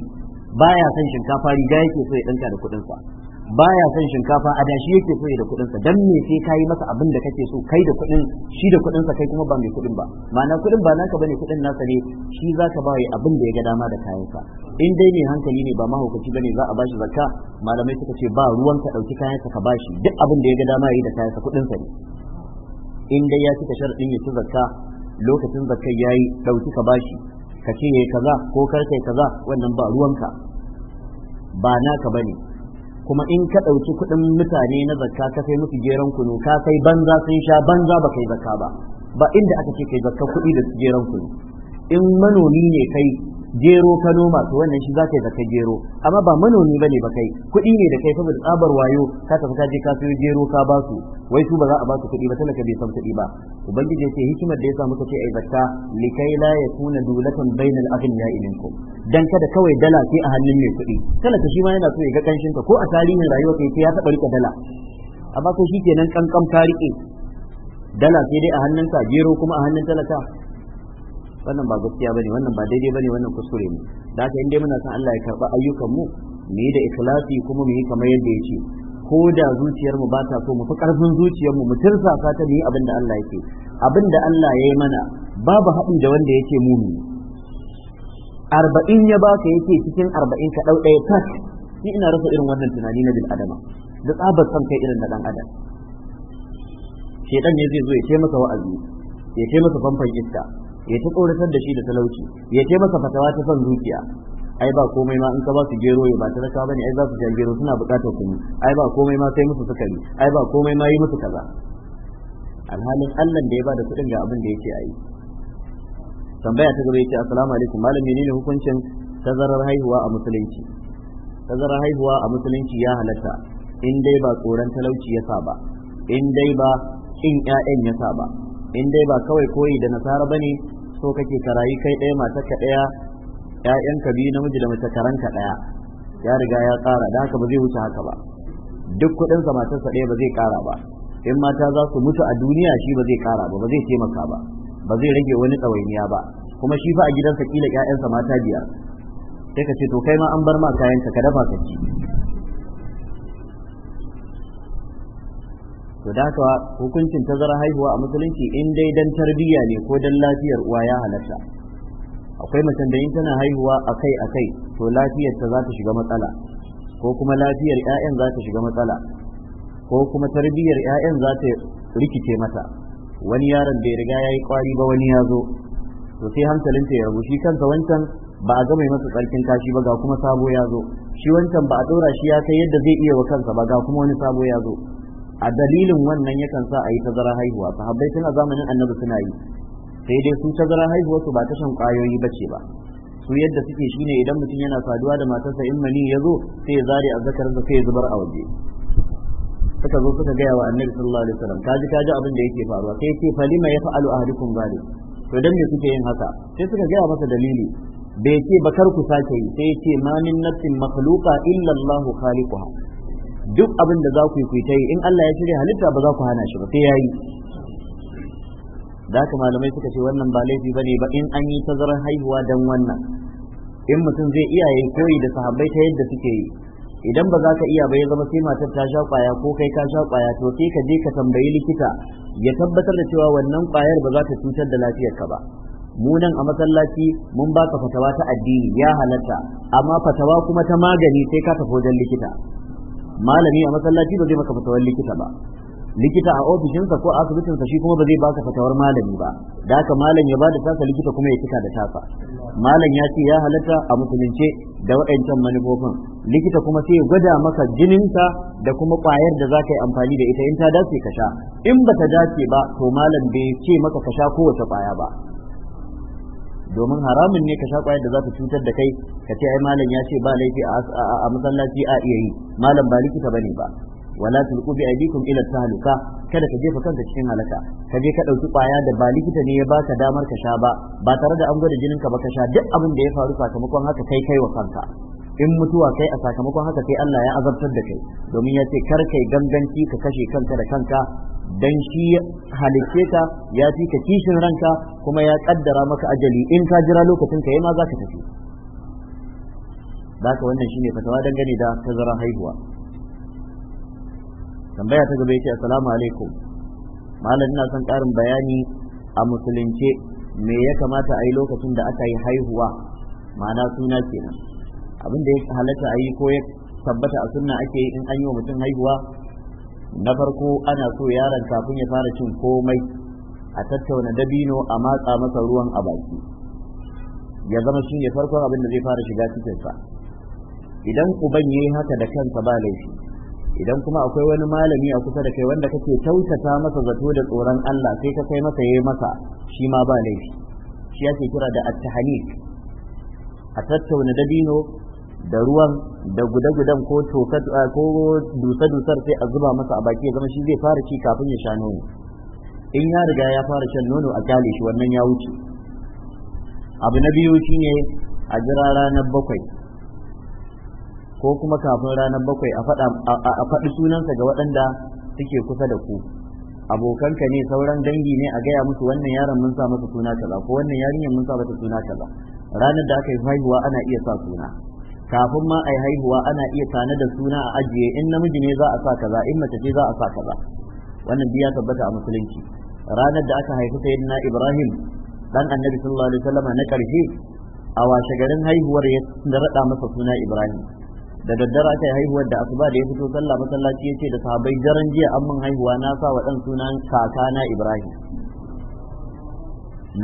baya son shinkafa riga yake so ya danka da kuɗinsa. sa baya son shinkafa a dashi yake so da kuɗin sa dan me sai kai masa abin da kake so kai da kuɗin shi da kuɗin sa kai kuma ba mai kuɗin ba ma'ana kuɗin ba naka bane kuɗin nasa ne shi zaka ba abin da ya ga dama da kayan sa in dai ne hankali ne ba mahaukaci bane za a bashi zakka malamai suka ce ba ruwan ka dauki kayan sa ka bashi duk abin da ya ga dama yayi da kayan sa kuɗin sa ne in dai ya cika sharadin ya ci zakka lokacin zakkar yayi dauki ka bashi ka ce yayi kaza ko kar kai kaza wannan ba ruwanka ba naka bane kuma in ka ɗauki kuɗin mutane na zakka ka kai musu jeran kunu ka kai banza sun sha banza ba kai zakka ba ba inda aka ce kai zakka kuɗi da jeran kunu in manomi ne kai gero ka noma to wannan shi za ka yi zakar gero amma ba manomi ne ba kai kuɗi ne da kai da tsabar wayo ka tafi ka je ka sayo gero ka ba su wai su ba za a ba su kuɗi ba talaka bai san kuɗi ba ubangiji ya ce hikimar da ya sa muka ce ai zakka likai la yakuna dulatan bainal ya ilinkum dan kada kawai dala ke a hannun mai kuɗi talaka shi ma yana so ya ga kanshin ka ko a tarihin rayuwa kai ya taɓa rika dala amma ko shi kenan kankan ka rike dala sai dai a hannun ka gero kuma a hannun talaka wannan ba gaskiya bane wannan ba daidai bane wannan kuskure ne da haka indai muna son Allah ya karba ayyukan mu mu yi da ikhlasi kuma mu yi kamar yadda yake ko da zuciyar mu ba ta so mu fi karfin zuciyar mu mu tirsa ta mu yi abin da Allah yake abin da Allah ya yi mana babu haɗin da wanda yake muni arba'in ya baka yake cikin arba'in ka ɗau ɗaya tak ni ina rasa irin wannan tunani na bil adama da tsabar san kai irin na ɗan adam shedan ne zai zo ya ce masa wa'azi ya ce masa famfan iska ya ta tsoratar da shi da talauci ya ce masa fatawa ta son zuciya ai ba komai ma in ka ba su gero ya ba ta talaka bane ai za su jan gero suna bukatar kuma ai ba komai ma sai musu sukari ai ba komai ma yi musu kaza alhalin Allah da ya ba da kuɗin ga abin da yake ayi tambaya ta gaba yace assalamu alaikum malam menene hukuncin tazarar haihuwa a musulunci tazarar haihuwa a musulunci ya halatta in dai ba tsoron talauci ya ba, in dai ba kin ƴaƴan ya ba, in dai ba kawai koyi da nasara bane so kake karayi kai ɗaya mata ka ɗaya ƴaƴanka biyu namiji da mace karanka ɗaya ya riga ya ƙara da haka ba zai wuce haka ba duk kuɗin matarsa ɗaya ba zai ƙara ba in mata za su mutu a duniya shi ba zai ƙara ba ba zai taimaka ba ba zai rage wani ɗawainiya ba kuma shi fa a gidansa kila ƴaƴansa mata biyar sai ka ce to kai ma an bar ma kayanka ka dafa ka ci to da hukuncin tazara haihuwa a musulunci in dai dan tarbiyya ne ko dan lafiyar uwa ya halatta akwai macen da in tana haihuwa akai akai to lafiyar ta za ta shiga matsala ko kuma lafiyar 'ya'yan za ta shiga matsala ko kuma tarbiyyar 'ya'yan za ta rikice mata wani yaron bai riga ya yi kwari ba wani ya zo to sai ta ya rabu shi kansa wancan ba a gama masa tsarkin tashi ba ga kuma sabo ya zo shi wancan ba a ɗora shi ya kai yadda zai iya wa kansa ba ga kuma wani sabo ya zo a dalilin wannan yakan sa a yi tazara haihuwa sahabbai tun a zamanin annabi suna yi sai dai su tazara haihuwa su ba ta shan kwayoyi ce ba su yadda suke ne idan mutum yana saduwa da matarsa in mani ya zo sai ya zare a zakarinsa sai ya zubar a waje suka zo suka gaya wa annabi sallallahu alaihi wasallam kaji kaji abin da yake faruwa sai ce falima ya fa'alu ahadukum zalik to dan me suke yin haka sai suka gaya masa dalili bai ce bakar ku sake yi sai ce ma min nafsin makhluqa illa Allah khaliquha duk abin da za ku yi ta yi in Allah ya shirya halitta ba za ku hana shi ba sai yayi da malamai suka ce wannan ba laifi bane ba in an yi tazarar haihuwa dan wannan in mutum zai iya yi koyi da sahabbai ta yadda suke yi idan ba za ka iya ba ya zama sai matar ta sha kwaya ko kai ka sha kwaya to sai ka je ka tambayi likita ya tabbatar da cewa wannan kwayar ba za ta cutar da lafiyar ka ba mu nan a masallaci mun baka fatawa ta addini ya halatta amma fatawa kuma ta magani sai ka tafi wajen likita malami a masallaci ba zai maka fatawar likita ba likita a ofishinsa ko a asibitinsa shi kuma ba zai baka fatawar malami ba da haka malam ya bada tasa likita kuma ya cika da tasa malam ya ce ya halatta a musulunce da waɗancan manufofin likita kuma sai ya gwada maka jininka da kuma ƙwayar da za ka yi amfani da ita in ta dace ka sha in ba ta dace ba to malam bai ce maka ka sha kowace ƙwaya ba domin haramin ne ka sha kwayar da za ta cutar da kai ka ce ai malam ya ce ba laifi a masallaci a iya yi malam ba likita bane ba wala tulqu bi aydikum ila tahluka kada ka jefa kanka cikin halaka ka je ka dauki kwaya da ba likita ne ya baka damar ka sha ba ba tare da an gwada jinin ka ba ka sha duk abin da ya faru sakamakon haka kai kai wa kanka in mutuwa kai a sakamakon haka sai Allah ya azabtar da kai domin ya ce kar kai ganganci ka kashe kanka da kanka dan shi halicce ka ya fi ka kishin ranka kuma ya kaddara maka ajali in ka jira lokacin ka ma za ka tafi baka wannan shine fatawa dangane da tazara haihuwa tambaya ta gaba ce assalamu alaikum malam ina son karin bayani a musulunce me ya kamata a yi lokacin da aka yi haihuwa ma'ana suna kenan abin da ya halatta a yi ko ya tabbata a sunna ake yi in an yi wa mutum haihuwa na farko ana so yaron kafin ya fara cin komai a tattauna dabino a matsa masa ruwan a baki ya zama shi ne farkon abin da zai fara shiga cikinsa idan uban ya yi haka da kansa ba laifi idan kuma akwai wani malami a kusa da kai wanda kake kyautata masa zato da tsoron Allah sai ka kai masa yayi masa shi ma ba laifi shi ake kira da at a tattauna dabino da ruwan da guda-gudan ko tokar ko dusa-dusar sai a zuba masa a baki ya zama shi zai fara ci kafin ya sha nono in ya riga ya fara shan nono a kyale shi wannan ya wuce abu na biyu ne a jira ranar bakwai ko kuma kafin ranar bakwai a faɗi sunansa ga waɗanda suke kusa da ku abokanka ne sauran dangi ne a gaya musu wannan yaron mun sa masa suna kaza ko wannan yarinyar mun sa masa suna kaza ranar da aka yi haihuwa ana iya sa suna kafin ma a yi haihuwa ana iya tana da suna a ajiye in namiji ne za a sa kaza in mace ce za a sa kaza wannan biya tabbata a musulunci ranar da aka haifi sayyidina ibrahim dan annabi sallallahu alaihi wasallam na karshe a washe garin haihuwar ya rada masa suna ibrahim da daddare aka yi haihuwar da asuba da ya fito sallah masallaci ya ce da sahabbai daren jiya an mun haihuwa na sa wa dan sunan kakana ibrahim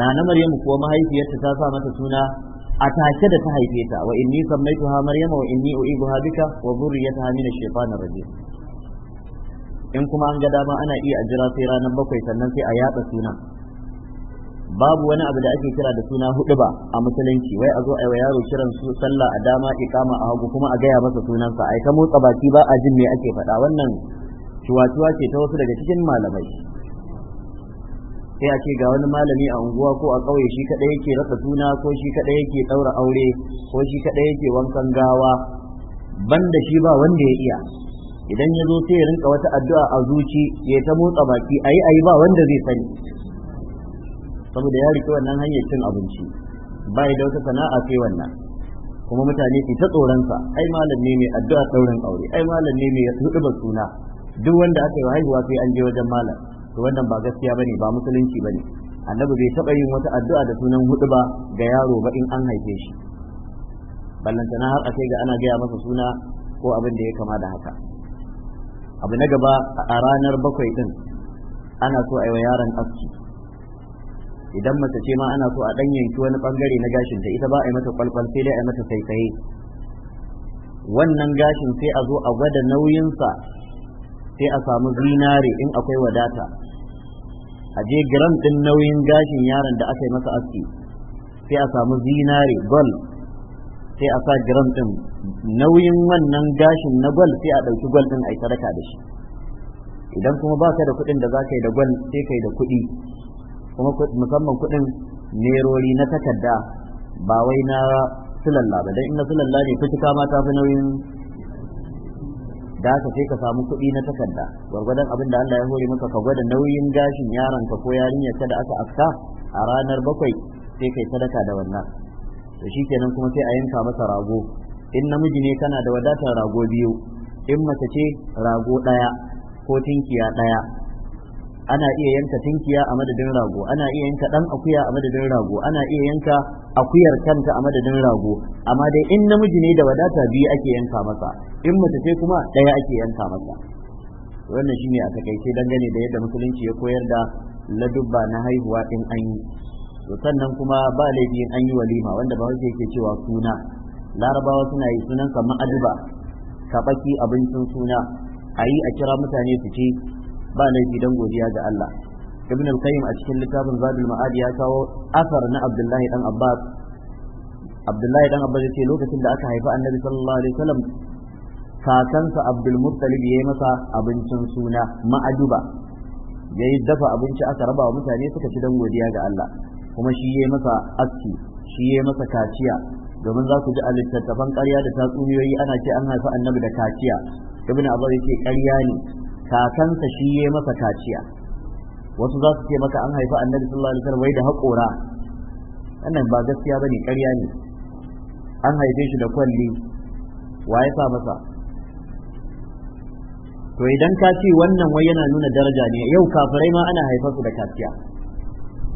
na na maryamu kuwa mahaifiyarta ta sa mata suna a take da ta haife ta wa inni ha maryam wa inni u'iduha bika wa dhurriyyataha min ash-shaytanir rajim in kuma an ga dama ana iya ajira sai ranar bakwai sannan sai a yatsa suna babu wani abu da ake kira da suna hudu ba a musulunci wai a zo a yaro kiran su sallah a dama ikama a hagu kuma a gaya masa sunansa ai ta motsa baki ba a jin me ake faɗa wannan ciwaciwa ce ta wasu daga cikin malamai sai a ce ga wani malami a unguwa ko a ƙauye shi kaɗai yake rasa suna ko shi kaɗai yake ɗaura aure ko shi kaɗai yake wankan gawa banda shi ba wanda ya iya idan ya zo sai ya rinka wata addu'a a zuci ya ta motsa baki ayi ayi ba wanda zai sani saboda ya rike wannan hanyar cin abinci ba da wata sana'a sai wannan kuma mutane su ta tsoronsa ai malam ne mai addu'a ɗaurin aure ai malam ne mai hudu suna duk wanda aka yi haihuwa sai an je wajen malam to wannan ba gaskiya bane ba musulunci bane annabi bai taba yin wata addu'a da sunan hudu ba ga yaro ba in an haife shi ballantana har a kai ga ana gaya masa suna ko abin da ya kama da haka abu na gaba a ranar bakwai din ana so a yi wa yaron aski idan mace ce ma ana so a ɗan yanki wani bangare na gashin ta ita ba a yi mata kwalkwal sai dai a yi mata saisaye wannan gashin sai a zo a gwada nauyinsa sai a samu zinare in akwai wadata a je gram din nauyin gashin yaron da aka yi masa aski sai a samu zinare gol sai a sa gram din nauyin wannan gashin na gol sai a ɗauki gol din a yi sadaka da shi idan kuma ba ka da kuɗin da za ka da gol sai ka da kuɗi kuma musamman kuɗin nerori na takarda ba wai na sulalla ba dan in na ne fitika ma ta fi nauyin da haka sai ka samu kuɗi na takarda gwargwadon abin da Allah ya hore maka ka gwada nauyin gashin yaronka ko yarinyar ta da aka afta a ranar bakwai sai kai sadaka da wannan to shikenan kuma sai a yanka masa rago in namiji ne kana da wadatar rago biyu in mace ce rago ɗaya ko tinkiya ɗaya ana iya yanka tinkiya a madadin rago ana iya yanka dan akuya a madadin rago ana iya yanka akuyar kanta a madadin rago amma dai in namiji ne da wadata biyu ake yanka masa in mace ce kuma ɗaya ake yanka masa wannan shine a takaice dangane da yadda musulunci ya koyar da ladubba na haihuwa din an yi to sannan kuma ba laifi in an yi walima wanda ba wuce yake cewa suna larabawa suna yi sunan sa ma'aduba kabaki abincin suna a yi a kira mutane su ci ba laifi dan godiya ga Allah ibn al-qayyim a cikin littafin zadul ma'ad ya kawo asar na abdullahi dan abbas abdullahi dan abbas yace lokacin da aka haifi annabi sallallahu alaihi wasallam kakansa abdul muttalib yayi masa abincin suna ma'aduba yayi dafa abinci aka raba wa mutane suka ci dan godiya ga Allah kuma shi yayi masa aski shi yayi masa kaciya domin za ku ji a littattafan ƙarya da tatsuniyoyi ana ce an haifi annabi da kaciya ibn abbas yace ƙarya ne kakansa shi ya masa kaciya wasu za su ce maka an haifi annabi sallallahu alaihi wasallam wai da haƙora wannan ba gaskiya bane ƙarya ne an haife shi da kwalli wa ya sa masa to idan ka ce wannan wai yana nuna daraja ne yau kafirai ma ana haifar su da kaciya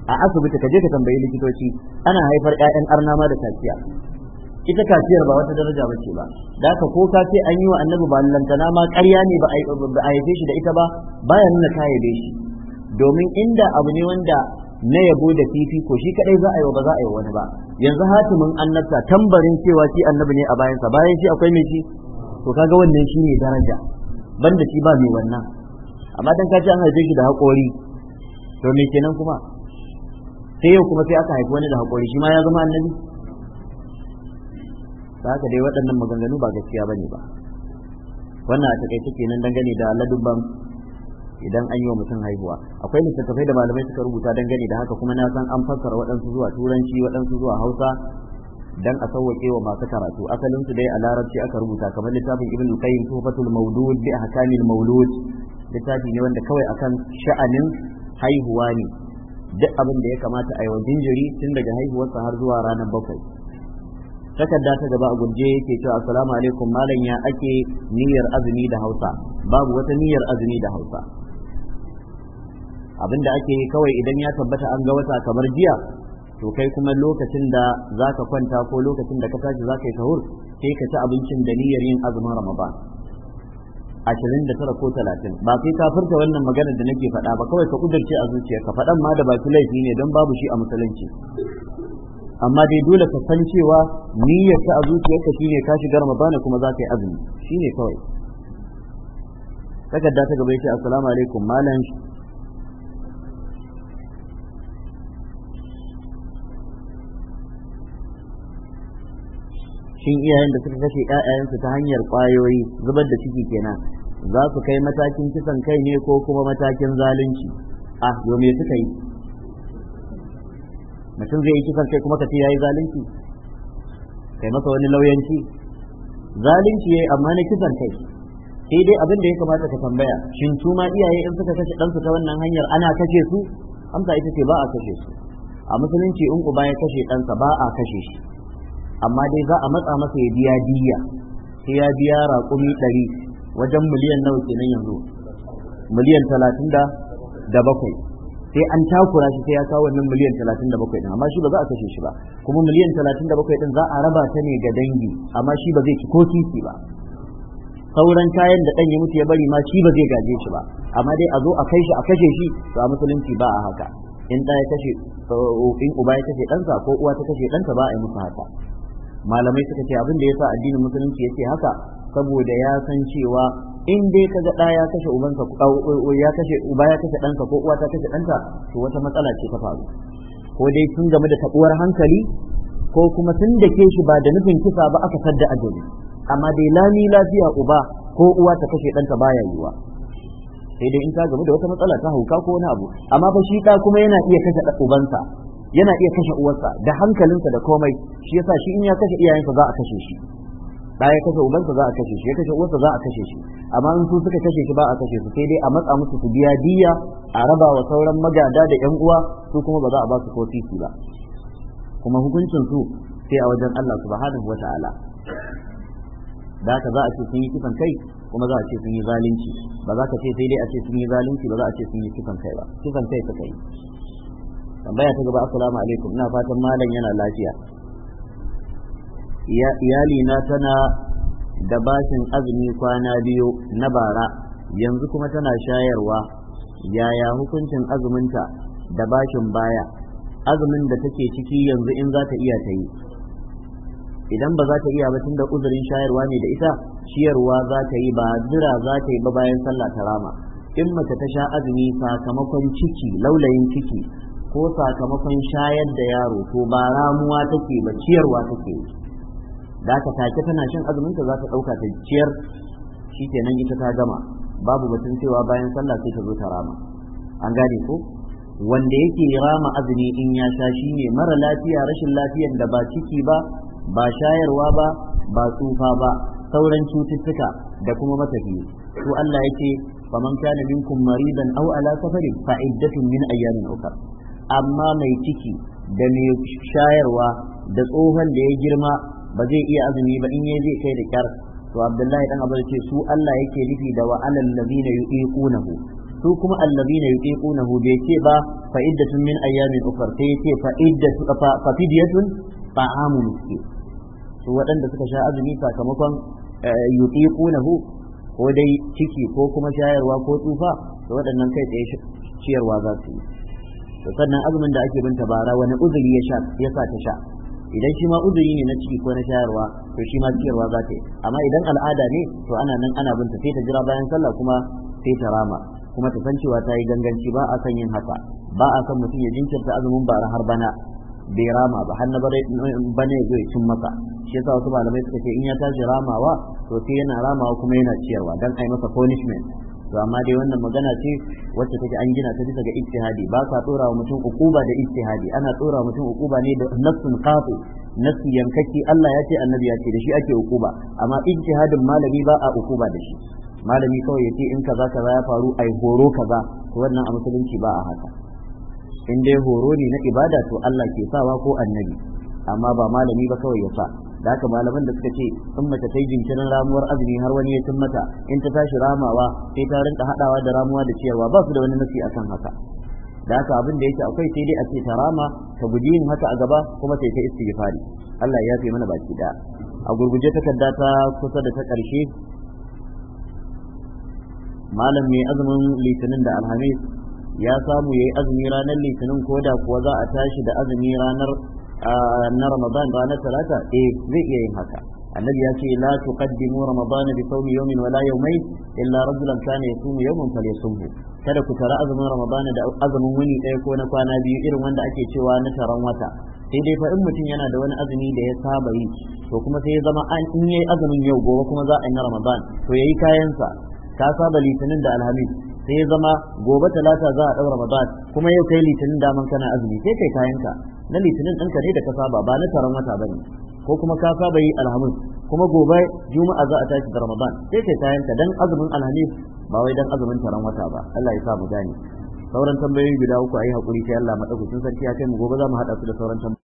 a asibiti ka je ka tambayi likitoci ana haifar ƴaƴan arna ma da kaciya ita kaciyar ba wata daraja ba ce ba da haka ko ka ce an yi wa annabi ba lantana ma ƙarya ne ba a yi shi da ita ba bayan nuna ta haife shi domin inda abu ne wanda na yabo da fifi ko shi kadai za a yi ba za a yi wani ba yanzu hatimin annabta tambarin cewa shi annabi ne a bayansa bayan shi akwai mai shi to kaga wannan shi ne daraja banda shi ba mai wannan amma dan kace an haife shi da haƙori to me kenan kuma sai yau kuma sai aka haifi wani da haƙori shi ma ya zama annabi ba haka dai waɗannan maganganu ba gaskiya bane ba wannan a takaice kenan dangane da ladubban idan an yi wa mutum haihuwa akwai littattafai da malamai suka rubuta dangane da haka kuma na san an fassara waɗansu zuwa turanci waɗansu zuwa hausa dan a sauwaƙe wa masu karatu asalin su dai a larabci aka rubuta kamar littafin ibn qayyim tuhfatul mawlud bi ahkamil mawlud littafi ne wanda kawai akan sha'anin haihuwa ne duk abin da ya kamata a yi wa jinjiri tun daga haihuwarsa har zuwa ranar bakwai takarda ta gaba a gurje yake cewa assalamu alaikum malam ya ake niyyar azumi da hausa babu wata niyyar azumi da hausa abinda ake yi kawai idan ya tabbata an ga wata kamar jiya to kai kuma lokacin da za ka kwanta ko lokacin da ka tashi za ka yi sahur sai ka ci abincin da niyyar yin azumin ramadan ashirin da tara ko talatin ba sai ka furta wannan maganar da nake faɗa ba kawai ka kudurce a zuciya ka faɗan ma da baki laifi ne don babu shi a musulunci amma dai dole ka san cewa niyyar ta a zuciyarka shine ka shiga Ramadan kuma za ka yi azumi shine kawai takarda ta gaba yake assalamu alaikum malam shin iyayen da suka kashe ƴaƴayensu ta hanyar ƙwayoyi zubar da ciki kenan za su kai matakin kisan kai ne ko kuma matakin zalunci ah yo me suka yi mutum zai yi kisan kai kuma ka yayi zalunci kai masa wani lauyanci zalunci yayi amma na kisan kai sai dai abin da ya kamata ka tambaya shin su ma iyaye in suka kashe ɗansu ta wannan hanyar ana kashe su amsa ita ce ba a kashe su a musulunci in uba ya kashe ɗansa ba a kashe shi amma dai za a matsa masa ya biya diya sai ya biya raƙumi ɗari wajen miliyan nawa kenan yanzu miliyan talatin da bakwai sai an takura shi sai ya kawo wannan miliyan 37 din amma shi ba za a kashe shi ba kuma miliyan 37 din za a raba ta ne ga dangi amma shi ba zai ci ko titi ba sauran kayan da dan ya mutu ya bari ma shi ba zai gaje shi ba amma dai a zo a kai shi a kashe shi to a musulunci ba a haka in ya kashe in uba ya kashe ɗansa ko uwa ta kashe ɗanta ba a yi musu haka malamai suka ce abin da yasa addinin musulunci yake haka saboda ya san cewa in dai ka ga ya kashe ubanka ya kashe uba ya kashe ɗanka ko uwa ta kashe danka to wata matsala ce ta faru ko dai sun game da tabuwar hankali ko kuma sun dake shi ba da nufin kisa ba aka sadda ajali amma dai lami lafiya uba ko uwa ta kashe ba baya yiwa sai dai in ta gaba da wata matsala ta hauka ko wani abu amma fa shi ɗa kuma yana iya kashe ubansa yana iya kashe uwarsa da hankalinsa da komai shi yasa shi in ya kashe iyayensa za a kashe shi da kashe ubansa za a kashe shi ya kashe uwansa za a kashe shi amma in su suka kashe shi ba a kashe su sai dai a matsa musu su biya diya a raba wa sauran magada da yan uwa su kuma ba za a ba su kofi titi ba kuma hukuncin su sai a wajen Allah subhanahu wataala da haka za a ce sun yi kifan kai kuma za a ce sun yi zalunci ba za ka ce sai dai a ce sun yi zalunci ba za a ce sun yi kifan kai ba kifan kai suka yi tambaya ta gaba assalamu alaikum ina fatan malam yana lafiya iyalina tana da bashin azumi kwana biyu na bara yanzu kuma tana shayarwa yaya hukuncin azuminta da bashin baya azumin da take ciki yanzu in za ta iya ta yi idan ba za ta iya ba tunda uzurin shayarwa ne da ita ciyarwa za ta yi ba zira za ta yi ba bayan sallah ta rama in mace ta sha azumi sakamakon ciki laulayin ciki ko sakamakon shayar da yaro ko ba ramuwa take ba ciyarwa take da aka take tana shan azumin ta za ta dauka ta ciyar nan ita ta gama babu batun cewa bayan sallah sai ta zo ta rama an gane ko wanda yake rama azumi in ya sha shine mara lafiya rashin lafiyar da ba ciki ba ba shayarwa ba ba tsufa ba sauran cututtuka da kuma matafi to Allah yake faman kana minkum maridan aw ala safarin fa iddatun min ayyamin ukhra amma mai ciki da mai shayarwa da tsohon da ya girma ba zai iya azumi ba in yayi zai kai da kyar to abdullahi dan abu ce su Allah yake nufi da wa alal ladina yuqinuhu su kuma allazina yuqinuhu bai ce ba fa min ayyamin ukhra sai ce fa fa fidyatun su waɗanda suka sha azumi sakamakon eh, yuqinuhu ko dai ciki ko kuma shayarwa ko tsufa to waɗannan kai tsaye ciyarwa za su yi to sannan azumin da ake binta bara wani uzuri ya sa ta sha idan shi ma uzuri ne na ciki ko na shayarwa to shi ma ciyarwa za ta yi amma idan al'ada ne to ana nan ana binta sai ta jira bayan sallah kuma sai ta rama kuma ta san cewa ta yi ganganci ba a san yin haka ba a san mutum ya jinkirta azumin ba har bana bai rama ba har na bane ya zo ya cin masa shi yasa wasu malamai suka ce in ya tashi ramawa to sai yana ramawa kuma yana ciyarwa dan yi masa punishment to amma dai wannan magana ce wacce take an gina ta bisa ga ijtihadi ba sa tsora wa mutum ukuba da ijtihadi ana tsora mutum ukuba ne da nassun qafi nafsi yankaki Allah ya ce annabi ya ce da shi ake ukuba amma ijtihadin malami ba a ukuba da shi malami kawai ya ce in kaza kaza ya faru ai horo kaza to wannan a musulunci ba a haka in dai horo ne na ibada to Allah ke sawa ko annabi amma ba malami ba kawai ya sa da haka malaman da suka ce in mace ta yi jinkirin ramuwar azumi har wani ya mata in ta tashi ramawa sai ta rinka haɗawa da ramuwa da ciyarwa ba su da wani nasi akan haka da aka abin da yake akwai sai dai a ce ta rama ta guji yin haka a gaba kuma sai ta istighfari Allah ya fi mana baki da a gurguje takarda ta kusa da ta karshe malam mai azumin litinin da alhamis ya samu ya yi azumi ranar litinin ko da kuwa za a tashi da azumi ranar na ramadan ranar talata eh zai iya yin haka annabi ya ce la tuqaddimu ramadana bi sawmi yawmin wala yawmayn illa rajulan kana yasumu yawman falyasumhu kada ku tara azumin ramadana da azumin wani ɗaya ko na kwana biyu irin wanda ake cewa na taron wata sai dai fa in mutum yana da wani azumi da ya saba yi to kuma sai ya zama an in yayi azumin yau gobe kuma za a yi na ramadan to yayi kayansa ka saba litinin da alhamis sai ya zama gobe talata za a ɗau ramadan kuma yau kai litinin daman kana azumi sai kai kayanka na litinin ɗinka ne da ka saba ba na taron wata ba ne ko kuma ka saba yi alhamis kuma gobe juma'a za a tashi da ramadan sai kai kayanka dan azumin alhamis ba wai dan azumin taron wata ba Allah ya sa mu gane sauran tambayoyi guda uku a yi hakuri sai Allah madaukakin sarki ya kai mu gobe za mu haɗa su da sauran tambayoyi